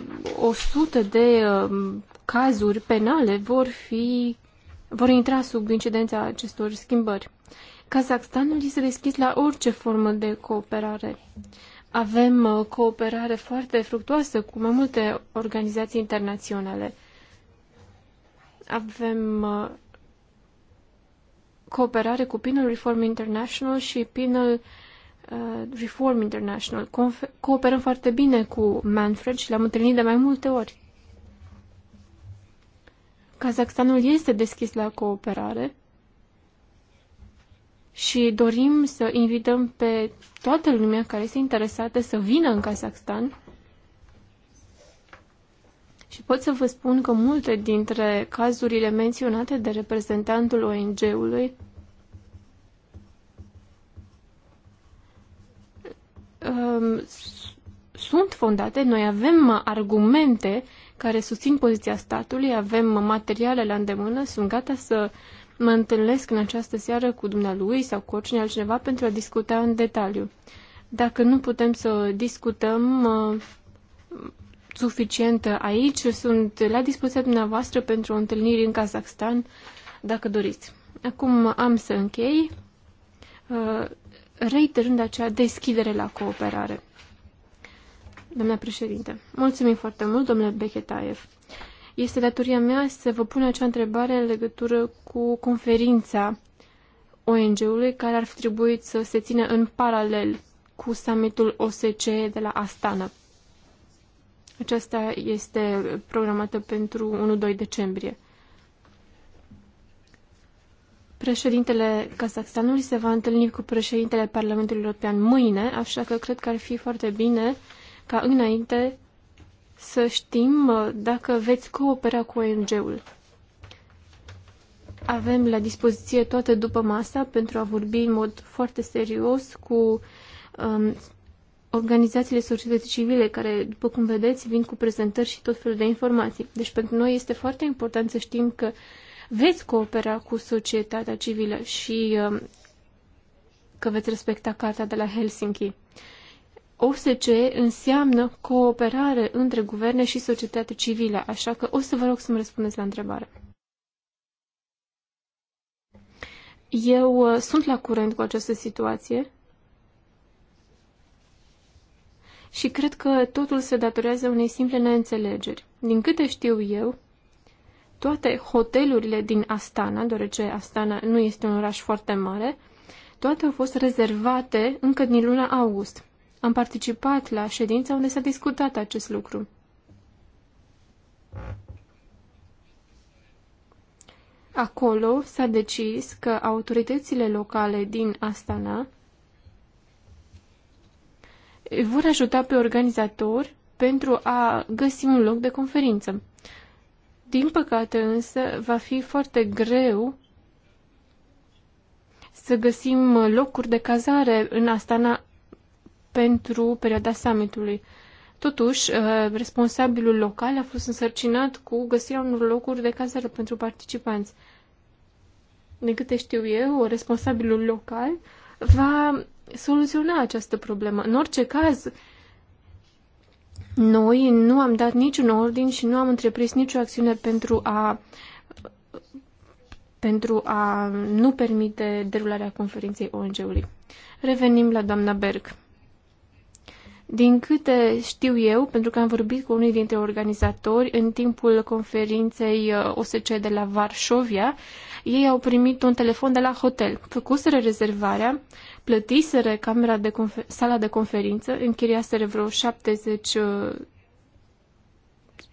o sută de uh, cazuri penale vor fi vor intra sub incidența acestor schimbări. Kazakhstanul este deschis la orice formă de cooperare. Avem uh, cooperare foarte fructuoasă cu mai multe organizații internaționale avem uh, cooperare cu Penal Reform International și Penal uh, Reform International. Cooperăm foarte bine cu Manfred și l-am întâlnit de mai multe ori. Kazakhstanul este deschis la cooperare și dorim să invităm pe toată lumea care este interesată să vină în Kazakhstan și pot să vă spun că multe dintre cazurile menționate de reprezentantul ONG-ului um, sunt fondate, noi avem argumente care susțin poziția statului, avem materiale la îndemână, sunt gata să mă întâlnesc în această seară cu dumnealui sau cu oricine altcineva pentru a discuta în detaliu. Dacă nu putem să discutăm, uh, suficientă aici. Sunt la dispoziția dumneavoastră pentru o întâlnire în Kazakhstan, dacă doriți. Acum am să închei, uh, reiterând acea deschidere la cooperare. Doamna președinte, mulțumim foarte mult, domnule Bechetaev. Este datoria mea să vă pun acea întrebare în legătură cu conferința ONG-ului care ar fi trebuit să se țină în paralel cu summitul OSCE de la Astana aceasta este programată pentru 1-2 decembrie. Președintele Kazakhstanului se va întâlni cu președintele Parlamentului European mâine, așa că cred că ar fi foarte bine ca înainte să știm uh, dacă veți coopera cu ONG-ul. Avem la dispoziție toate după masa pentru a vorbi în mod foarte serios cu um, organizațiile societății civile, care, după cum vedeți, vin cu prezentări și tot felul de informații. Deci, pentru noi este foarte important să știm că veți coopera cu societatea civilă și um, că veți respecta Carta de la Helsinki. OSCE înseamnă cooperare între guverne și societatea civilă, așa că o să vă rog să-mi răspundeți la întrebare. Eu uh, sunt la curent cu această situație și cred că totul se datorează unei simple neînțelegeri. Din câte știu eu, toate hotelurile din Astana, deoarece Astana nu este un oraș foarte mare, toate au fost rezervate încă din luna august. Am participat la ședința unde s-a discutat acest lucru. Acolo s-a decis că autoritățile locale din Astana vor ajuta pe organizatori pentru a găsi un loc de conferință. Din păcate însă, va fi foarte greu să găsim locuri de cazare în Astana pentru perioada summitului. Totuși, uh, responsabilul local a fost însărcinat cu găsirea unor locuri de cazare pentru participanți. De câte știu eu, responsabilul local va soluționa această problemă. În orice caz, noi nu am dat niciun ordin și nu am întreprins nicio acțiune pentru a pentru a nu permite derularea conferinței ONG-ului. Revenim la doamna Berg. Din câte știu eu, pentru că am vorbit cu unii dintre organizatori în timpul conferinței uh, OSC de la Varșovia, ei au primit un telefon de la hotel. Făcuseră rezervarea, plătiseră camera de confer- sala de conferință, închiriaseră vreo 70, uh,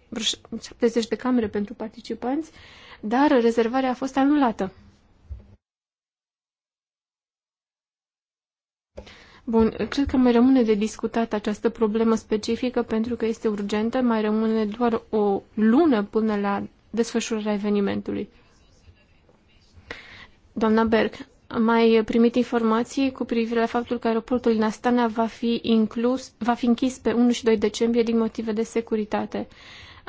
vreo 70 de camere pentru participanți, dar rezervarea a fost anulată. Bun, cred că mai rămâne de discutat această problemă specifică pentru că este urgentă, mai rămâne doar o lună până la desfășurarea evenimentului. Doamna Berg, am mai primit informații cu privire la faptul că aeroportul din Astana va fi, inclus, va fi închis pe 1 și 2 decembrie din motive de securitate.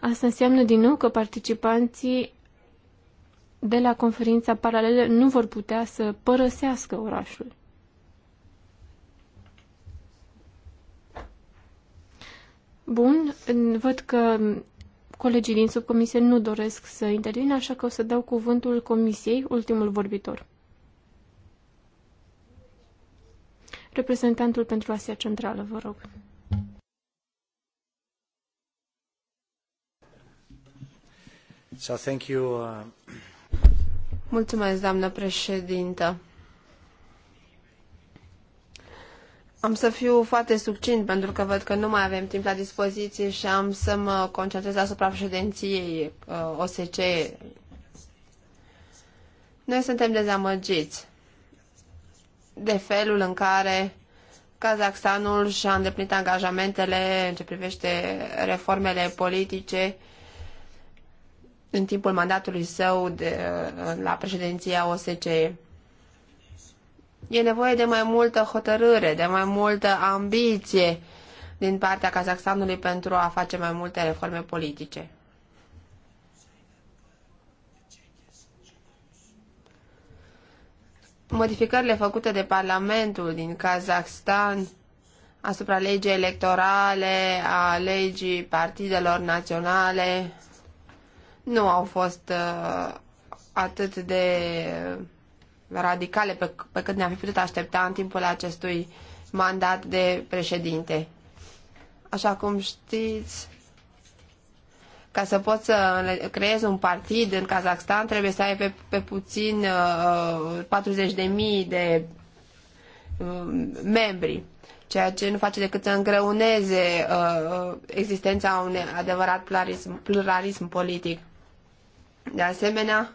Asta înseamnă din nou că participanții de la conferința paralelă nu vor putea să părăsească orașul. Bun, văd că colegii din subcomisie nu doresc să intervină, așa că o să dau cuvântul comisiei, ultimul vorbitor. Reprezentantul pentru Asia Centrală, vă rog. So, thank you, uh... Mulțumesc, doamnă președintă. Am să fiu foarte succint pentru că văd că nu mai avem timp la dispoziție și am să mă concentrez asupra președinției uh, OSCE. Noi suntem dezamăgiți de felul în care Kazakhstanul și-a îndeplinit angajamentele în ce privește reformele politice în timpul mandatului său de, la președinția OSCE. E nevoie de mai multă hotărâre, de mai multă ambiție din partea Kazakhstanului pentru a face mai multe reforme politice. modificările făcute de Parlamentul din Kazakhstan asupra legii electorale, a legii partidelor naționale, nu au fost uh, atât de radicale pe, pe cât ne-am fi putut aștepta în timpul acestui mandat de președinte. Așa cum știți, ca să poți să creezi un partid în Kazakhstan, trebuie să ai pe, pe puțin uh, 40.000 de uh, membri, ceea ce nu face decât să îngreuneze uh, existența unui adevărat pluralism, pluralism politic. De asemenea,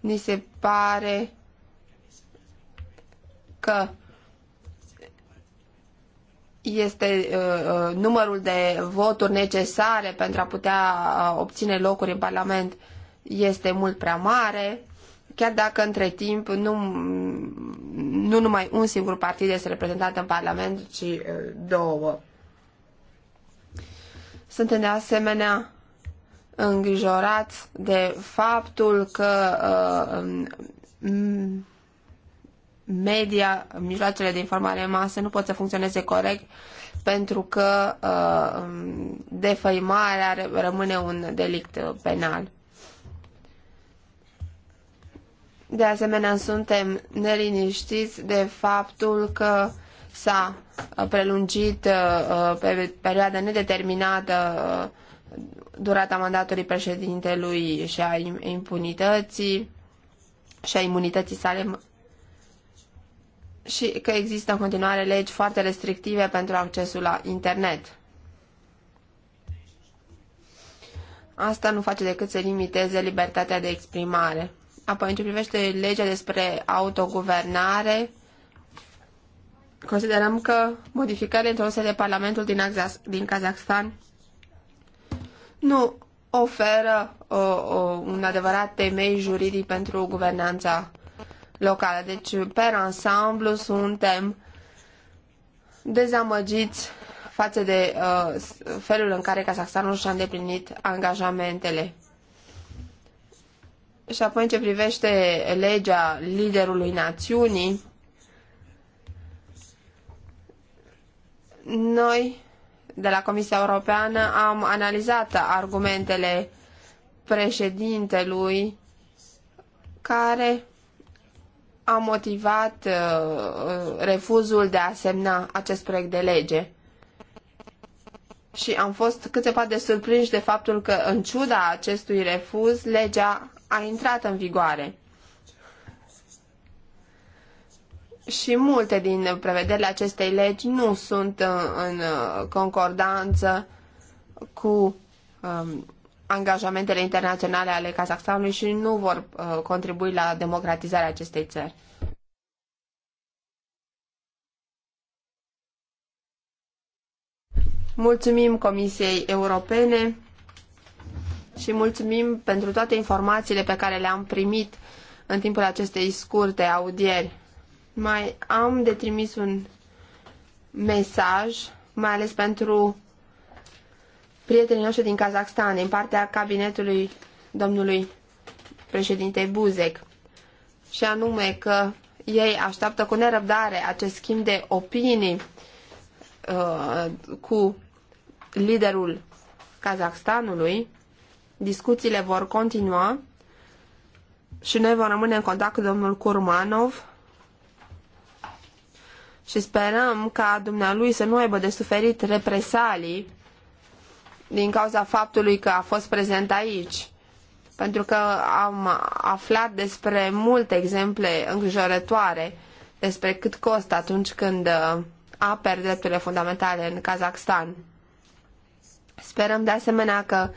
ni se pare că este uh, uh, numărul de voturi necesare pentru a putea uh, obține locuri în Parlament este mult prea mare, chiar dacă între timp nu, nu numai un singur partid este reprezentat în Parlament, ci uh, două. Suntem de asemenea îngrijorați de faptul că uh, um, media, mijloacele de informare masă nu pot să funcționeze corect pentru că uh, defăimarea rămâne un delict uh, penal. De asemenea, suntem neliniștiți de faptul că s-a uh, prelungit uh, uh, pe perioada nedeterminată durata mandatului președintelui și a impunității și a imunității sale și că există în continuare legi foarte restrictive pentru accesul la internet. Asta nu face decât să limiteze libertatea de exprimare. Apoi, în ce privește legea despre autoguvernare, considerăm că modificările introduse de Parlamentul din, Azaz- din Kazakhstan nu oferă o, uh, o, uh, un adevărat temei juridic pentru guvernanța locală. Deci, pe ansamblu, suntem dezamăgiți față de uh, felul în care Kazahstanul și-a îndeplinit angajamentele. Și apoi, în ce privește legea liderului națiunii, noi, de la Comisia Europeană, am analizat argumentele președintelui care a motivat uh, uh, refuzul de a semna acest proiect de lege. Și am fost cât se poate surprinși de faptul că, în ciuda acestui refuz, legea a intrat în vigoare. Și multe din prevederile acestei legi nu sunt uh, în, în uh, concordanță cu um, angajamentele internaționale ale Kazahstanului și nu vor uh, contribui la democratizarea acestei țări. Mulțumim Comisiei Europene și mulțumim pentru toate informațiile pe care le-am primit în timpul acestei scurte audieri. Mai am de trimis un mesaj, mai ales pentru prietenii noștri din Kazakhstan, din partea cabinetului domnului președinte Buzek, și anume că ei așteaptă cu nerăbdare acest schimb de opinii uh, cu liderul Kazakhstanului. Discuțiile vor continua și noi vom rămâne în contact cu domnul Kurmanov și sperăm ca dumnealui să nu aibă de suferit represalii din cauza faptului că a fost prezent aici. Pentru că am aflat despre multe exemple îngrijorătoare despre cât costă atunci când uh, aperi drepturile fundamentale în Kazakhstan. Sperăm de asemenea că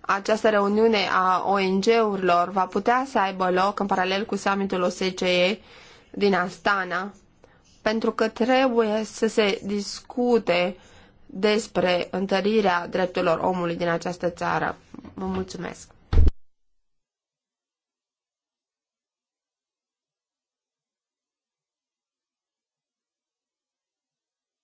această reuniune a ONG-urilor va putea să aibă loc în paralel cu summitul OSCE din Astana, pentru că trebuie să se discute despre întărirea drepturilor omului din această țară. Vă mulțumesc!